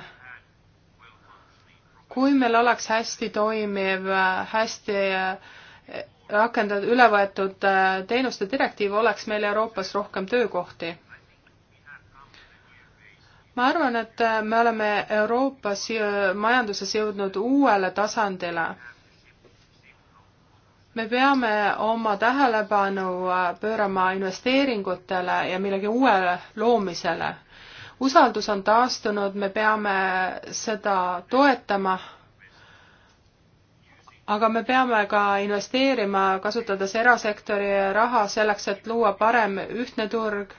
kui meil oleks hästi toimiv, hästi eh, rakendatud, üle võetud eh, teenuste direktiiv, oleks meil Euroopas rohkem töökohti. ma arvan, et eh, me oleme Euroopas majanduses jõudnud uuele tasandile me peame oma tähelepanu äh, pöörama investeeringutele ja millegi uue loomisele. usaldus on taastunud, me peame seda toetama aga me peame ka investeerima, kasutades erasektori raha selleks, et luua parem ühtne turg,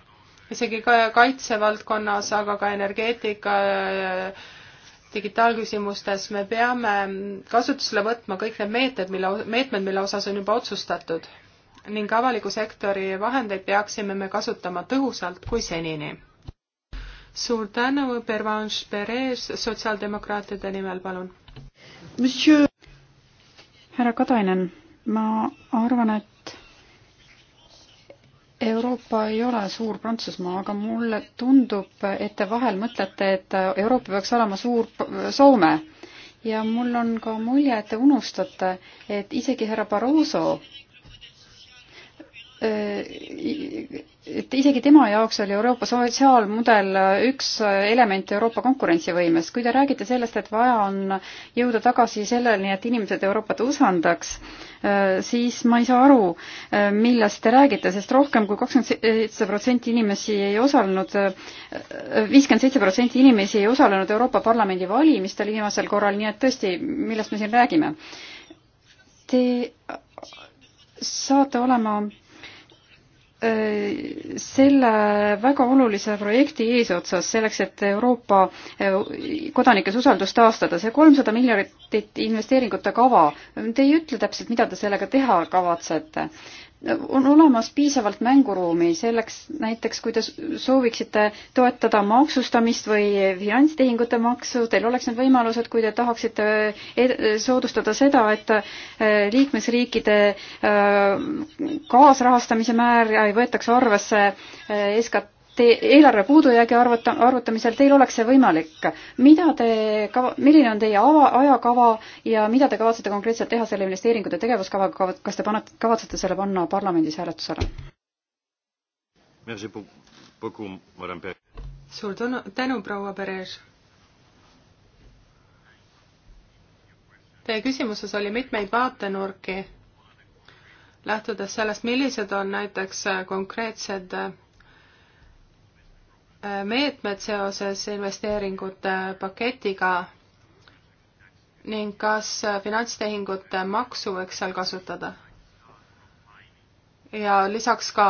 isegi ka kaitsevaldkonnas, aga ka energeetika digitaalküsimustes, me peame kasutusele võtma kõik need meetmed, mille, meetmed, mille osas on juba otsustatud. ning avaliku sektori vahendeid peaksime me kasutama tõhusalt kui senini. suur tänu, Pervanche Perez, sotsiaaldemokraatide nimel, palun. härra Katainen, ma arvan, et Euroopa ei ole suur Prantsusmaa, aga mulle tundub, et te vahel mõtlete, et Euroopa peaks olema suur Soome. ja mul on ka mulje, et te unustate, et isegi härra Barroso et äh, isegi tema jaoks oli Euroopa sotsiaalmudel üks element Euroopa konkurentsivõimes. kui te räägite sellest, et vaja on jõuda tagasi selleni, et inimesed Euroopat usaldaks, äh, siis ma ei saa aru, äh, millest te räägite, sest rohkem kui kakskümmend seitse protsenti inimesi ei osalenud, viiskümmend seitse protsenti inimesi ei osalenud Euroopa Parlamendi valimistel viimasel korral, nii et tõesti, millest me siin räägime? Te saate olema Äh, selle väga olulise projekti eesotsas selleks, et Euroopa äh, kodanikes usaldust taastada, see kolmsada miljardit investeeringute kava, te ei ütle täpselt, mida te sellega teha kavatsete on olemas piisavalt mänguruumi selleks näiteks, kui te sooviksite toetada maksustamist või finantstehingute maksu, teil oleks need võimalused, kui te tahaksite soodustada seda, et äh, liikmesriikide äh, kaasrahastamise määr ei äh, võetaks arvesse SKT te eelarve puudujäägi arvuta, arvutamisel, teil oleks see võimalik. mida te, milline on teie ava, ajakava ja mida te kavatsete konkreetselt teha selle investeeringute tegevuskavaga, kas te panete, kavatsete selle panna parlamendis hääletusele? suur tänu, tänu, proua Perez. Teie küsimuses oli mitmeid vaatenurki, lähtudes sellest, millised on näiteks konkreetsed meetmed seoses investeeringute paketiga ning kas finantstehingute maksu võiks seal kasutada? ja lisaks ka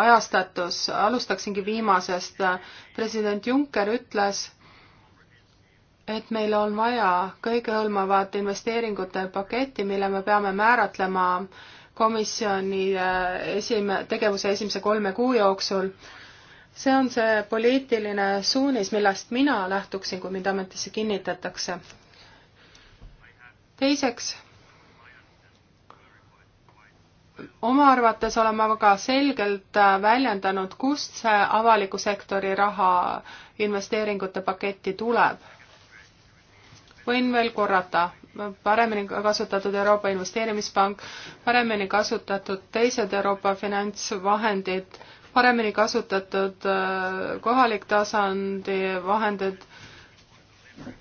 ajastatus, alustaksingi viimasest. president Juncker ütles, et meil on vaja kõigehõlmavat investeeringute paketti, mille me peame määratlema komisjoni eh, esime-, tegevuse esimese kolme kuu jooksul see on see poliitiline suunis, millest mina lähtuksin, kui mind ametisse kinnitatakse. teiseks, oma arvates olen ma väga selgelt äh, väljendanud, kust see avaliku sektori raha investeeringute paketti tuleb. võin veel korrata, paremini kasutatud Euroopa Investeerimispank, paremini kasutatud teised Euroopa finantsvahendid paremini kasutatud äh, kohalik tasandi vahendid,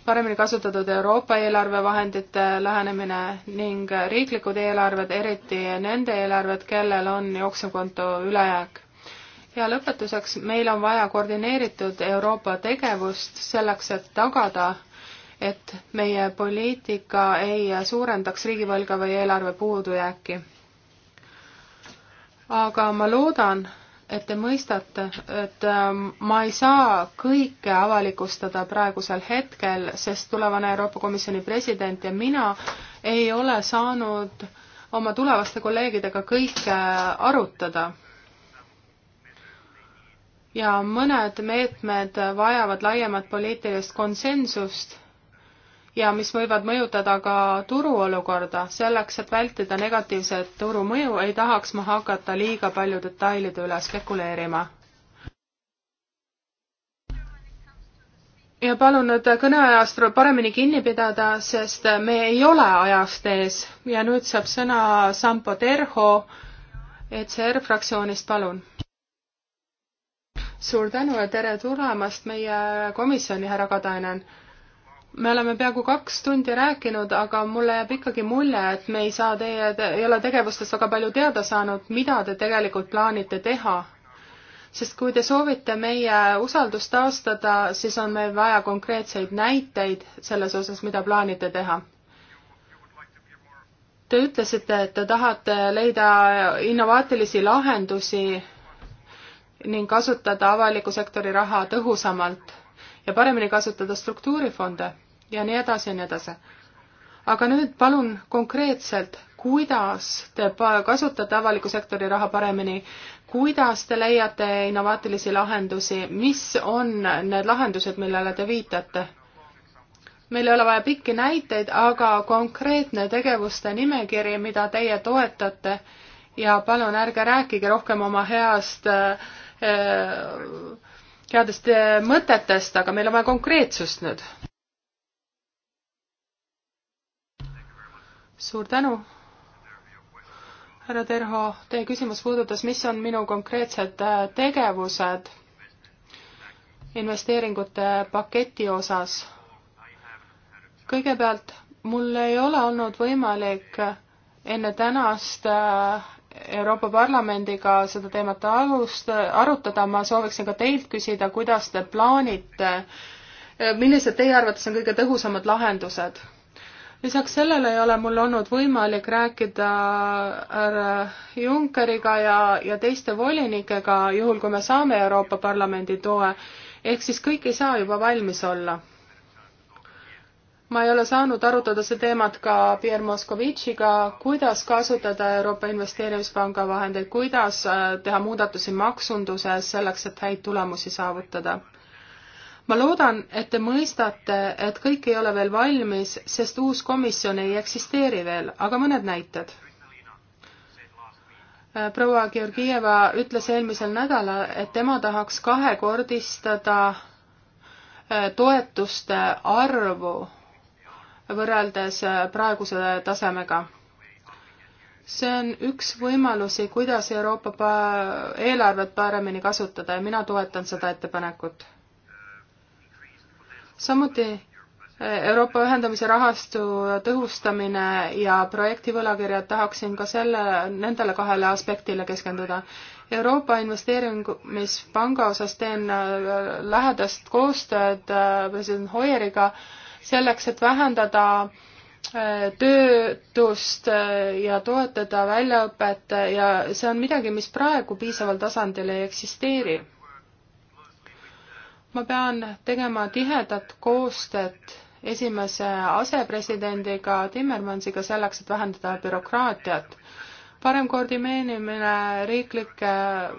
paremini kasutatud Euroopa eelarvevahendite lähenemine ning riiklikud eelarved, eriti nende eelarved, kellel on jooksevkonto ülejääk. ja lõpetuseks, meil on vaja koordineeritud Euroopa tegevust selleks, et tagada et meie poliitika ei suurendaks riigivõlga või eelarve puudujääki. aga ma loodan, et te mõistate, et ähm, ma ei saa kõike avalikustada praegusel hetkel, sest tulevane Euroopa Komisjoni president ja mina ei ole saanud oma tulevaste kolleegidega kõike arutada. ja mõned meetmed vajavad laiemat poliitilist konsensust ja mis võivad mõjutada ka turuolukorda. selleks, et vältida negatiivset turumõju, ei tahaks ma hakata liiga palju detailide üle spekuleerima. ja palun nüüd kõneajast paremini kinni pidada, sest me ei ole ajast ees ja nüüd saab sõna Sampo Terho ECR fraktsioonist, palun. suur tänu ja tere tulemast meie komisjoni, härra Kadanen me oleme peaaegu kaks tundi rääkinud, aga mulle jääb ikkagi mulje, et me ei saa teie, ei ole tegevustest väga palju teada saanud, mida te tegelikult plaanite teha. sest kui te soovite meie usaldust taastada, siis on meil vaja konkreetseid näiteid selles osas, mida plaanite teha. Te ütlesite, et te tahate leida innovaatilisi lahendusi ning kasutada avaliku sektori raha tõhusamalt ja paremini kasutada struktuurifonde ja nii edasi ja nii edasi. aga nüüd palun konkreetselt, kuidas te kasutate avaliku sektori raha paremini, kuidas te leiate innovaatilisi lahendusi, mis on need lahendused, millele te viitate? meil ei ole vaja pikki näiteid, aga konkreetne tegevuste nimekiri, mida teie toetate ja palun ärge rääkige rohkem oma heast äh, äh headest äh, mõtetest, aga meil on vaja konkreetsust nüüd. suur tänu. härra Terho, teie küsimus puudutas, mis on minu konkreetsed äh, tegevused investeeringute paketi osas. kõigepealt, mul ei ole olnud võimalik enne tänast äh, Euroopa Parlamendiga seda teemat alust, arutada, ma sooviksin ka teilt küsida, kuidas te plaanite, äh, millised teie arvates on kõige tõhusamad lahendused? lisaks sellele ei ole mul olnud võimalik rääkida härra Junckeriga ja, ja teiste volinikega, juhul kui me saame Euroopa Parlamendi toe, ehk siis kõik ei saa juba valmis olla. ma ei ole saanud arutada see teemat ka Pierre Moskovitšiga, kuidas kasutada Euroopa Investeerimispanga vahendeid, kuidas äh, teha muudatusi maksunduses selleks, et häid tulemusi saavutada ma loodan, et te mõistate, et kõik ei ole veel valmis, sest uus komisjon ei eksisteeri veel, aga mõned näited. proua Georgieva ütles eelmisel nädalal, et tema tahaks kahekordistada eh, toetuste arvu võrreldes eh, praeguse tasemega. see on üks võimalusi, kuidas Euroopa eelarvet paremini kasutada ja mina toetan seda ettepanekut samuti eh, Euroopa ühendamise rahastu tõhustamine ja projekti võlakirjad, tahaksin ka selle, nendele kahele aspektile keskenduda. Euroopa Investeerimispanga osas teen eh, lähedast koostööd eh, president Hoieriga selleks, et vähendada töötust ja toetada väljaõpet ja see on midagi, mis praegu piisaval tasandil ei eksisteeri ma pean tegema tihedat koostööd esimese asepresidendiga Timmermansiga selleks, et vähendada bürokraatiat. parem koordineerimine riiklike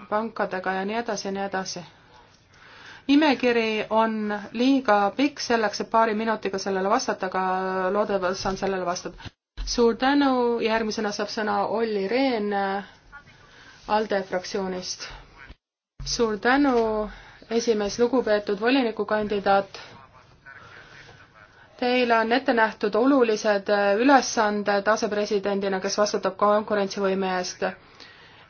pankadega ja nii edasi ja nii edasi. nimekiri on liiga pikk selleks, et paari minutiga sellele vastata, aga loodetavasti saan sellele vastata. suur tänu, järgmisena saab sõna Olli Rehn ALDE fraktsioonist. suur tänu esimees, lugupeetud volinikukandidaat. Teile on ette nähtud olulised äh, ülesanded asepresidendina, kes vastutab konkurentsivõime eest.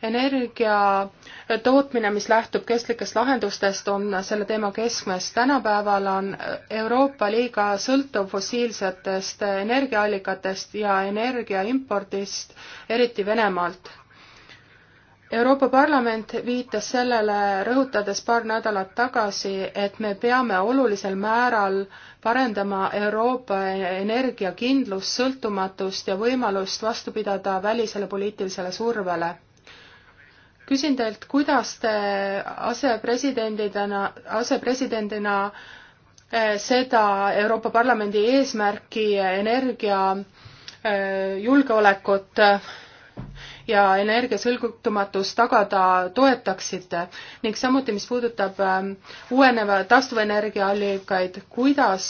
energia äh, tootmine, mis lähtub kestlikest lahendustest, on selle teema keskmes. tänapäeval on äh, Euroopa liiga sõltuv fossiilsetest energiaallikatest ja energia impordist, eriti Venemaalt Euroopa Parlament viitas sellele, rõhutades paar nädalat tagasi, et me peame olulisel määral parendama Euroopa energiakindlust, sõltumatust ja võimalust vastu pidada välisele poliitilisele survele. küsin teilt, kuidas te asepresidendidena, asepresidendina eh, seda Euroopa Parlamendi eesmärki energia eh, julgeolekut ja energiasõltumatust tagada toetaksite? ning samuti, mis puudutab ähm, uueneva, taastuvenergiaallikaid, kuidas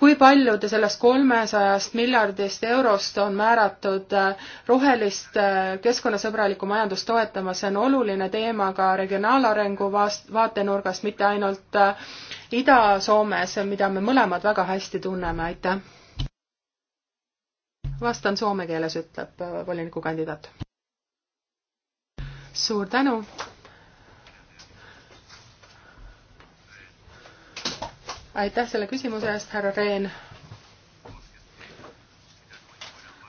kui palju te sellest kolmesajast miljardist eurost on määratud äh, rohelist äh, keskkonnasõbralikku majandust toetama, see on oluline teema ka regionaalarengu vaast-, vaatenurgast, mitte ainult äh, Ida-Soomes, mida me mõlemad väga hästi tunneme, aitäh! vastan soome keeles, ütleb volinikukandidaat suur tänu. aitäh selle küsimuse eest, härra Rehn.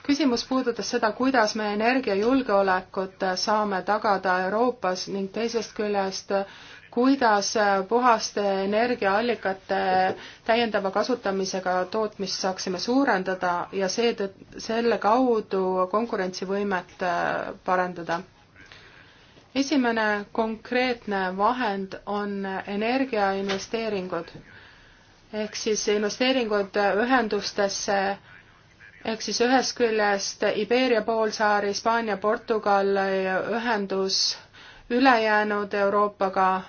küsimus puudutas seda, kuidas me energiajulgeolekut saame tagada Euroopas ning teisest küljest, kuidas puhaste energiaallikate täiendava kasutamisega tootmist saaksime suurendada ja seetõttu selle kaudu konkurentsivõimet äh, parandada esimene konkreetne vahend on energiainvesteeringud ehk siis investeeringud ühendustesse ehk siis ühest küljest Iberia poolsaar, Hispaania, Portugal ühendus ülejäänud Euroopaga,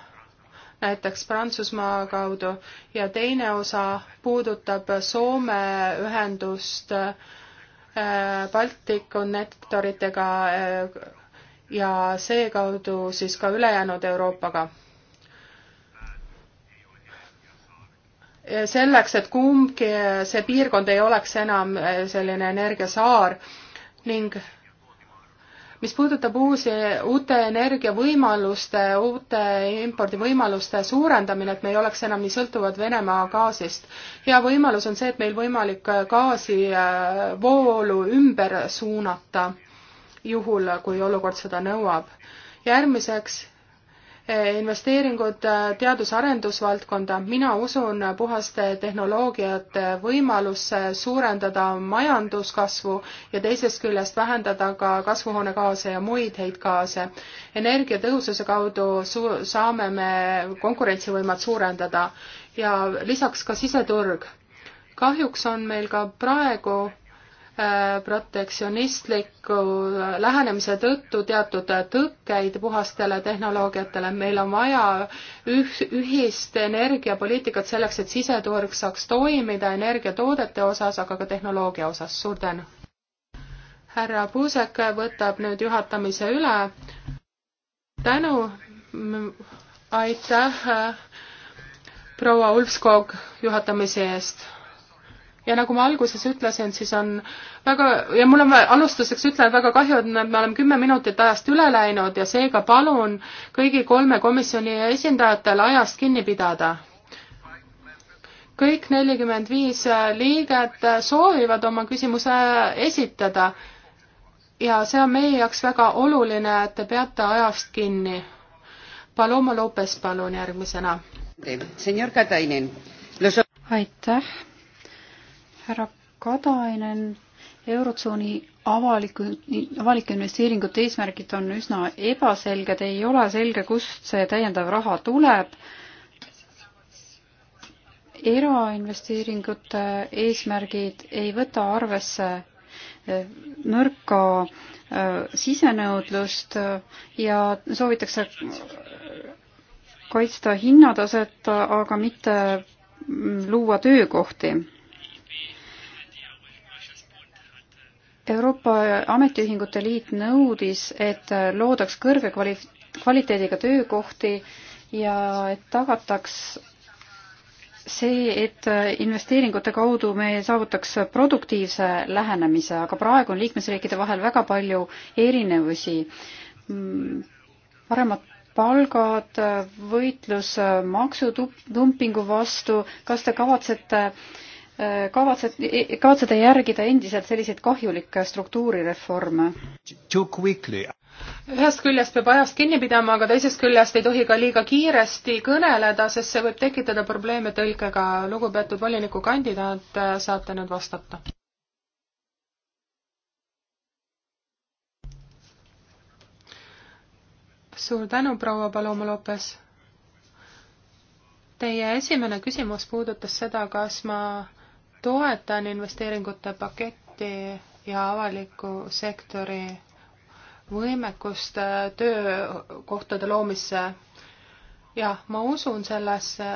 näiteks Prantsusmaa kaudu ja teine osa puudutab Soome ühendust eh, Balticconnectoritega eh, ja seekaudu siis ka ülejäänud Euroopaga. selleks, et kumbki see piirkond ei oleks enam eh, selline energiasaar ning mis puudutab uusi, uute energiavõimaluste, uute impordivõimaluste suurendamine, et me ei oleks enam nii sõltuvad Venemaa gaasist. hea võimalus on see, et meil võimalik gaasivoolu eh, ümber suunata juhul, kui olukord seda nõuab. järgmiseks, eh, investeeringud eh, teadus-arendusvaldkonda, mina usun puhaste tehnoloogiate võimalusse suurendada majanduskasvu ja teisest küljest vähendada ka kasvuhoonegaase ja muid heitgaase. energiatõhususe kaudu su-, saame me konkurentsivõimet suurendada ja lisaks ka siseturg. kahjuks on meil ka praegu Äh, protektsionistliku äh, lähenemise tõttu teatud äh, tõkkeid puhastele tehnoloogiatele. meil on vaja üh-, ühist energiapoliitikat selleks, et siseturg saaks toimida energiatoodete osas, aga ka tehnoloogia osas. suur tänu! härra Puusek võtab nüüd juhatamise üle. tänu, aitäh proua Ulfskog juhatamise eest ja nagu ma alguses ütlesin, siis on väga, ja mul on, alustuseks ütlen, väga kahju, et me oleme kümme minutit ajast üle läinud ja seega palun kõigi kolme komisjoni esindajatel ajast kinni pidada. kõik nelikümmend viis liiget soovivad oma küsimuse esitada ja see on meie jaoks väga oluline, et te peate ajast kinni. Paloma Lopes, palun järgmisena. aitäh härra Katainen, Eurotsooni avaliku, avalike investeeringute eesmärgid on üsna ebaselged, ei ole selge, kust see täiendav raha tuleb. erainvesteeringute eesmärgid ei võta arvesse eh, nõrka eh, sisenõudlust eh, ja soovitakse kaitsta hinnataset, aga mitte mm, luua töökohti Euroopa Ametiühingute Liit nõudis, et loodaks kõrge kvali-, kvaliteediga töökohti ja et tagataks see, et investeeringute kaudu me saavutaks produktiivse lähenemise, aga praegu on liikmesriikide vahel väga palju erinevusi. paremad palgad, võitlus maksutumpingu vastu, kas te kavatsete äh, kavatsed, e-, e-, kavatsete järgida endiselt selliseid kahjulikke struktuurireforme? ühest küljest peab ajast kinni pidama, aga teisest küljest ei tohi ka liiga kiiresti kõneleda, sest see võib tekitada probleeme tõlkega. lugupeetud volinikukandidaat, saate nüüd vastata. suur tänu, proua Paloma Lopes. Teie esimene küsimus puudutas seda, kas ma toetan investeeringute paketti ja avaliku sektori võimekust äh, töökohtade loomisse. jah, ma usun sellesse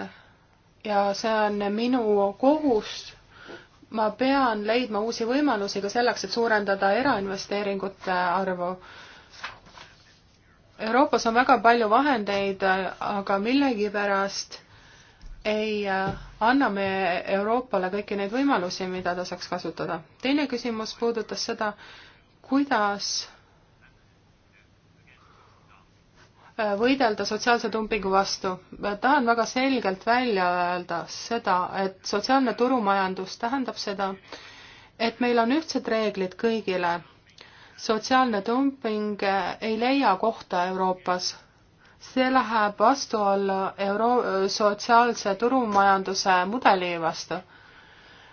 ja see on minu kohus. ma pean leidma uusi võimalusi ka selleks, et suurendada erainvesteeringute arvu. Euroopas on väga palju vahendeid, aga millegipärast ei äh, anna me Euroopale kõiki neid võimalusi, mida ta saaks kasutada. teine küsimus puudutas seda, kuidas äh, võidelda sotsiaalse dumpingu vastu. tahan väga selgelt välja öelda seda, et sotsiaalne turumajandus tähendab seda, et meil on ühtsed reeglid kõigile. sotsiaalne dumping äh, ei leia kohta Euroopas see läheb vastu alla euro-, sotsiaalse turumajanduse mudeli vastu.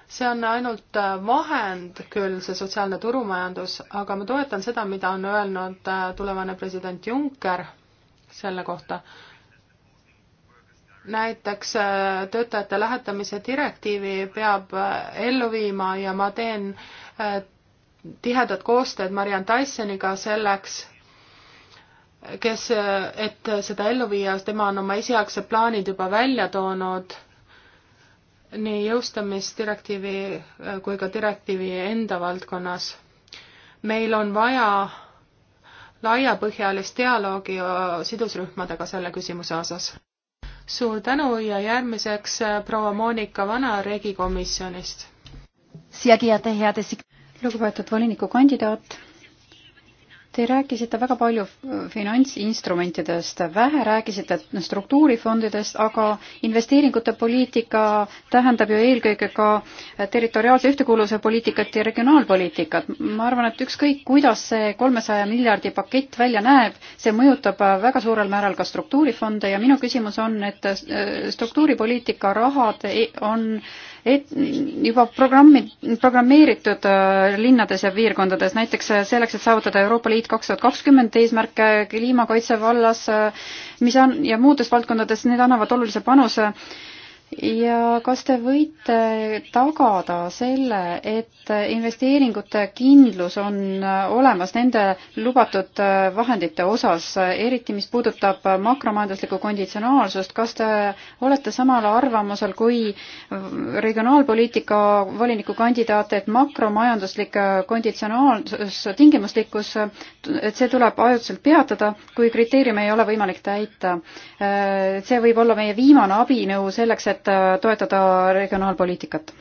see on ainult vahend küll, see sotsiaalne turumajandus, aga ma toetan seda, mida on öelnud äh, tulevane president Juncker selle kohta. näiteks äh, töötajate lähetamise direktiivi peab äh, ellu viima ja ma teen tihedat koostööd Mariann Tysoniga selleks, kes, et seda ellu viia, tema on oma esialgsed plaanid juba välja toonud nii jõustamisdirektiivi äh, kui ka direktiivi enda valdkonnas. meil on vaja laiapõhjalist dialoogi äh, sidusrühmadega selle küsimuse osas. suur tänu ja järgmiseks äh, proua Monika Vana Regikomisjonist. lugupeetud volinikukandidaat Te rääkisite väga palju finantsinstrumentidest, vähe rääkisite struktuurifondidest, aga investeeringute poliitika tähendab ju eelkõige ka territoriaalse ühtekuuluvuse poliitikat ja regionaalpoliitikat. ma arvan, et ükskõik, kuidas see kolmesaja miljardi pakett välja näeb, see mõjutab väga suurel määral ka struktuurifonde ja minu küsimus on, et äh, struktuuripoliitika rahad e-, on et juba programmi, programmeeritud äh, linnades ja piirkondades, näiteks äh, selleks, et saavutada Euroopa Liit kaks tuhat kakskümmend eesmärke kliimakaitse vallas, äh, mis on ja muudes valdkondades, need annavad olulise panuse ja kas te võite tagada selle, et investeeringute kindlus on olemas nende lubatud vahendite osas, eriti mis puudutab makromajanduslikku konditsionaalsust, kas te olete samal arvamusel kui regionaalpoliitika volinikukandidaat, et makromajanduslik konditsionaalsus, tingimuslikkus, et see tuleb ajutiselt peatada, kui kriteeriume ei ole võimalik täita. see võib olla meie viimane abinõu selleks, et et äh, toetada regionaalpoliitikat.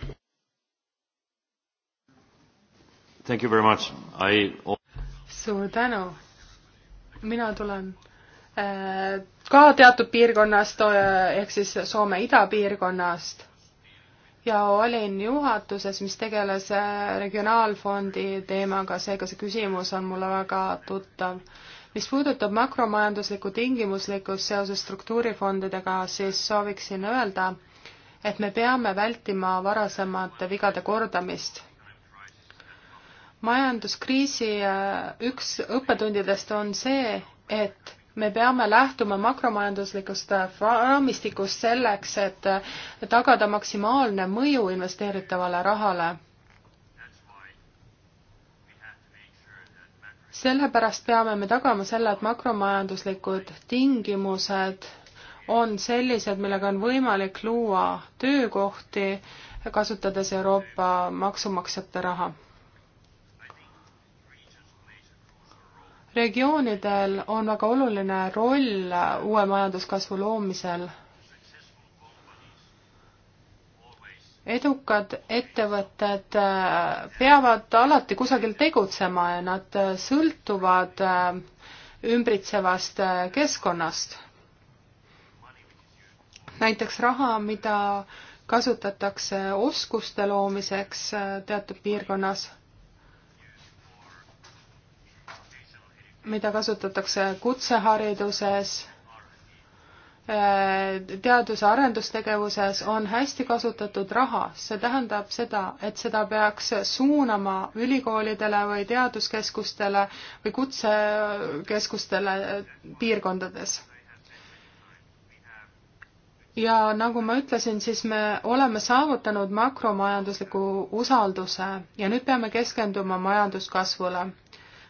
I... suur tänu. mina tulen äh, ka teatud piirkonnast äh, ehk siis Soome idapiirkonnast ja olin juhatuses, mis tegeles regionaalfondi teemaga, seega see küsimus on mulle väga tuttav mis puudutab makromajanduslikku tingimuslikkust seoses struktuurifondidega, siis sooviksin öelda, et me peame vältima varasemate vigade kordamist. majanduskriisi äh, üks õppetundidest on see, et me peame lähtuma makromajanduslikust äh, raamistikust selleks, et äh, tagada maksimaalne mõju investeeritavale rahale sellepärast peame me tagama selle, et makromajanduslikud tingimused on sellised, millega on võimalik luua töökohti, kasutades Euroopa maksumaksjate raha. regioonidel on väga oluline roll uue majanduskasvu loomisel edukad ettevõtted äh, peavad alati kusagil tegutsema ja nad äh, sõltuvad äh, ümbritsevast keskkonnast. näiteks raha, mida kasutatakse oskuste loomiseks teatud piirkonnas, mida kasutatakse kutsehariduses teadus- ja arendustegevuses on hästi kasutatud raha, see tähendab seda, et seda peaks suunama ülikoolidele või teaduskeskustele või kutsekeskustele piirkondades. ja nagu ma ütlesin, siis me oleme saavutanud makromajandusliku usalduse ja nüüd peame keskenduma majanduskasvule.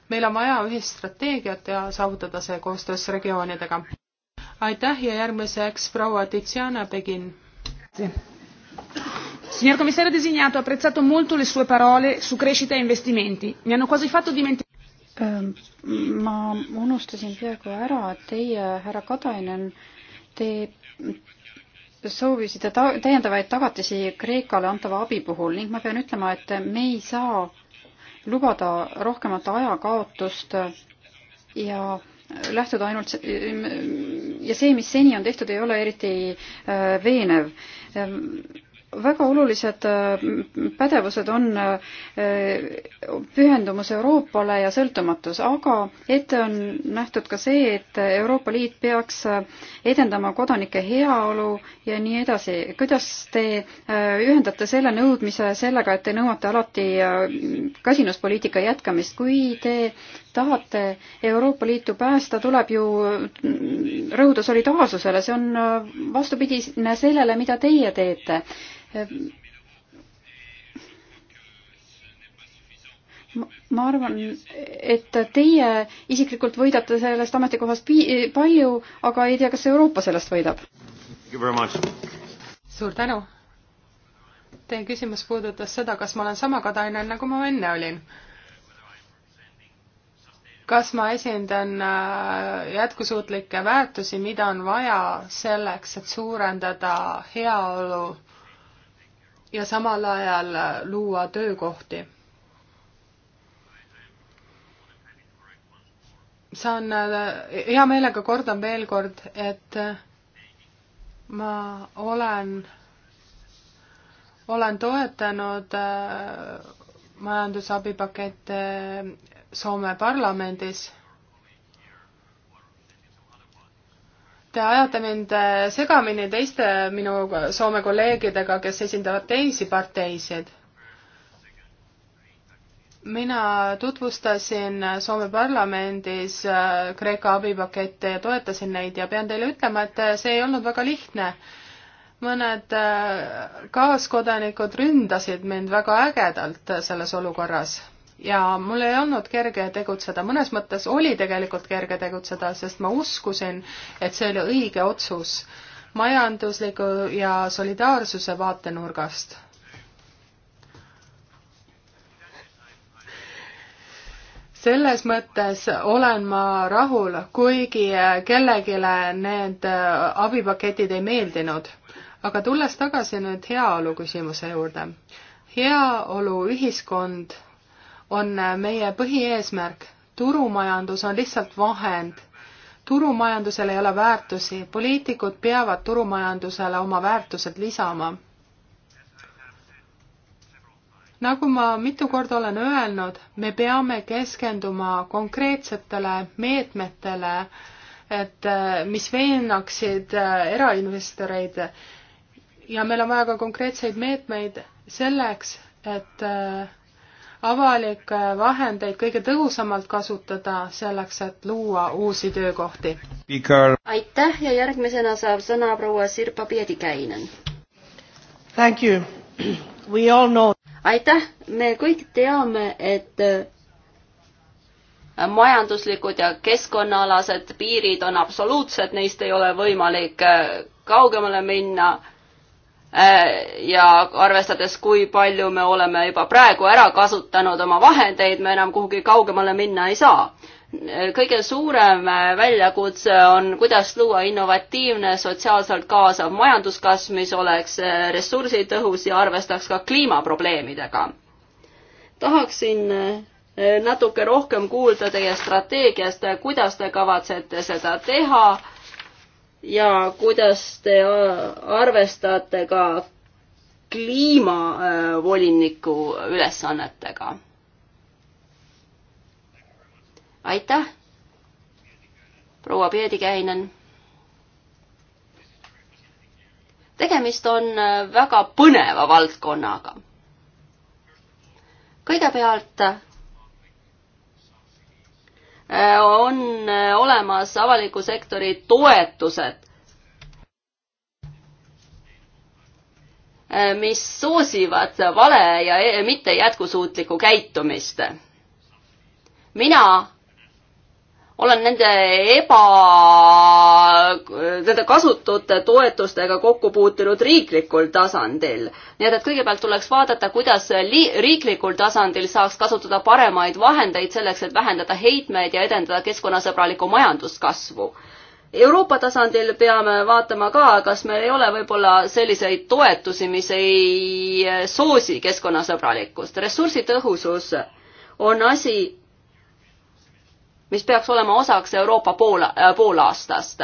meil on vaja ühist strateegiat ja saavutada see koostöös regioonidega aitäh ja järgmiseks proua Tiziana Begin. Signor commissario designato, ho apprezzato molto le sue parole su crescita e investimenti. Mi hanno quasi fatto dimenticare ehm, ma unustasin peaaegu ära, et teie, härra Katainen, te soovisite ta-, täiendavaid tagatisi Kreekale antava abi puhul ning ma pean ütlema, et me ei saa lubada rohkemat ajakaotust ja lähtuda ainult ja see, mis seni on tehtud, ei ole eriti äh, veenev ähm, väga olulised äh, pädevused on äh, pühendumus Euroopale ja sõltumatus, aga ette on nähtud ka see, et Euroopa Liit peaks edendama kodanike heaolu ja nii edasi. kuidas te ühendate selle nõudmise sellega, et te nõuate alati kasinuspoliitika jätkamist, kui te tahate Euroopa Liitu päästa, tuleb ju rõhuda solidaarsusele, see on äh, vastupidine sellele, mida teie teete. ma arvan, et teie isiklikult võidate sellest ametikohast palju, aga ei tea, kas Euroopa sellest võidab. suur tänu. Teie küsimus puudutas seda, kas ma olen sama kadainen, nagu ma enne olin kas ma esindan äh, jätkusuutlikke väärtusi, mida on vaja selleks, et suurendada heaolu ja samal ajal äh, luua töökohti. saan äh, hea meelega kordan veel kord, et ma olen, olen toetanud majandusabipakette Soome parlamendis. Te ajate mind äh, segamini teiste minu Soome kolleegidega, kes esindavad teisi parteisid. mina tutvustasin Soome parlamendis äh, Kreeka abipakette ja toetasin neid ja pean teile ütlema, et äh, see ei olnud väga lihtne mõned kaaskodanikud ründasid mind väga ägedalt selles olukorras ja mul ei olnud kerge tegutseda, mõnes mõttes oli tegelikult kerge tegutseda, sest ma uskusin, et see oli õige otsus majandusliku ja solidaarsuse vaatenurgast. selles mõttes olen ma rahul, kuigi kellelegi need abipaketid ei meeldinud. aga tulles tagasi nüüd heaolu küsimuse juurde. heaoluühiskond on äh, meie põhieesmärk. turumajandus on lihtsalt vahend. turumajandusel ei ole väärtusi, poliitikud peavad turumajandusele oma väärtused lisama. nagu ma mitu korda olen öelnud, me peame keskenduma konkreetsetele meetmetele, et äh, mis veenaksid äh, erainvestoreid ja meil on vaja ka konkreetseid meetmeid selleks, et äh, avalikke äh, vahendeid kõige tõhusamalt kasutada selleks, et luua uusi töökohti. aitäh ja järgmisena saab sõna proua Sirpa Piedikäinen. Thank you. We all know. aitäh, me kõik teame, et äh, majanduslikud ja keskkonnaalased piirid on absoluutsed, neist ei ole võimalik äh, kaugemale minna Äh, ja arvestades, kui palju me oleme juba praegu ära kasutanud oma vahendeid, me enam kuhugi kaugemale minna ei saa. kõige suurem väljakutse on, kuidas luua innovatiivne, sotsiaalselt kaasav majanduskasv, mis oleks äh, ressursitõhus ja arvestaks ka kliimaprobleemidega. tahaksin äh, natuke rohkem kuulda teie strateegiast, kuidas te kavatsete seda teha ja kuidas te arvestate ka kliimavoliniku ülesannetega? aitäh, proua Peedikäinen. tegemist on äh, väga põneva valdkonnaga. kõigepealt Äh, on äh, olemas avaliku sektori toetused, äh, mis soosivad vale ja e-, mitte jätkusuutlikku käitumist. mina olen nende eba, nende kasutute toetustega kokku puutunud riiklikul tasandil. nii et, et kõigepealt tuleks vaadata, kuidas li-, riiklikul tasandil saaks kasutada paremaid vahendeid selleks, et vähendada heitmeid ja edendada keskkonnasõbralikku majanduskasvu. Euroopa tasandil peame vaatama ka, kas meil ei ole võib-olla selliseid toetusi, mis ei soosi keskkonnasõbralikkust. ressursitõhusus on asi, mis peaks olema osaks Euroopa pool, äh, poolaastast.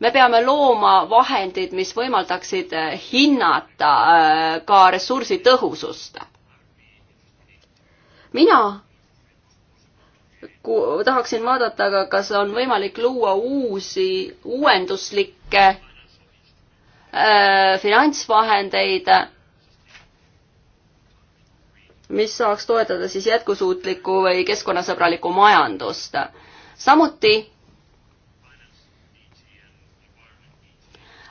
me peame looma vahendid, mis võimaldaksid äh, hinnata äh, ka ressursi tõhusust. mina tahaksin vaadata ka, kas on võimalik luua uusi uuenduslikke finantsvahendeid mis saaks toetada siis jätkusuutlikku või keskkonnasõbralikku majandust. samuti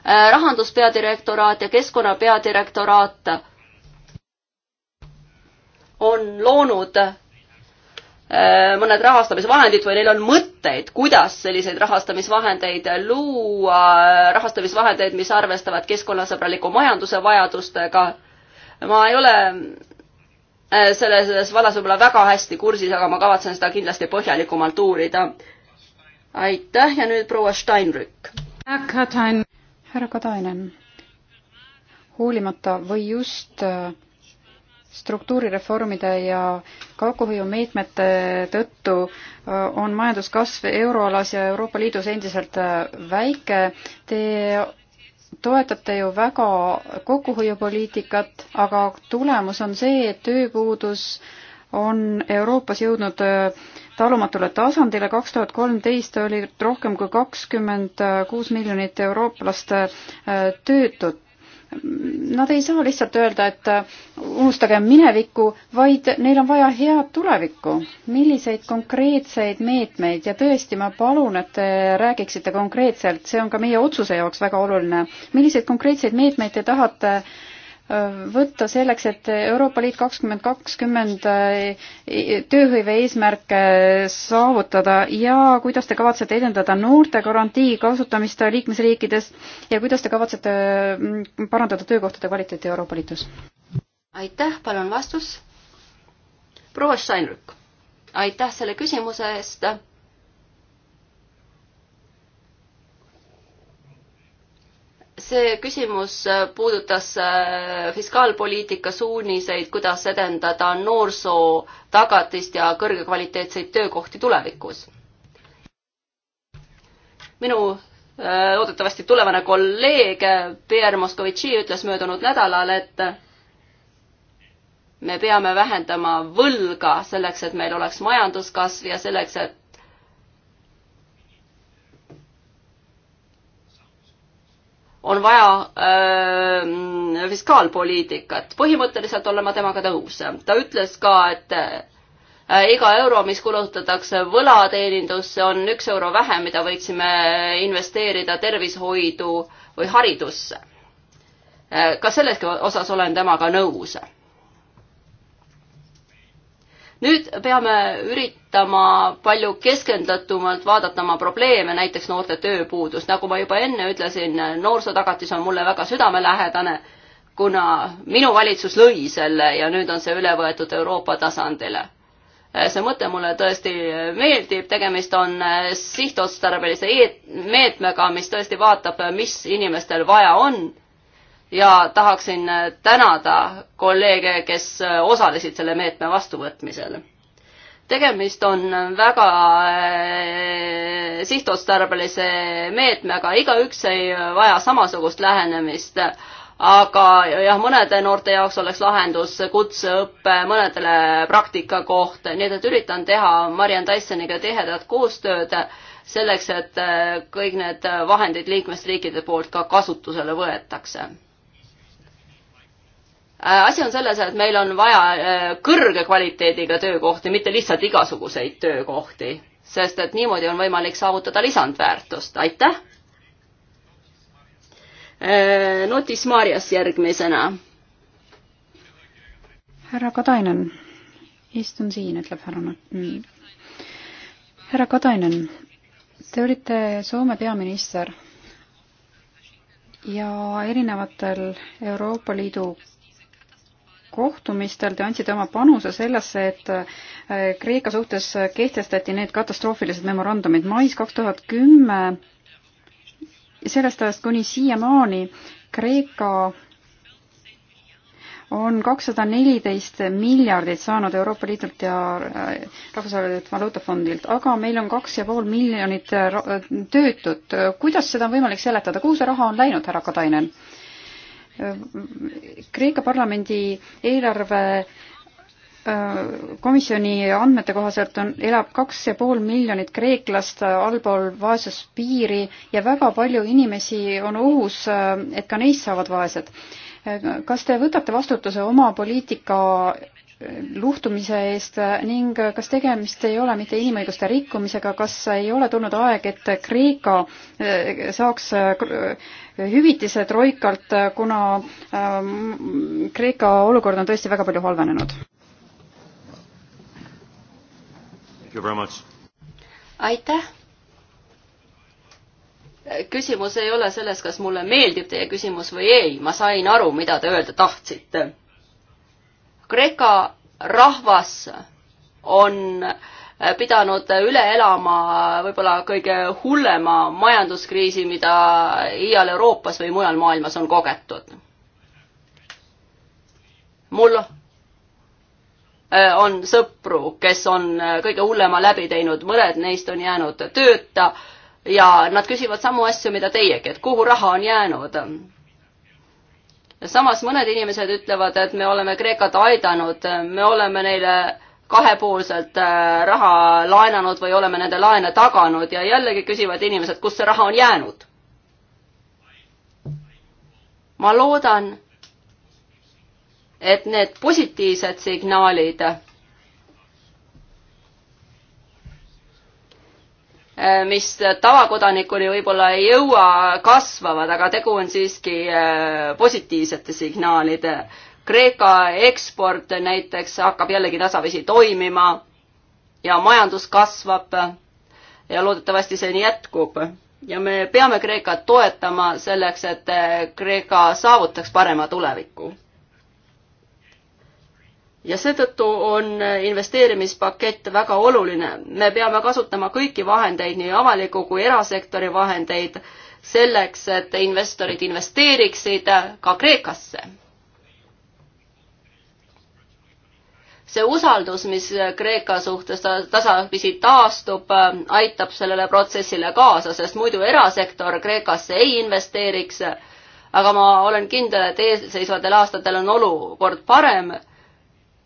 äh, rahanduspeadirektoraat ja keskkonnapeadirektoraat on loonud äh, mõned rahastamisvahendid või neil on mõtteid, kuidas selliseid rahastamisvahendeid luua, rahastamisvahendeid, mis arvestavad keskkonnasõbraliku majanduse vajadustega. ma ei ole Äh, selle, selles vallas võib-olla väga hästi kursis, aga ma kavatsen seda kindlasti põhjalikumalt uurida. aitäh ja nüüd proua Steinrück. Äh, härra Katainen, hoolimata või just äh, struktuurireformide ja kokkuhoiumeetmete tõttu on majanduskasv euroalas ja Euroopa Liidus endiselt väike. Te toetate ju väga kokkuhoiupoliitikat, aga tulemus on see, et tööpuudus on Euroopas jõudnud äh, talumatule tasandile, kaks tuhat kolmteist oli rohkem kui kakskümmend kuus miljonit eurooplast äh, töötut Nad ei saa lihtsalt öelda, et äh, unustage minevikku, vaid neil on vaja head tulevikku. milliseid konkreetseid meetmeid ja tõesti, ma palun, et te räägiksite konkreetselt, see on ka meie otsuse jaoks väga oluline. milliseid konkreetseid meetmeid te tahate äh, võtta selleks, et Euroopa Liit kakskümmend kakskümmend eh, tööhõive eesmärke saavutada ja kuidas te kavatsete edendada noorte garantii kasutamist liikmesriikides ja kuidas te kavatsete mm, parandada töökohtade kvaliteeti Euroopa Liidus? aitäh, palun vastus. proua Steinrück, aitäh selle küsimuse eest see küsimus äh, puudutas äh, fiskaalpoliitika suuniseid, kuidas edendada noorsoo tagatist ja kõrgekvaliteetseid töökohti tulevikus. minu loodetavasti äh, tulevane kolleeg Pierre Moskovitši ütles möödunud nädalal, et me peame vähendama võlga selleks, et meil oleks majanduskasv ja selleks, et on vaja äh, fiskaalpoliitikat. põhimõtteliselt olen ma temaga nõus. ta ütles ka, et äh, iga euro, mis kulutatakse võlateenindusse, on üks euro vähem, mida võiksime investeerida tervishoidu või haridusse äh,. ka selles osas olen temaga nõus äh, nüüd peame üritama palju keskendatumalt vaadata oma probleeme, näiteks noorte tööpuudus, nagu ma juba enne ütlesin, noorsootagatis on mulle väga südamelähedane, kuna minu valitsus lõi selle ja nüüd on see üle võetud Euroopa tasandile. see mõte mulle tõesti meeldib, tegemist on sihtotstarbelise e-, meetmega, mis tõesti vaatab, mis inimestel vaja on ja tahaksin tänada kolleege, kes osalesid selle meetme vastuvõtmisel. tegemist on väga eh, sihtotstarbelise meetmega, igaüks ei vaja samasugust lähenemist, aga jah, mõnede noorte jaoks oleks lahendus kutseõpe, mõnedele praktikakoht, nii et üritan teha Mariann Tysoniga tihedat koostööd selleks, et kõik need vahendid liikmesriikide poolt ka kasutusele võetakse Äh, asi on selles, et meil on vaja äh, kõrge kvaliteediga töökohti, mitte lihtsalt igasuguseid töökohti, sest et niimoodi on võimalik saavutada lisandväärtust, aitäh. Äh, notis Marjas järgmisena. härra Katainen, istun siin, ütleb härra Nott. Mm. härra Katainen, te olite Soome peaminister ja erinevatel Euroopa Liidu kohtumistel te andsite oma panuse sellesse, et äh, Kreeka suhtes kehtestati need katastroofilised memorandumid mais kaks tuhat kümme. sellest ajast kuni siiamaani Kreeka on kakssada neliteist miljardit saanud Euroopa Liidult ja äh, Rahvusvaheliselt Valuutafondilt, aga meil on kaks ja pool miljonit töötut. kuidas seda on võimalik seletada, kuhu see raha on läinud, härra Katainen? Kreeka parlamendi eelarve äh, komisjoni andmete kohaselt on, elab kaks ja pool miljonit kreeklast allpool vaesuspiiri ja väga palju inimesi on ohus, äh, et ka neist saavad vaesed. Äh, kas te võtate vastutuse oma poliitika luhtumise eest ning kas tegemist ei ole mitte inimõiguste rikkumisega, kas ei ole tulnud aeg, et Kreeka saaks hüvitise troikalt, kuna ähm, Kreeka olukord on tõesti väga palju halvenenud. aitäh. küsimus ei ole selles, kas mulle meeldib teie küsimus või ei, ma sain aru, mida te öelda tahtsite. Kreeka rahvas on äh, pidanud üle elama võib-olla kõige hullema majanduskriisi, mida iial Euroopas või mujal maailmas on kogetud. mul äh, on sõpru, kes on äh, kõige hullema läbi teinud, mõned neist on jäänud tööta ja nad küsivad samu asju, mida teiegi, et kuhu raha on jäänud samas mõned inimesed ütlevad, et me oleme Kreekat aidanud, me oleme neile kahepoolselt äh, raha laenanud või oleme nende laene taganud ja jällegi küsivad inimesed, kus see raha on jäänud. ma loodan, et need positiivsed signaalid äh, mis tavakodanikuni võib-olla ei jõua, kasvavad, aga tegu on siiski äh, positiivsete signaalidega Kreeka eksport näiteks hakkab jällegi tasapisi toimima ja majandus kasvab ja loodetavasti see nii jätkub. ja me peame Kreekat toetama selleks, et Kreeka saavutaks parema tuleviku. ja seetõttu on investeerimispakett väga oluline. me peame kasutama kõiki vahendeid, nii avaliku kui erasektori vahendeid, selleks, et investorid investeeriksid ka Kreekasse see usaldus, mis Kreeka suhtes tasapisi taastub, aitab sellele protsessile kaasa, sest muidu erasektor Kreekasse ei investeeriks. aga ma olen kindel, et eesseisvatel aastatel on olukord parem.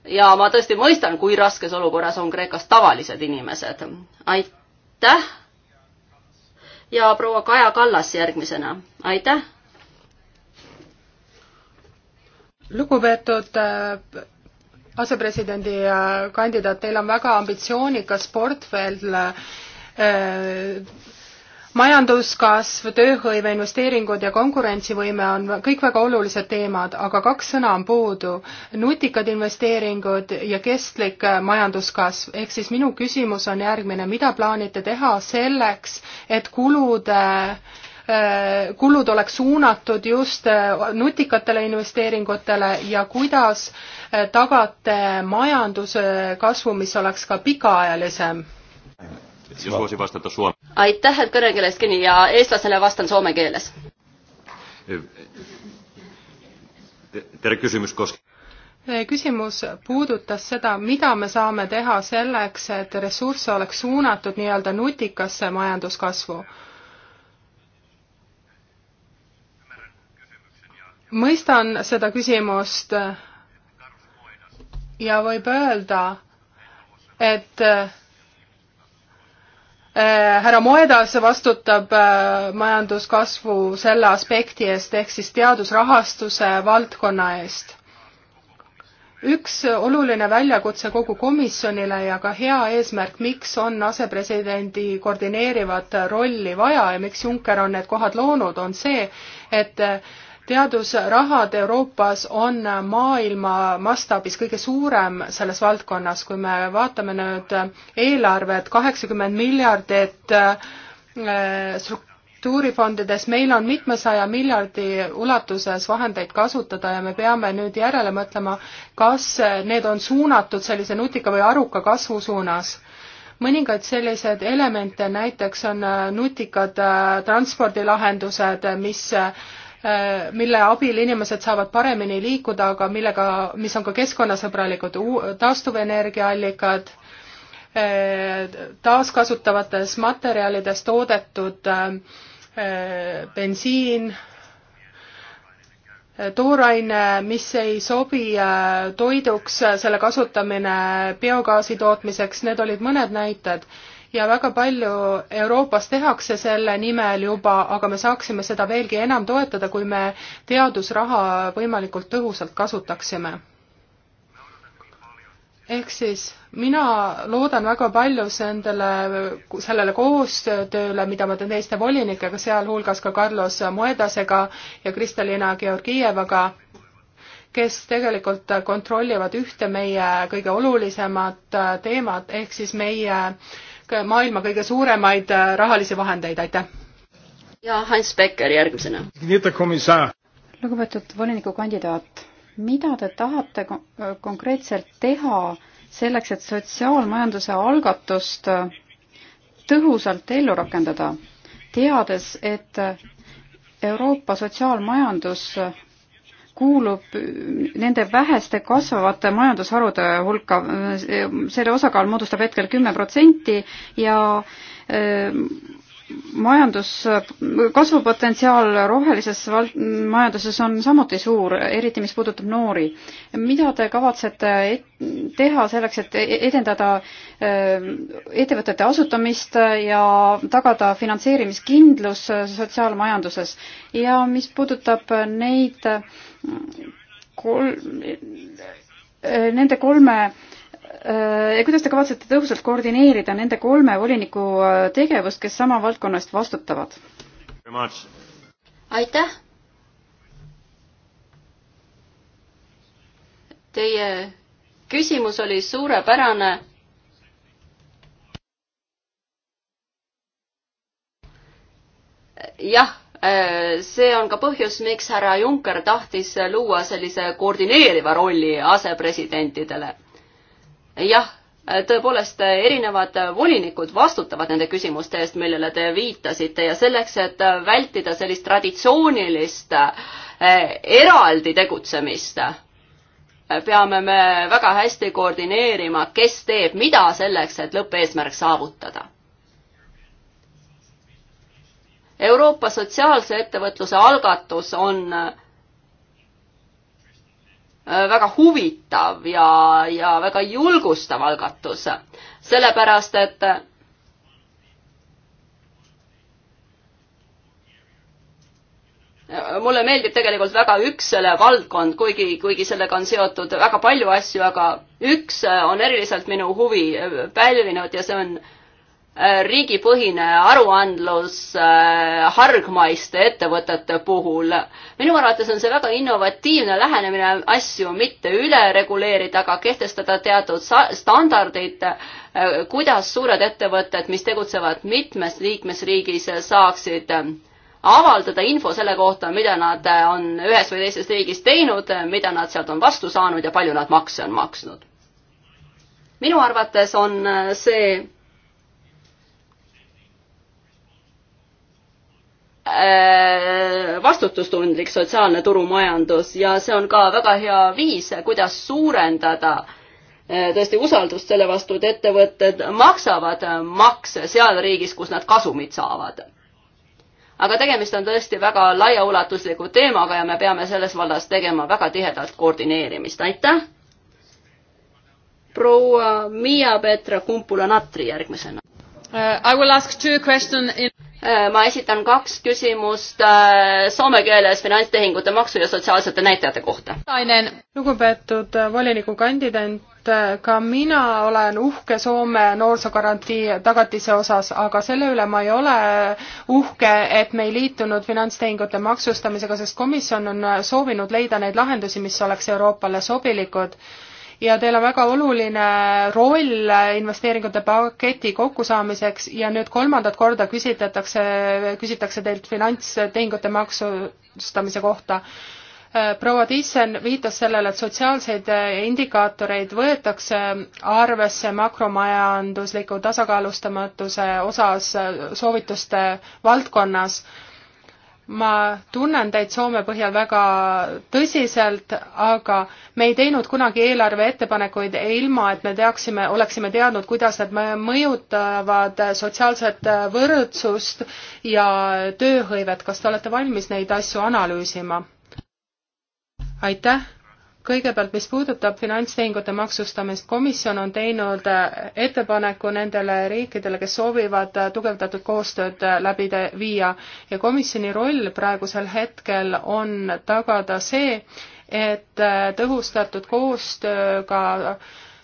ja ma tõesti mõistan, kui raskes olukorras on Kreekas tavalised inimesed. aitäh. ja proua Kaja Kallas järgmisena, aitäh. lugupeetud äh, asepresidendi äh, kandidaat, teil on väga ambitsioonikas portfell äh, majanduskasv, tööhõive, investeeringud ja konkurentsivõime on kõik väga olulised teemad, aga kaks sõna on puudu. nutikad investeeringud ja kestlik äh, majanduskasv, ehk siis minu küsimus on järgmine, mida plaanite teha selleks, et kulude äh, Äh, kulud oleks suunatud just äh, nutikatele investeeringutele ja kuidas äh, tagate majanduse kasvu, mis oleks ka pikaajalisem? jos voisin vastata suomen. Aitäh, et kõne keelestkin ja eestlasele vastan soome keeles. Tere kysymys koskee. Küsimus puudutas seda, mida me saame teha selleks, et ressursse oleks suunatud nii-öelda nutikasse majanduskasvu mõistan seda küsimust ja võib öelda, et äh, härra Moedas vastutab äh, majanduskasvu selle aspekti eest ehk siis teadusrahastuse valdkonna eest. üks oluline väljakutse kogu komisjonile ja ka hea eesmärk, miks on asepresidendi koordineerivat rolli vaja ja miks Juncker on need kohad loonud, on see, et teadusrahad Euroopas on maailma mastaabis kõige suurem selles valdkonnas, kui me vaatame nüüd eelarvet, kaheksakümmend miljardit äh, struktuurifondides, meil on mitmesaja miljardi ulatuses vahendeid kasutada ja me peame nüüd järele mõtlema, kas need on suunatud sellise nutika või aruka kasvu suunas mõningaid selliseid elemente, näiteks on nutikad äh, transpordilahendused, mis äh, Äh, mille abil inimesed saavad paremini liikuda, aga millega, mis on ka keskkonnasõbralikud, taastuvenergiaallikad, äh, taaskasutavates materjalides toodetud äh, bensiin, tooraine, mis ei sobi toiduks, selle kasutamine biogaasi tootmiseks, need olid mõned näited ja väga palju Euroopas tehakse selle nimel juba, aga me saaksime seda veelgi enam toetada, kui me teadusraha võimalikult tõhusalt kasutaksime. ehk siis mina loodan väga palju sendele, sellele koostööle, mida ma teen teiste volinikega, sealhulgas ka Carlos Moedasega ja Kristalina Georgievaga, kes tegelikult kontrollivad ühte meie kõige olulisemat teemat, ehk siis meie äh, maailma kõige suuremaid äh, rahalisi vahendeid, aitäh! ja Hans Becker järgmisena. lugupeetud volinikukandidaat, mida te tahate konkreetselt teha selleks, et sotsiaalmajanduse algatust äh, tõhusalt ellu rakendada, teades, et Euroopa sotsiaalmajandus kuulub nende väheste kasvavate majandusharude hulka, selle osakaal moodustab hetkel kümme protsenti ja eh, majandus, kasvupotentsiaal rohelises vald-, majanduses on samuti suur, eriti mis puudutab noori. mida te kavatsete et, teha selleks, et e-, edendada ähm, ettevõtete asutamist ja tagada finantseerimiskindlus äh, sotsiaalmajanduses. ja mis puudutab neid äh, kolm, äh, nende kolme ja kuidas te kavatsete tõhusalt koordineerida nende kolme voliniku tegevust, kes sama valdkonna eest vastutavad? aitäh! Teie küsimus oli suurepärane. jah, äh, see on ka põhjus, miks härra Juncker tahtis luua sellise koordineeriva rolli asepresidentidele. jah tõepoolest erinevad volinikud vastutavad nende küsimuste eest, millele te viitasite ja selleks, et vältida sellist traditsioonilist äh, eraldi tegutsemist, peame me väga hästi koordineerima, kes teeb mida selleks, et lõppeesmärk saavutada. Euroopa sotsiaalse ettevõtluse algatus on äh, väga huvitav ja, ja väga julgustav algatus, sellepärast et mulle meeldib tegelikult väga üksele valdkond, kuigi, kuigi sellega on seotud väga palju asju, aga üks äh, on eriliselt minu huvi äh, pälvinud ja see on äh, riigipõhine aruandlus hargmaiste ettevõtete puhul. minu arvates on see väga innovatiivne lähenemine asju mitte üle reguleerida, aga kehtestada teatud standardid, kuidas suured ettevõtted, mis tegutsevad mitmes liikmesriigis, saaksid avaldada info selle kohta, mida nad äh, on ühes või teises riigis teinud, äh, mida nad sealt on vastu saanud ja palju nad makse on maksnud. minu arvates on äh, see vastutustundlik sotsiaalne turumajandus ja see on ka väga hea viis, kuidas suurendada tõesti usaldust selle vastu, et ettevõtted maksavad makse seal riigis, kus nad kasumit saavad aga tegemist on tõesti väga laiaulatusliku teemaga ja me peame selles vallas tegema väga tihedat koordineerimist, aitäh! proua Miia Petra Kumpula-Natri järgmisena uh,. In... Uh, ma esitan kaks küsimust uh, soome keeles finantstehingute maksu ja sotsiaalsete näitajate kohta. lugupeetud uh, volinikukandidaat, Äh, ka mina olen uhke Soome noorsoogarantii tagatise osas, aga selle üle ma ei ole uhke, et me ei liitunud finantstehingute maksustamisega, sest komisjon on äh, soovinud leida neid lahendusi, mis oleks Euroopale sobilikud. ja teil on väga oluline roll investeeringute paketi kokkusaamiseks ja nüüd kolmandat korda küsitletakse, küsitakse teilt finantstehingute maksustamise kohta Äh, proua Thyssen viitas sellele, et sotsiaalseid äh, indikaatoreid võetakse arvesse makromajandusliku tasakaalustamatuse osas äh, soovituste valdkonnas ma tunnen teid Soome põhjal väga tõsiselt, aga me ei teinud kunagi eelarveettepanekuid ilma, et me teaksime, oleksime teadnud, kuidas need mõjutavad sotsiaalset võrdsust ja tööhõivet. kas te olete valmis neid asju analüüsima? aitäh! kõigepealt, mis puudutab finantstehingute maksustamist, komisjon on teinud äh, ettepaneku nendele riikidele, kes soovivad äh, tugevdatud koostööd äh, läbi viia ja komisjoni roll praegusel hetkel on tagada see, et tõhustatud koostööga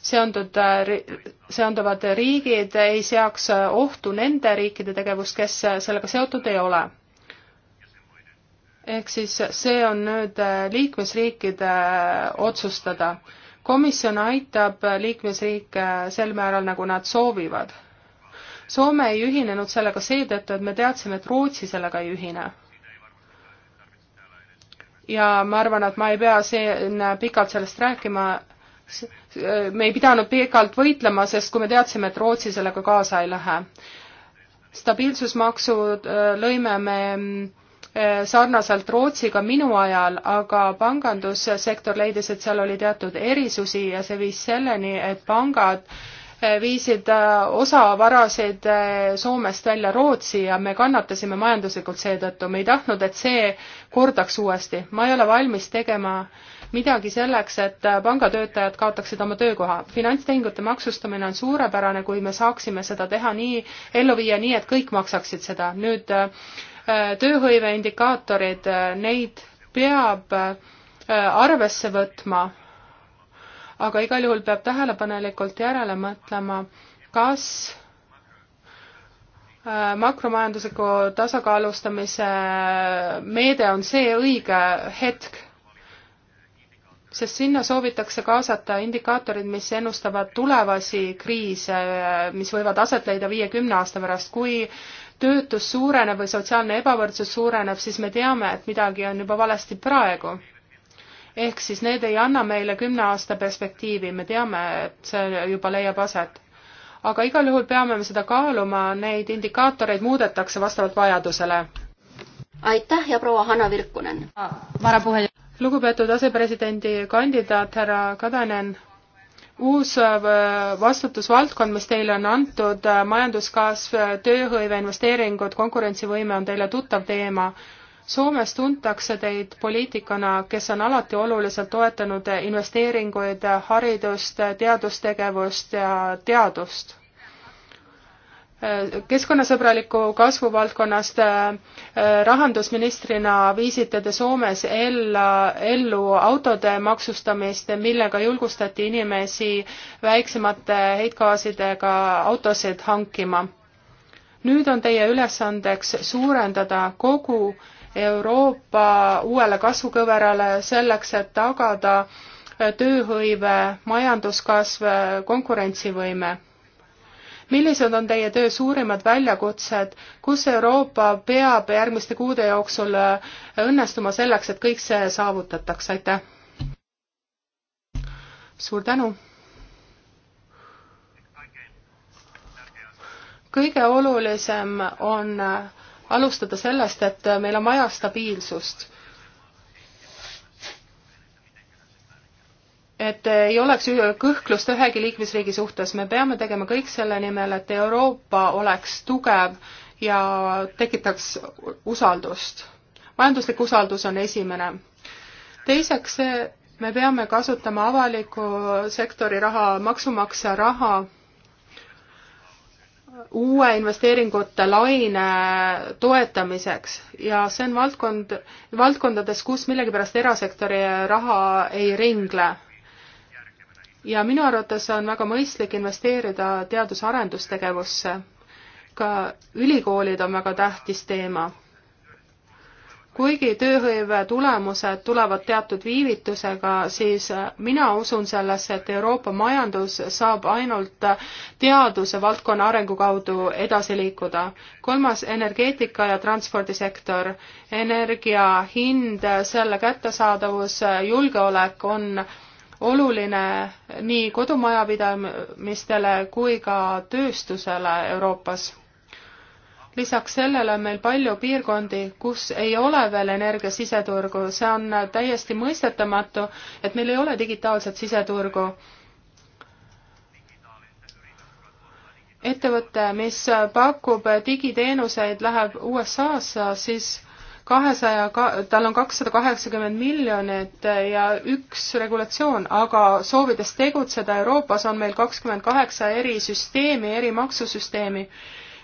seondud, seonduvad riigid ei seaks ohtu nende riikide tegevust, kes sellega seotud ei ole ehk siis see on nüüd äh, liikmesriikide äh, otsustada. komisjon aitab liikmesriike sel määral, nagu nad soovivad. Soome ei ühinenud sellega seetõttu, et me teadsime, et Rootsi sellega ei ühine. ja ma arvan, et ma ei pea siin pikalt sellest rääkima, äh, me ei pidanud pikalt võitlema, sest kui me teadsime, et Rootsi sellega kaasa ei lähe. stabiilsusmaksu lõime me mm, Eh, sarnaselt Rootsiga minu ajal, aga pangandussektor leidis, et seal oli teatud erisusi ja see viis selleni, et pangad eh, viisid eh, osa varasid Soomest välja Rootsi ja me kannatasime majanduslikult seetõttu, me ei tahtnud, et see kordaks uuesti. ma ei ole valmis tegema midagi selleks, et pangatöötajad kaotaksid oma töökoha. finantstehingute maksustamine on suurepärane, kui me saaksime seda teha nii, ellu viia nii, et kõik maksaksid seda. nüüd Äh, tööhõive indikaatorid, äh, neid peab äh, arvesse võtma, aga igal juhul peab tähelepanelikult järele mõtlema, kas makromajandusliku tasakaalustamise meede on see õige hetk, sest sinna soovitakse kaasata indikaatorid, mis ennustavad tulevasi kriise, mis võivad aset leida viie-kümne aasta pärast, kui töötus suureneb või sotsiaalne ebavõrdsus suureneb, siis me teame, et midagi on juba valesti praegu. ehk siis need ei anna meile kümne aasta perspektiivi, me teame, et see juba leiab aset. aga igal juhul peame me seda kaaluma, neid indikaatoreid muudetakse vastavalt vajadusele. aitäh ja proua Hanna Virkunen. varapuhe lugupeetud asepresidendi kandidaat härra Kadanen uus äh, vastutusvaldkond, mis teile on antud, äh, majanduskasv, äh, tööhõive, investeeringud, konkurentsivõime on teile tuttav teema. Soomes tuntakse teid poliitikuna, kes on alati oluliselt toetanud investeeringuid, haridust, teadustegevust ja teadust keskkonnasõbraliku kasvu valdkonnast äh, äh, rahandusministrina viisite te Soomes ella, ellu autode maksustamist, millega julgustati inimesi väiksemate heitgaasidega autosid hankima. nüüd on teie ülesandeks suurendada kogu Euroopa uuele kasvukõverale selleks, et tagada tööhõive, majanduskasv, konkurentsivõime millised on teie töö suurimad väljakutsed, kus Euroopa peab järgmiste kuude jooksul äh, õnnestuma selleks, et kõik see saavutataks, aitäh! suur tänu! kõige olulisem on äh, alustada sellest, et äh, meil on vaja stabiilsust et ei oleks kõhklust ühegi liikmesriigi suhtes, me peame tegema kõik selle nimel, et Euroopa oleks tugev ja tekitaks usaldust. majanduslik usaldus on esimene. teiseks, me peame kasutama avaliku sektori raha, maksumaksja raha uue investeeringute laine toetamiseks ja see on valdkond, valdkondades, kus millegipärast erasektori raha ei ringle ja minu arvates on väga mõistlik investeerida teadus-arendustegevusse. ka ülikoolid on väga tähtis teema. kuigi tööhõive tulemused tulevad teatud viivitusega, siis mina usun sellesse, et Euroopa majandus saab ainult teaduse valdkonna arengu kaudu edasi liikuda. kolmas, energeetika ja transpordisektor. energia hind, selle kättesaadavus, julgeolek on oluline nii kodumajapidamistele kui ka tööstusele Euroopas. lisaks sellele on meil palju piirkondi, kus ei ole veel energia siseturgu, see on täiesti mõistetamatu, et meil ei ole digitaalset siseturgu ettevõte, mis pakub digiteenuseid, läheb USA-sse, siis kahesaja, tal on kakssada kaheksakümmend miljonit äh, ja üks regulatsioon, aga soovides tegutseda Euroopas, on meil kakskümmend kaheksa eri süsteemi, eri maksusüsteemi.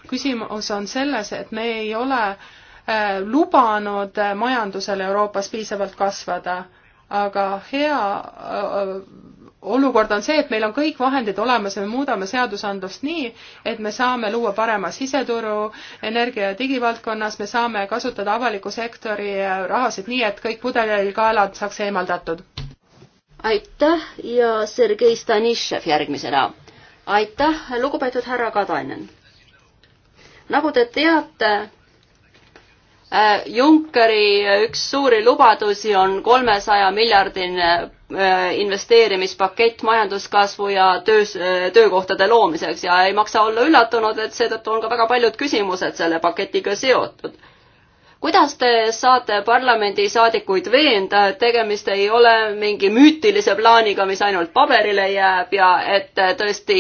küsimus on selles, et me ei ole äh, lubanud äh, majandusel Euroopas piisavalt kasvada, aga hea olukord on see, et meil on kõik vahendid olemas ja me muudame seadusandlust nii, et me saame luua parema siseturu energia ja digivaldkonnas, me saame kasutada avaliku sektori rahasid nii, et kõik pudelikaelad saaks eemaldatud. aitäh ja Sergei Stanishev järgmisena. aitäh, lugupeetud härra Kadanen. nagu te teate, Äh, Junckeri äh, üks suuri lubadusi on kolmesaja miljardine äh, investeerimispakett majanduskasvu ja töös, töökohtade loomiseks ja ei maksa olla üllatunud, et seetõttu on ka väga paljud küsimused selle paketiga seotud. kuidas te saate parlamendisaadikuid veenda, et tegemist ei ole mingi müütilise plaaniga, mis ainult paberile jääb ja et tõesti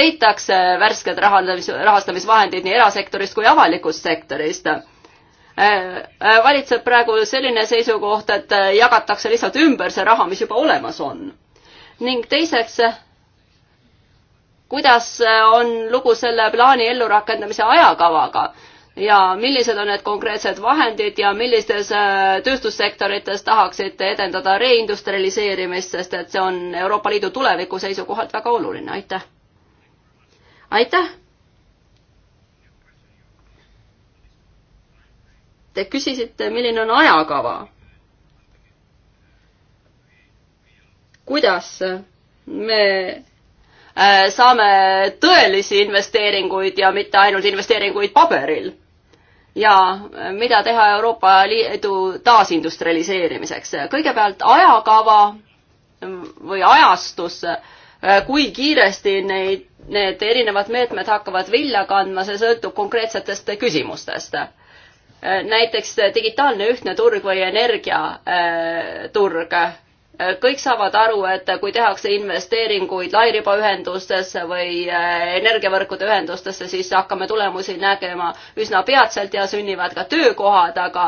leitakse värsked rahastamis, rahastamisvahendid nii erasektorist kui avalikust sektorist? Äh, äh, valitseb praegu selline seisukoht, et äh, jagatakse lihtsalt ümber see raha, mis juba olemas on. ning teiseks, kuidas on lugu selle plaani ellurakendamise ajakavaga ja millised on need konkreetsed vahendid ja millistes tööstussektorites tahaksite edendada reindustrialiseerimist, sest et see on Euroopa Liidu tuleviku seisukohalt väga oluline, aitäh! aitäh! Te küsisite, milline on ajakava. kuidas me äh, saame tõelisi investeeringuid ja mitte ainult investeeringuid paberil ja mida teha Euroopa Liidu taasindustrialiseerimiseks. kõigepealt ajakava või ajastus, äh, kui kiiresti neid, need erinevad meetmed hakkavad vilja kandma, see sõltub konkreetsetest küsimustest. Äh, näiteks äh, digitaalne ühtne turg või energiaturg. Äh, kõik saavad aru, et kui tehakse investeeringuid lairibaühendustesse või energiavõrkude ühendustesse, siis hakkame tulemusi nägema üsna peatselt ja sünnivad ka töökohad, aga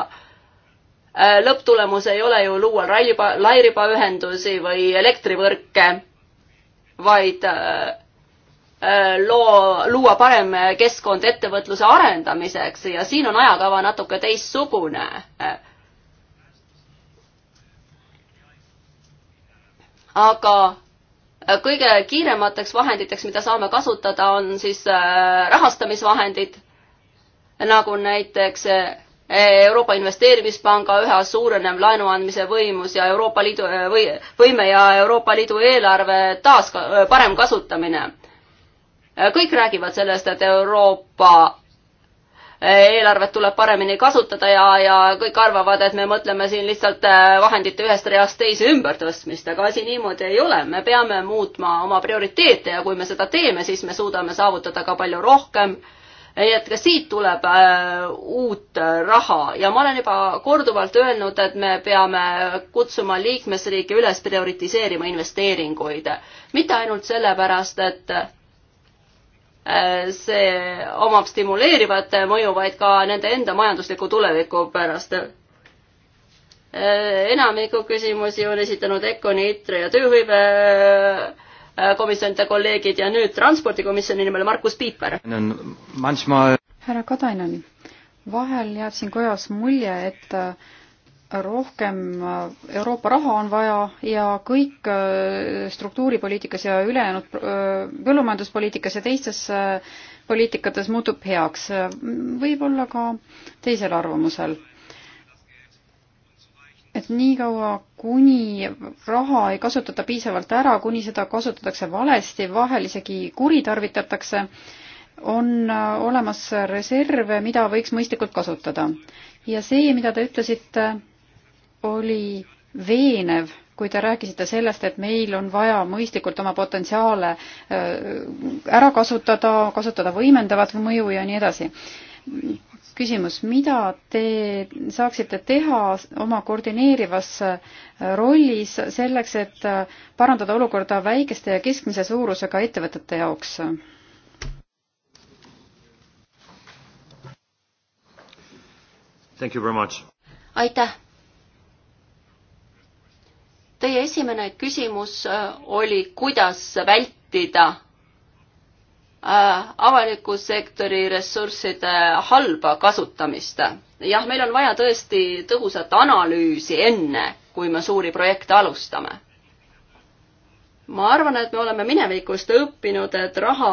lõpptulemus ei ole ju luua lairiba, lairibaühendusi või elektrivõrke, vaid Äh, loo, luua parem keskkond ettevõtluse arendamiseks ja siin on ajakava natuke teistsugune. aga kõige kiiremateks vahenditeks, mida saame kasutada, on siis äh, rahastamisvahendid, nagu näiteks äh, Euroopa Investeerimispanga üha suurenev laenu andmise võimus ja Euroopa Liidu või võime ja Euroopa Liidu eelarve taas parem kasutamine kõik räägivad sellest, et Euroopa eelarvet tuleb paremini kasutada ja, ja kõik arvavad, et me mõtleme siin lihtsalt äh, vahendite ühest reast teise ümbertõstmist, aga asi niimoodi ei ole. me peame muutma oma prioriteete ja kui me seda teeme, siis me suudame saavutada ka palju rohkem. nii et ka siit tuleb äh, uut raha ja ma olen juba korduvalt öelnud, et me peame kutsuma liikmesriike üles prioritiseerima investeeringuid. mitte ainult sellepärast, et Äh, see omab stimuleerivat mõju, vaid ka nende enda majandusliku tuleviku pärast. Äh, enamiku küsimusi on esitanud Econi, ITRE ja Tööhõive äh, komisjonide kolleegid ja nüüd transpordikomisjoni nimel Markus Piiper. härra Katainen, vahel jääb siin kojas mulje, et rohkem Euroopa raha on vaja ja kõik äh, struktuuripoliitikas ja ülejäänud äh, põllumajanduspoliitikas ja teistes äh, poliitikates muutub heaks, võib-olla ka teisel arvamusel. et niikaua, kuni raha ei kasutata piisavalt ära, kuni seda kasutatakse valesti, vahel isegi kuritarvitatakse, on olemas reserve, mida võiks mõistlikult kasutada. ja see, mida te ütlesite oli veenev, kui te rääkisite sellest, et meil on vaja mõistlikult oma potentsiaale äh, ära kasutada, kasutada võimendavat mõju ja nii edasi. küsimus, mida te saaksite teha oma koordineerivas äh, rollis selleks, et äh, parandada olukorda väikeste ja keskmise suurusega ettevõtete jaoks? aitäh Teie esimene küsimus äh, oli, kuidas vältida äh, avaliku sektori ressursside halba kasutamist. jah, meil on vaja tõesti tõhusat analüüsi enne, kui me suuri projekte alustame. ma arvan, et me oleme minevikust õppinud, et raha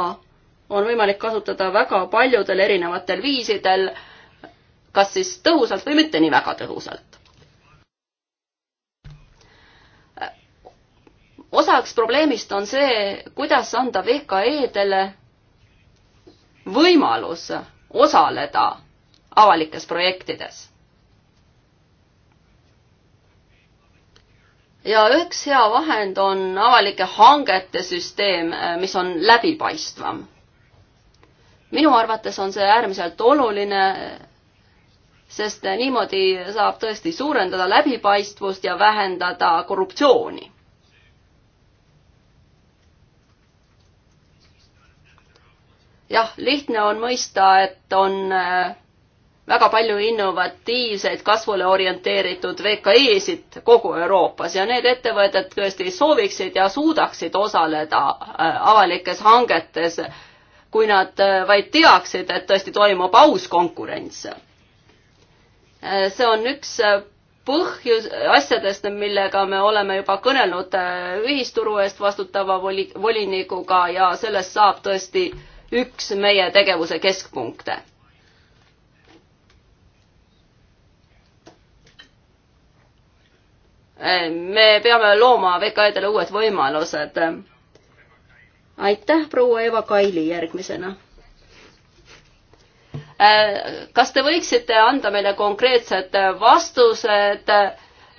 on võimalik kasutada väga paljudel erinevatel viisidel, kas siis tõhusalt või mitte nii väga tõhusalt. osaks probleemist on see, kuidas anda VKE-dele võimalus osaleda avalikes projektides. ja üks hea vahend on avalike hangete süsteem, mis on läbipaistvam. minu arvates on see äärmiselt oluline, sest niimoodi saab tõesti suurendada läbipaistvust ja vähendada korruptsiooni jah, lihtne on mõista, et on äh, väga palju innovatiivseid, kasvule orienteeritud VKE-sid kogu Euroopas ja need ettevõtted tõesti sooviksid ja suudaksid osaleda äh, avalikes hangetes, kui nad äh, vaid teaksid, et tõesti toimub aus konkurents. see on üks põhjus, asjadest, millega me oleme juba kõnelnud ühisturu eest vastutava voli, volinikuga ja sellest saab tõesti äh, üks meie tegevuse keskpunkte. me peame looma VKE-dele uued võimalused. aitäh, proua Eva Kaili järgmisena kas te võiksite anda meile konkreetsed vastused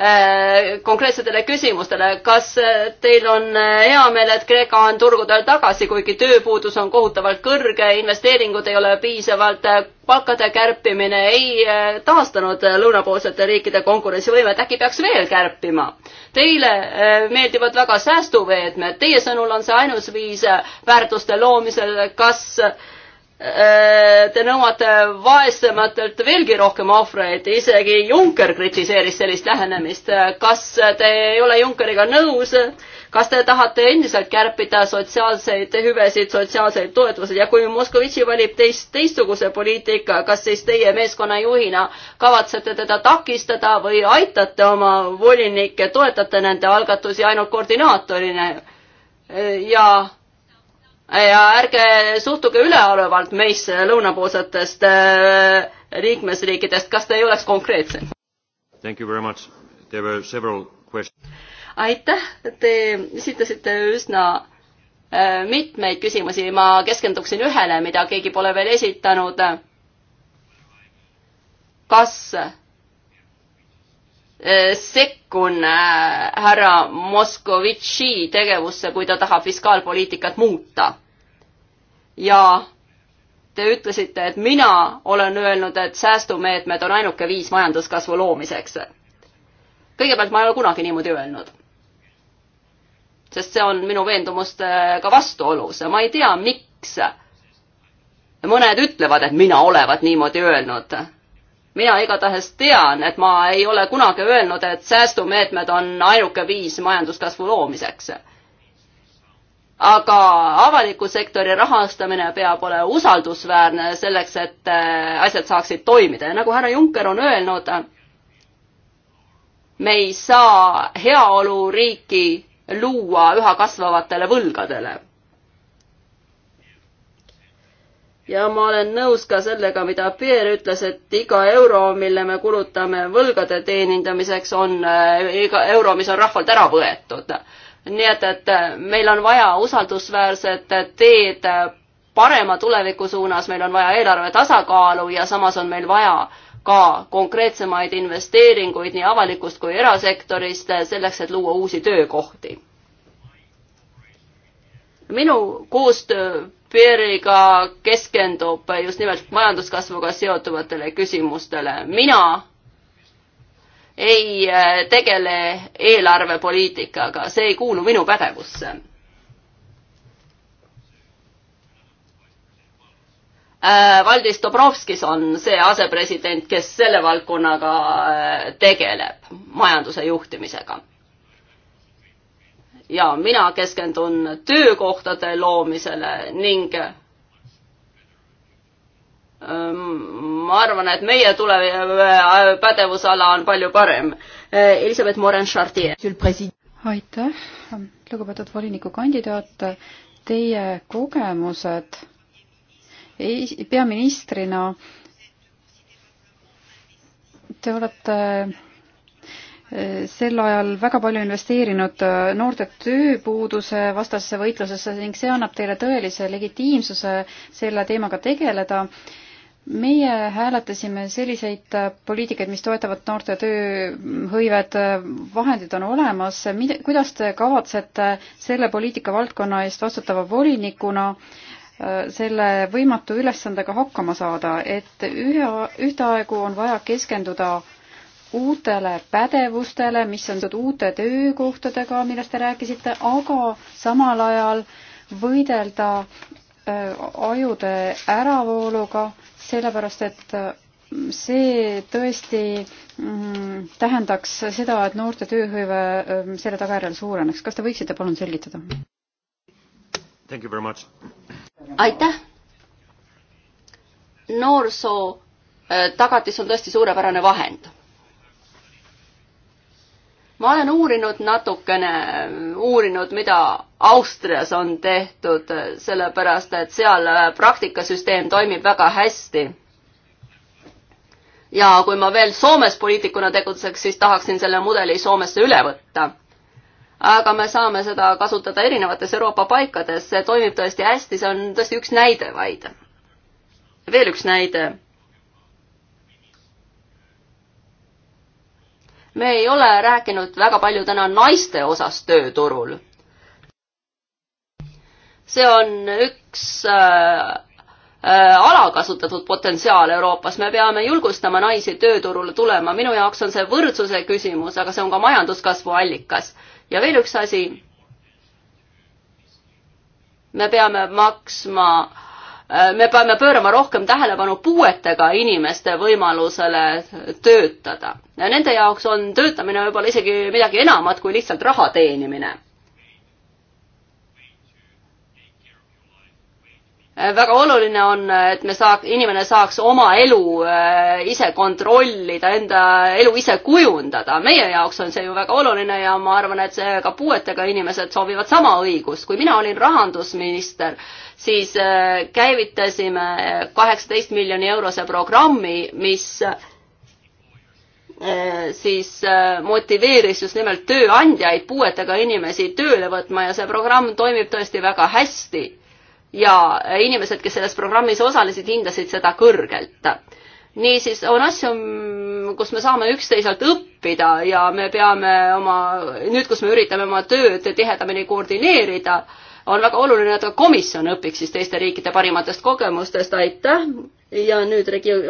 Äh, konkreetsetele küsimustele. kas äh, teil on äh, hea meel, et Kreeka on turgudel tagasi, kuigi tööpuudus on kohutavalt kõrge, investeeringud ei ole piisavalt, palkade kärpimine ei taastanud lõunapoolsete riikide konkurentsivõimet, äkki peaks veel kärpima? Teile meeldivad väga säästuveedmed, teie sõnul on see ainus viis väärtuste loomisel, kas äh, Te nõuate vaesematelt veelgi rohkem ohvreid, isegi Juncker kritiseeris sellist lähenemist. kas te ei ole Junckeriga nõus? kas te tahate endiselt kärpida sotsiaalseid hüvesid, sotsiaalseid toetusi ja kui Moskovitši valib teist, teistsuguse poliitika, kas siis teie meeskonnajuhina kavatsete teda takistada või aitate oma volinikke, toetate nende algatusi ainult koordinaatorina? ja ja ärge suhtuge üleolevalt meisse lõunapoolsetest äh, liikmesriikidest, kas te ei oleks konkreetsem? aitäh, te esitasite üsna äh, mitmeid küsimusi, ma keskenduksin ühele, mida keegi pole veel esitanud. kas äh, sek-, sekkun äh, härra Moskovitši tegevusse, kui ta tahab fiskaalpoliitikat muuta. ja te ütlesite, et mina olen öelnud, et säästumeetmed on ainuke viis majanduskasvu loomiseks. kõigepealt ma ei ole kunagi niimoodi öelnud. sest see on minu veendumustega vastuolus ja ma ei tea, miks mõned ütlevad, et mina olevat niimoodi öelnud mina igatahes tean, et ma ei ole kunagi öelnud, et säästumeetmed on ainuke viis majanduskasvu loomiseks. aga avaliku sektori rahastamine peab olema usaldusväärne selleks, et äh, asjad saaksid toimida ja nagu härra Juncker on öelnud, me ei saa heaoluriiki luua üha kasvavatele võlgadele ja ma olen nõus ka sellega, mida Pierre ütles, et iga euro, mille me kulutame võlgade teenindamiseks, on äh, iga euro, mis on rahvalt ära võetud. nii et, et äh, meil on vaja usaldusväärset teed äh, parema tuleviku suunas, meil on vaja eelarve tasakaalu ja samas on meil vaja ka konkreetsemaid investeeringuid nii avalikust kui erasektorist selleks, et luua uusi töökohti. minu koostöö piiriga keskendub just nimelt majanduskasvuga seotuvatele küsimustele. mina ei äh, tegele eelarvepoliitikaga, see ei kuulu minu pädevusse. Äh, Valdis Dobrovskis on see asepresident, kes selle valdkonnaga äh, tegeleb, majanduse juhtimisega ja mina keskendun töökohtade loomisele ning ähm, ma arvan, et meie tulev pädevusala on palju parem. Elisabeth Morin-Chartier. aitäh, lugupeetud volinikukandidaat. Teie kogemused peaministrina, te olete sel ajal väga palju investeerinud äh, noorte tööpuuduse vastasesse võitlusesse ning see annab teile tõelise legitiimsuse selle teemaga tegeleda. meie hääletasime selliseid äh, poliitikaid, mis toetavad noorte tööhõivet, vahendid on olemas, kuidas te kavatsete selle poliitikavaldkonna eest vastutava volinikuna äh, selle võimatu ülesandega hakkama saada, et ühe, ühtaegu on vaja keskenduda uutele pädevustele, mis on seotud uute töökohtadega, millest te rääkisite, aga samal ajal võidelda äh, ajude äravooluga, sellepärast et äh, see tõesti mm, tähendaks seda, et noorte tööhõive äh, selle tagajärjel suureneks. kas te võiksite palun selgitada? aitäh! noorsoo tagatis on tõesti suurepärane vahend ma olen uurinud natukene, uurinud, mida Austrias on tehtud, sellepärast et seal äh, praktikasüsteem toimib väga hästi. ja kui ma veel Soomes poliitikuna tegutseks, siis tahaksin selle mudeli Soomesse üle võtta. aga me saame seda kasutada erinevates Euroopa paikades, see toimib tõesti hästi, see on tõesti üks näide vaid. veel üks näide me ei ole rääkinud väga palju täna naiste osast tööturul. see on üks äh, äh, alakasutatud potentsiaal Euroopas, me peame julgustama naisi tööturule tulema, minu jaoks on see võrdsuse küsimus, aga see on ka majanduskasvu allikas. ja veel üks asi, me peame maksma äh, Äh, me peame pöörama rohkem tähelepanu puuetega inimeste võimalusele töötada. Nende jaoks on töötamine võib-olla isegi midagi enamat kui lihtsalt raha teenimine. Äh, väga oluline on, et me saa-, inimene saaks oma elu äh, ise kontrollida, enda elu ise kujundada. meie jaoks on see ju väga oluline ja ma arvan, et see ka puuetega inimesed soovivad sama õigust. kui mina olin rahandusminister, siis äh, käivitasime kaheksateist miljoni eurose programmi, mis äh, siis äh, motiveeris just nimelt tööandjaid puuetega inimesi tööle võtma ja see programm toimib tõesti väga hästi. ja inimesed, kes selles programmis osalesid, hindasid seda kõrgelt. niisiis on asju, kus me saame üksteiselt õppida ja me peame oma, nüüd, kus me üritame oma tööd tihedamini koordineerida, on väga oluline, et ka komisjon õpiks siis teiste riikide parimatest kogemustest, aitäh. ja nüüd regi-,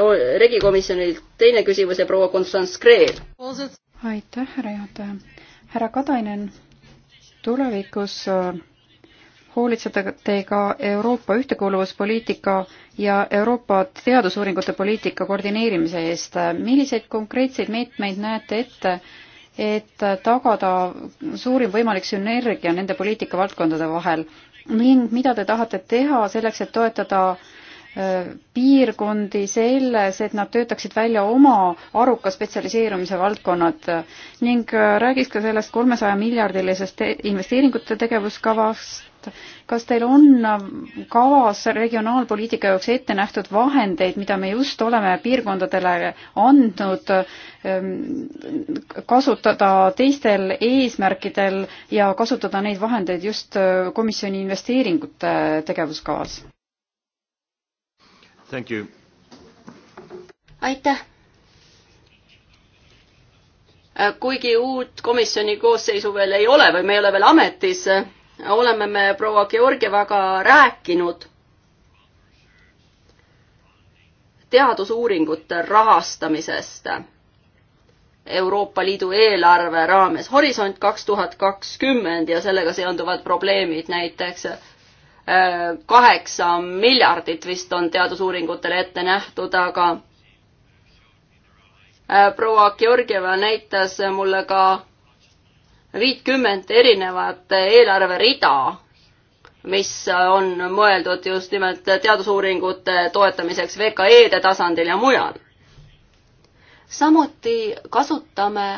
regikomisjonilt teine küsimus ja proua Konstantin Skreel. aitäh, härra juhataja. härra Katainen, tulevikus äh, hoolitsete te ka Euroopa ühtekuuluvuspoliitika ja Euroopa teadusuuringute poliitika koordineerimise eest. milliseid konkreetseid meetmeid näete ette et tagada suurim võimalik sünergia nende poliitikavaldkondade vahel ning mida te tahate teha selleks, et toetada äh, Äh, piirkondi selles, et nad töötaksid välja oma aruka spetsialiseerumise valdkonnad ning äh, räägiks ka sellest kolmesaja miljardilisest investeeringute tegevuskavast. kas teil on äh, kavas regionaalpoliitika jaoks ette nähtud vahendeid, mida me just oleme piirkondadele andnud, ähm, kasutada teistel eesmärkidel ja kasutada neid vahendeid just komisjoni investeeringute tegevuskavas? aitäh! Äh, kuigi uut komisjoni koosseisu veel ei ole või me ei ole veel ametis, äh, oleme me proua Georgievaga rääkinud teadusuuringute rahastamisest Euroopa Liidu eelarve raames Horisont kaks tuhat kakskümmend ja sellega seonduvad probleemid, näiteks kaheksa miljardit vist on teadusuuringutele ette nähtud, aga äh, proua Georgieva näitas mulle ka viitkümmet erinevat eelarverida, mis on mõeldud just nimelt teadusuuringute toetamiseks VKE-de tasandil ja mujal. samuti kasutame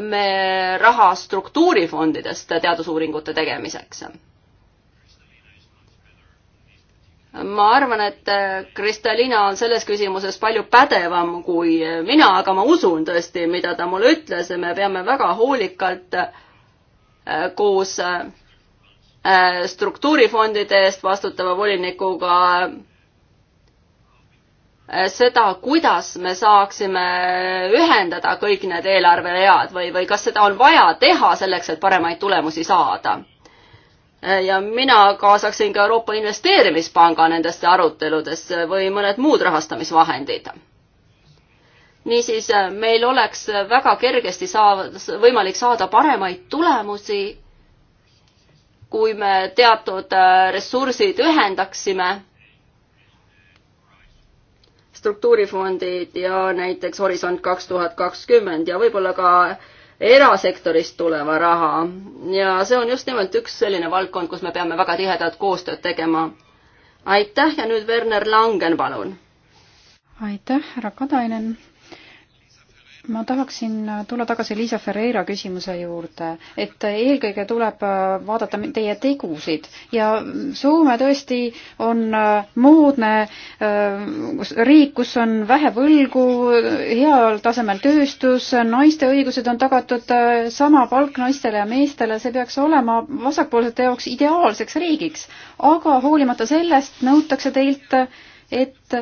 me raha struktuurifondidest teadusuuringute tegemiseks ma arvan, et äh, Kristalina on selles küsimuses palju pädevam kui äh, mina, aga ma usun tõesti, mida ta mulle ütles ja me peame väga hoolikalt äh, koos struktuurifondide eest vastutava volinikuga seda, kuidas me saaksime ühendada kõik need eelarveread või, või kas seda on vaja teha selleks, et paremaid tulemusi saada Äh, ja mina kaasaksin ka Euroopa Investeerimispanga nendesse aruteludesse või mõned muud rahastamisvahendid. niisiis, äh, meil oleks väga kergesti saa-, võimalik saada paremaid tulemusi, kui me teatud äh, ressursid ühendaksime, struktuurifondid ja näiteks Horisont kaks tuhat kakskümmend ja võib-olla ka erasektorist tuleva raha ja see on just nimelt üks selline valdkond, kus me peame väga tihedat koostööd tegema. aitäh ja nüüd Werner Langen, palun. aitäh, härra Katainen ma tahaksin tulla tagasi Liisa Ferreira küsimuse juurde, et eelkõige tuleb äh, vaadata teie tegusid ja Soome tõesti on äh, moodne äh, riik, kus on vähe võlgu, heal tasemel tööstus, naiste õigused on tagatud, sama palk naistele ja meestele, see peaks olema vasakpoolsete jaoks ideaalseks riigiks. aga hoolimata sellest nõutakse teilt, et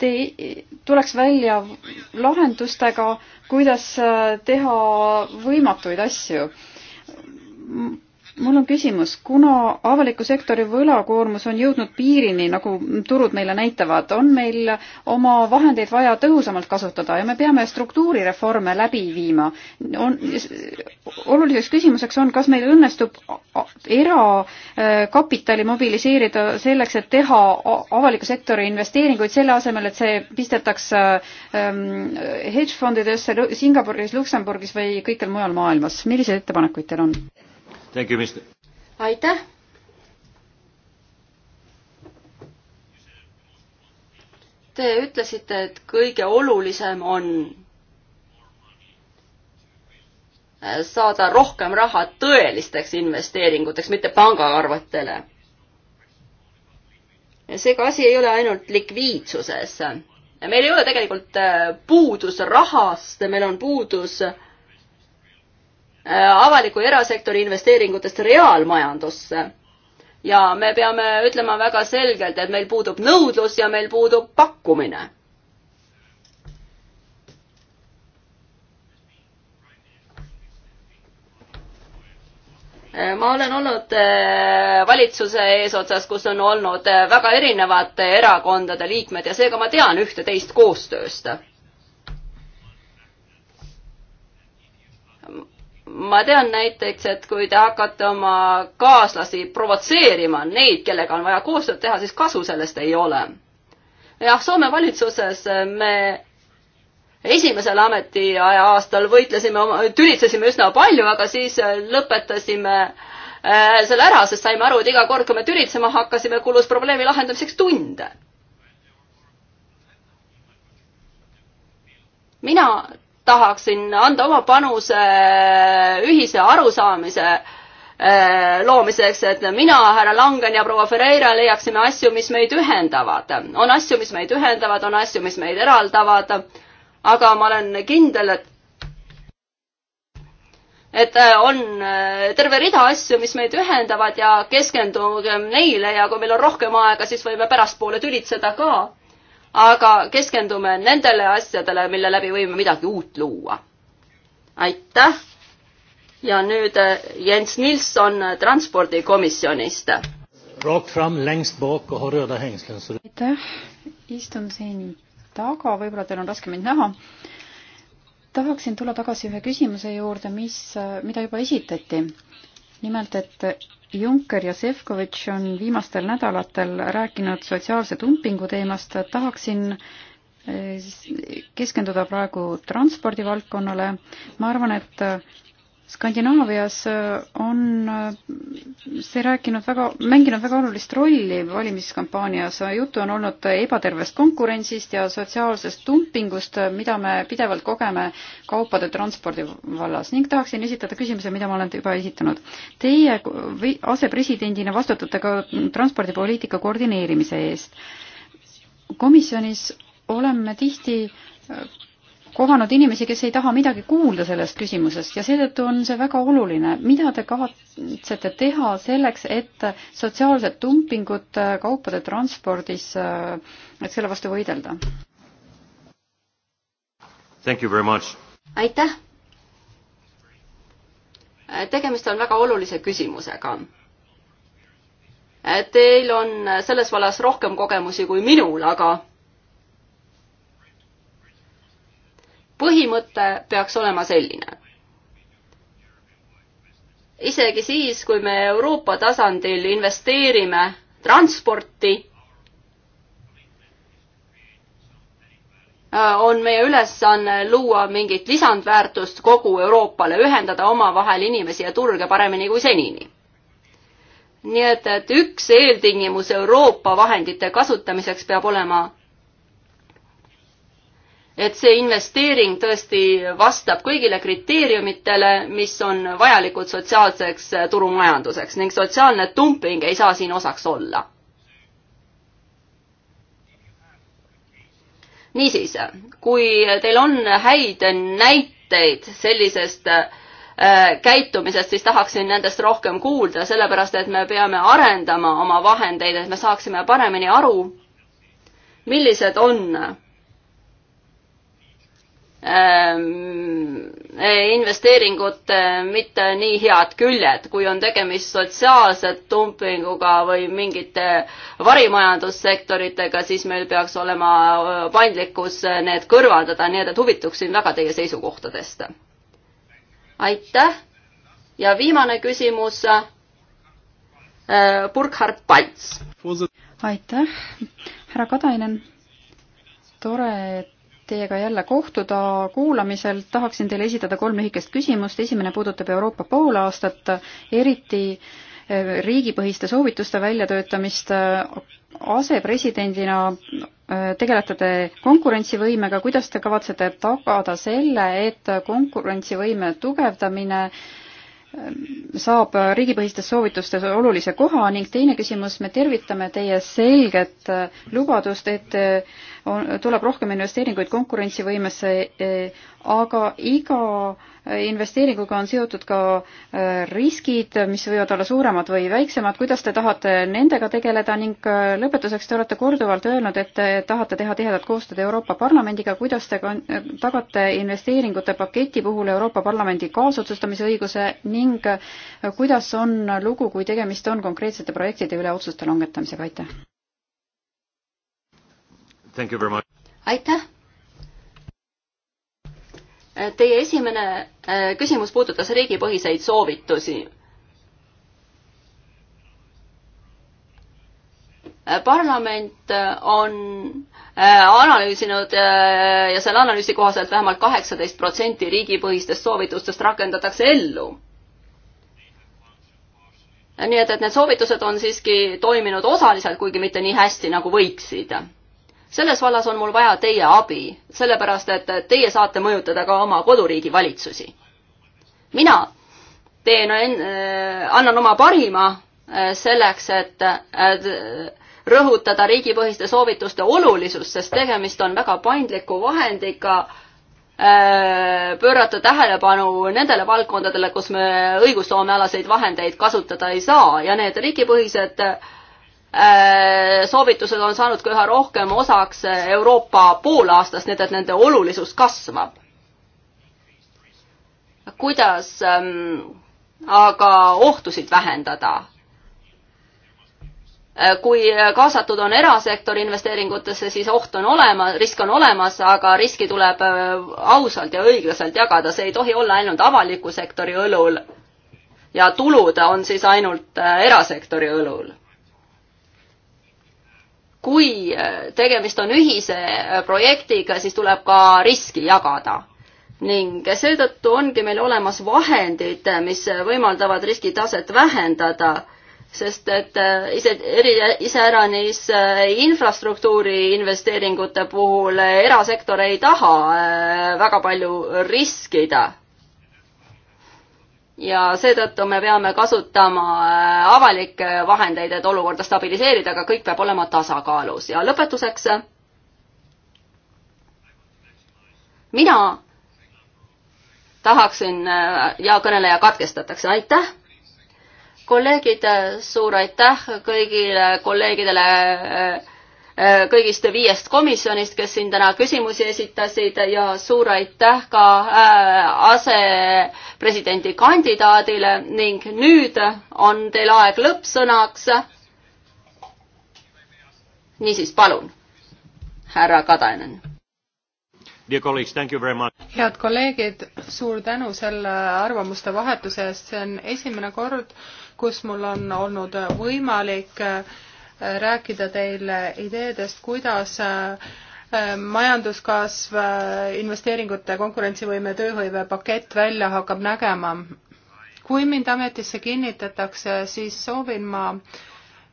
te-, tuleks välja lahendustega, kuidas äh, teha võimatuid asju mul on küsimus, kuna avaliku sektori võlakoormus on jõudnud piirini, nagu turud meile näitavad, on meil oma vahendeid vaja tõhusamalt kasutada ja me peame struktuurireforme läbi viima. on, oluliseks küsimuseks on, kas meil õnnestub erakapitali mobiliseerida selleks, et teha avaliku sektori investeeringuid, selle asemel, et see pistetaks ähm, hedgefondidesse Singapuris, Luksemburgis või kõikjal mujal maailmas. milliseid ettepanekuid teil on? aitäh. Te ütlesite, et kõige olulisem on saada rohkem raha tõelisteks investeeringuteks, mitte pangaarvetele. seega asi ei ole ainult likviidsuses. meil ei ole tegelikult äh, puudus rahast, meil on puudus äh, Äh, avaliku ja erasektori investeeringutest reaalmajandusse. ja me peame ütlema väga selgelt, et meil puudub nõudlus ja meil puudub pakkumine äh, ma olen olnud äh, valitsuse eesotsas, kus on olnud väga erinevate erakondade liikmed ja seega ma tean ühte-teist koostööst. ma tean näiteks, et kui te hakkate oma kaaslasi provotseerima, neid, kellega on vaja koostööd teha, siis kasu sellest ei ole. jah, Soome valitsuses me esimesel ametiaja aastal võitlesime, tülitsesime üsna palju, aga siis lõpetasime äh, selle ära, sest saime aru, et iga kord, kui me tülitsema hakkasime, kulus probleemi lahendamiseks tunde. mina tahaksin anda oma panuse äh, ühise arusaamise äh, loomiseks, et mina, härra Langen ja proua Ferreira leiaksime asju, mis meid ühendavad. on asju, mis meid ühendavad, on asju, mis meid eraldavad, aga ma olen kindel, et et äh, on terve rida asju, mis meid ühendavad ja keskendugem neile ja kui meil on rohkem aega, siis võime pärastpoole tülitseda ka aga keskendume nendele asjadele, mille läbi võime midagi uut luua. aitäh. ja nüüd äh, Jens Nilsson äh, transpordikomisjonist. aitäh, istun siin taga, võib-olla teil on raske mind näha. tahaksin tulla tagasi ühe küsimuse juurde, mis, äh, mida juba esitati. nimelt, et Juncker ja Sefkovitš on viimastel nädalatel rääkinud sotsiaalse dumpingu teemast, tahaksin eh, keskenduda praegu transpordivaldkonnale. ma arvan, et Skandinaavias äh, on äh, see rääkinud väga, mänginud väga olulist rolli valimiskampaanias. juttu on olnud ebatervest konkurentsist ja sotsiaalsest dumpingust, mida me pidevalt kogeme kaupade transpordi vallas ning tahaksin esitada küsimuse, mida ma olen juba esitanud. Teie asepresidendina vastutate ka transpordipoliitika koordineerimise eest. komisjonis oleme tihti äh, kohanud inimesi, kes ei taha midagi kuulda sellest küsimusest ja seetõttu on see väga oluline. mida te kavatsete teha selleks, et sotsiaalset dumpingut äh, kaupade transpordis, äh, et selle vastu võidelda? aitäh! Äh, tegemist on väga olulise küsimusega. Teil on selles vallas rohkem kogemusi kui minul, aga põhimõte peaks olema selline. isegi siis, kui me Euroopa tasandil investeerime transporti, äh, on meie ülesanne luua mingit lisandväärtust kogu Euroopale, ühendada omavahel inimesi ja turge paremini kui senini. nii et, et üks eeltingimus Euroopa vahendite kasutamiseks peab olema et see investeering tõesti vastab kõigile kriteeriumitele, mis on vajalikud sotsiaalseks äh, turumajanduseks ning sotsiaalne dumping ei saa siin osaks olla. niisiis, kui teil on häid näiteid sellisest äh, käitumisest, siis tahaksin nendest rohkem kuulda, sellepärast et me peame arendama oma vahendeid, et me saaksime paremini aru, millised on Ähm, eh, investeeringute eh, mitte nii head küljed, kui on tegemist sotsiaalse dumpinguga või mingite varimajandussektoritega, siis meil peaks olema eh, paindlikkus need kõrvaldada, nii et huvituksin väga teie seisukohtadest. aitäh ja viimane küsimus. Burkhard Palts. aitäh, härra Katainen. tore, et teiega jälle kohtuda kuulamisel. tahaksin teile esitada kolm lühikest küsimust. esimene puudutab Euroopa poolaastat, eriti eh, riigipõhiste soovituste väljatöötamist. asepresidendina eh, tegelete te konkurentsivõimega, kuidas te kavatsete tagada selle, et konkurentsivõime tugevdamine eh, saab riigipõhistes soovitustes olulise koha ning teine küsimus, me tervitame teie selget lubadust, et tuleb rohkem investeeringuid konkurentsivõimesse, eh, aga iga eh, investeeringuga on seotud ka eh, riskid, mis võivad olla suuremad või väiksemad, kuidas te tahate nendega tegeleda ning lõpetuseks te olete korduvalt öelnud, et te tahate teha tihedat koostööd Euroopa Parlamendiga, kuidas te tagate investeeringute paketi puhul Euroopa Parlamendi kaasotsustamise õiguse ning kuidas on lugu, kui tegemist on konkreetsete projektide üle otsuste langetamisega, aitäh! aitäh! Teie esimene äh, küsimus puudutas riigipõhiseid soovitusi. parlament äh, on äh, analüüsinud ja selle analüüsi kohaselt vähemalt kaheksateist protsenti riigipõhistest soovitustest rakendatakse ellu nii et, et need soovitused on siiski toiminud osaliselt, kuigi mitte nii hästi, nagu võiksid selles vallas on mul vaja teie abi, sellepärast et teie saate mõjutada ka oma koduriigi valitsusi. mina teen, äh, annan oma parima äh, selleks, et rõhutada riigipõhiste soovituste olulisust, sest tegemist on väga paindliku vahendiga äh, pöörata tähelepanu nendele valdkondadele, kus me õigusloomealaseid vahendeid kasutada ei saa ja need riigipõhised äh, Äh, soovitused on saanud ka üha rohkem osaks Euroopa poolaastast, nii et nende olulisus kasvab. kuidas ähm, aga ohtusid vähendada? Äh, kui kaasatud on erasektori investeeringutesse, siis oht on olemas, risk on olemas, aga riski tuleb äh, ausalt ja õiglaselt jagada, see ei tohi olla ainult avaliku sektori õlul. ja tulud on siis ainult erasektori õlul kui äh, tegemist on ühise äh, projektiga, siis tuleb ka riski jagada. ning seetõttu ongi meil olemas vahendid, äh, mis võimaldavad riskitaset vähendada, sest et ise, eri, iseäranis infrastruktuuri investeeringute puhul erasektor ei taha väga palju riskida ja seetõttu me peame kasutama äh, avalikke vahendeid, et olukorda stabiliseerida, aga kõik peab olema tasakaalus ja lõpetuseks. mina tahaksin äh, ja kõneleja katkestatakse, aitäh. kolleegid, äh, suur aitäh kõigile kolleegidele Äh, kõigist viiest komisjonist, kes siin täna küsimusi esitasid ja suur aitäh ka äh, asepresidendi kandidaadile ning nüüd on teil aeg lõppsõnaks. niisiis, palun, härra Kadanen head kolleegid, suur tänu selle arvamuste vahetuse eest, see on esimene kord, kus mul on olnud võimalik äh, rääkida teile ideedest, kuidas äh, majanduskasv, äh, investeeringute konkurentsivõime, tööhõive pakett välja hakkab nägema. kui mind ametisse kinnitatakse, siis soovin ma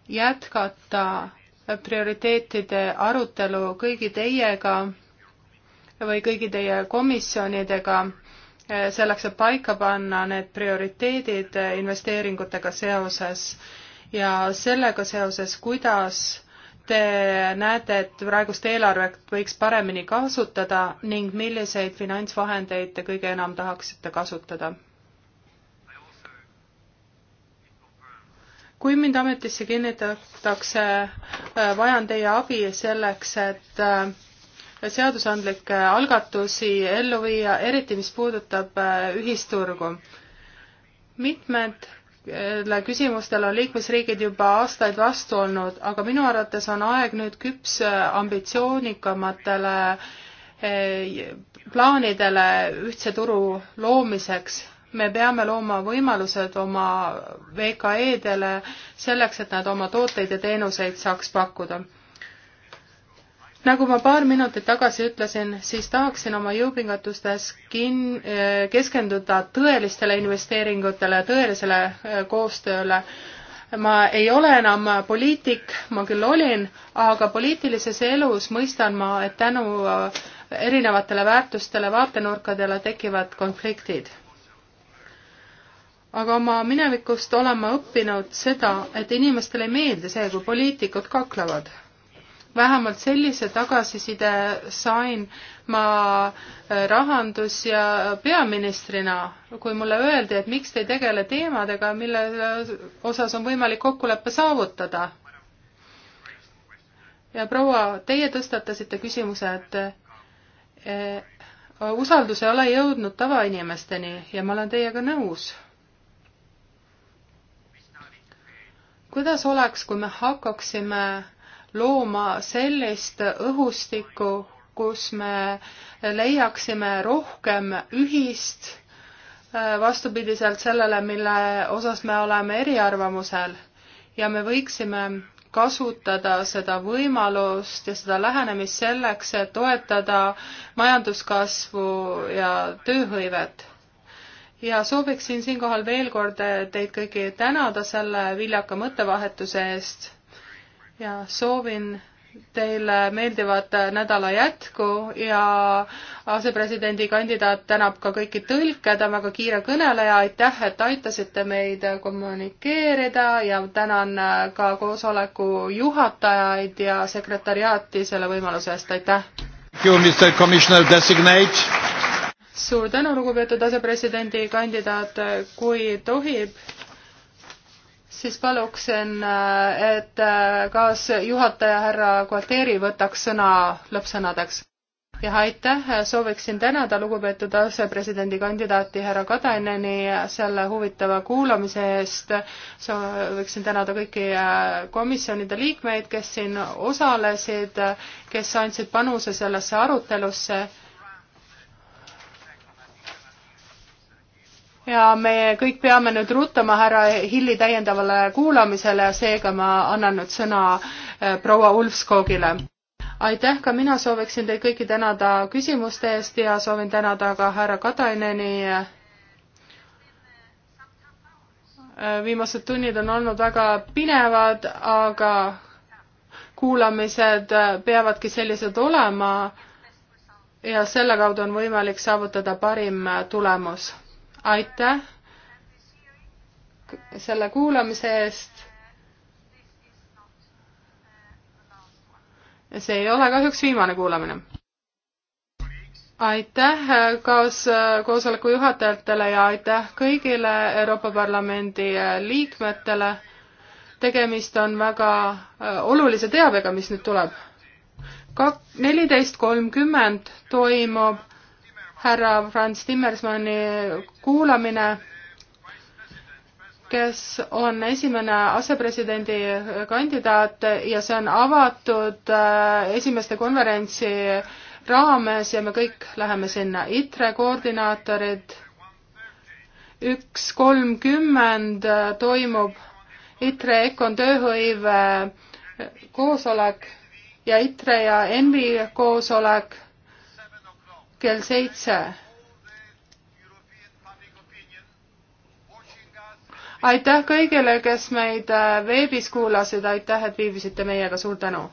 jätkata prioriteetide arutelu kõigi teiega või kõigi teie komisjonidega, äh, selleks, et paika panna need prioriteedid investeeringutega seoses ja sellega seoses, kuidas te näete, et praegust eelarvet võiks paremini kasutada ning milliseid finantsvahendeid te kõige enam tahaksite kasutada? kui mind ametisse kinnitatakse, äh, vajan teie abi selleks, et äh, seadusandlikke algatusi ellu viia, eriti mis puudutab äh, ühisturgu. mitmed küsimustele on liikmesriigid juba aastaid vastu olnud, aga minu arvates on aeg nüüd küps äh, ambitsioonikamatele äh, plaanidele ühtse turu loomiseks. me peame looma võimalused oma VKE-dele selleks, et nad oma tooteid ja teenuseid saaks pakkuda nagu ma paar minutit tagasi ütlesin, siis tahaksin oma jõupingutustes kin-, keskenduda tõelistele investeeringutele, tõelisele äh, koostööle. ma ei ole enam poliitik, ma küll olin, aga poliitilises elus mõistan ma, et tänu äh, erinevatele väärtustele, vaatenurkadele tekivad konfliktid aga oma minevikust olen ma õppinud seda, et inimestele ei meeldi see, kui poliitikud kaklevad vähemalt sellise tagasiside sain ma äh, rahandus- ja peaministrina, kui mulle öeldi, et miks te ei tegele teemadega, mille äh, osas on võimalik kokkulepe saavutada. ja proua, teie tõstatasite küsimuse, et äh, usaldus ei ole jõudnud tavainimesteni ja ma olen teiega nõus kuidas oleks, kui me hakkaksime looma sellist õhustikku, kus me leiaksime rohkem ühist, äh, vastupidiselt sellele, mille osas me oleme eriarvamusel. ja me võiksime kasutada seda võimalust ja seda lähenemist selleks, et toetada majanduskasvu ja tööhõivet. ja sooviksin siinkohal veel kord teid kõiki tänada selle viljaka mõttevahetuse eest ja soovin teile meeldivat nädala jätku ja asepresidendi kandidaat tänab ka kõiki tõlke, ta on väga kiire kõneleja, aitäh, et aitasite meid kommunikeerida ja tänan ka koosoleku juhatajaid ja sekretariaati selle võimaluse eest, aitäh! suur tänu, lugupeetud asepresidendi kandidaat, kui tohib siis paluksin, äh, et äh, kaasjuhataja härra Gualteri võtaks sõna lõppsõnadeks. jah, aitäh, äh, sooviksin tänada lugupeetud asepresidendi kandidaati härra Kataineni selle huvitava kuulamise eest. sooviksin tänada kõiki komisjonide liikmeid, kes siin osalesid, kes andsid panuse sellesse arutelusse ja me kõik peame nüüd ruttama härra Hilli täiendavale kuulamisele ja seega ma annan nüüd sõna eh, proua Ulfskogile. aitäh, ka mina sooviksin teid kõiki tänada küsimuste eest ja soovin tänada ka härra Kataineni. Eh, viimased tunnid on olnud väga pinevad, aga kuulamised eh, peavadki sellised olema ja selle kaudu on võimalik saavutada parim tulemus aitäh selle kuulamise eest. see ei ole kahjuks viimane kuulamine. aitäh äh, kaaskoosoleku juhatajatele ja aitäh kõigile Euroopa Parlamendi äh, liikmetele. tegemist on väga äh, olulise teabega, mis nüüd tuleb. neliteist kolmkümmend toimub härra Franz Timmersmanni kuulamine, kes on esimene asepresidendi kandidaat ja see on avatud äh, esimeste konverentsi raames ja me kõik läheme sinna. ITRE koordinaatorid üks kolmkümmend äh, toimub ITRE EKON tööhõive koosolek ja ITRE ja ENVI koosolek kell seitse. aitäh kõigile, kes meid äh, veebis kuulasid, aitäh, et viibisite meiega, suur tänu!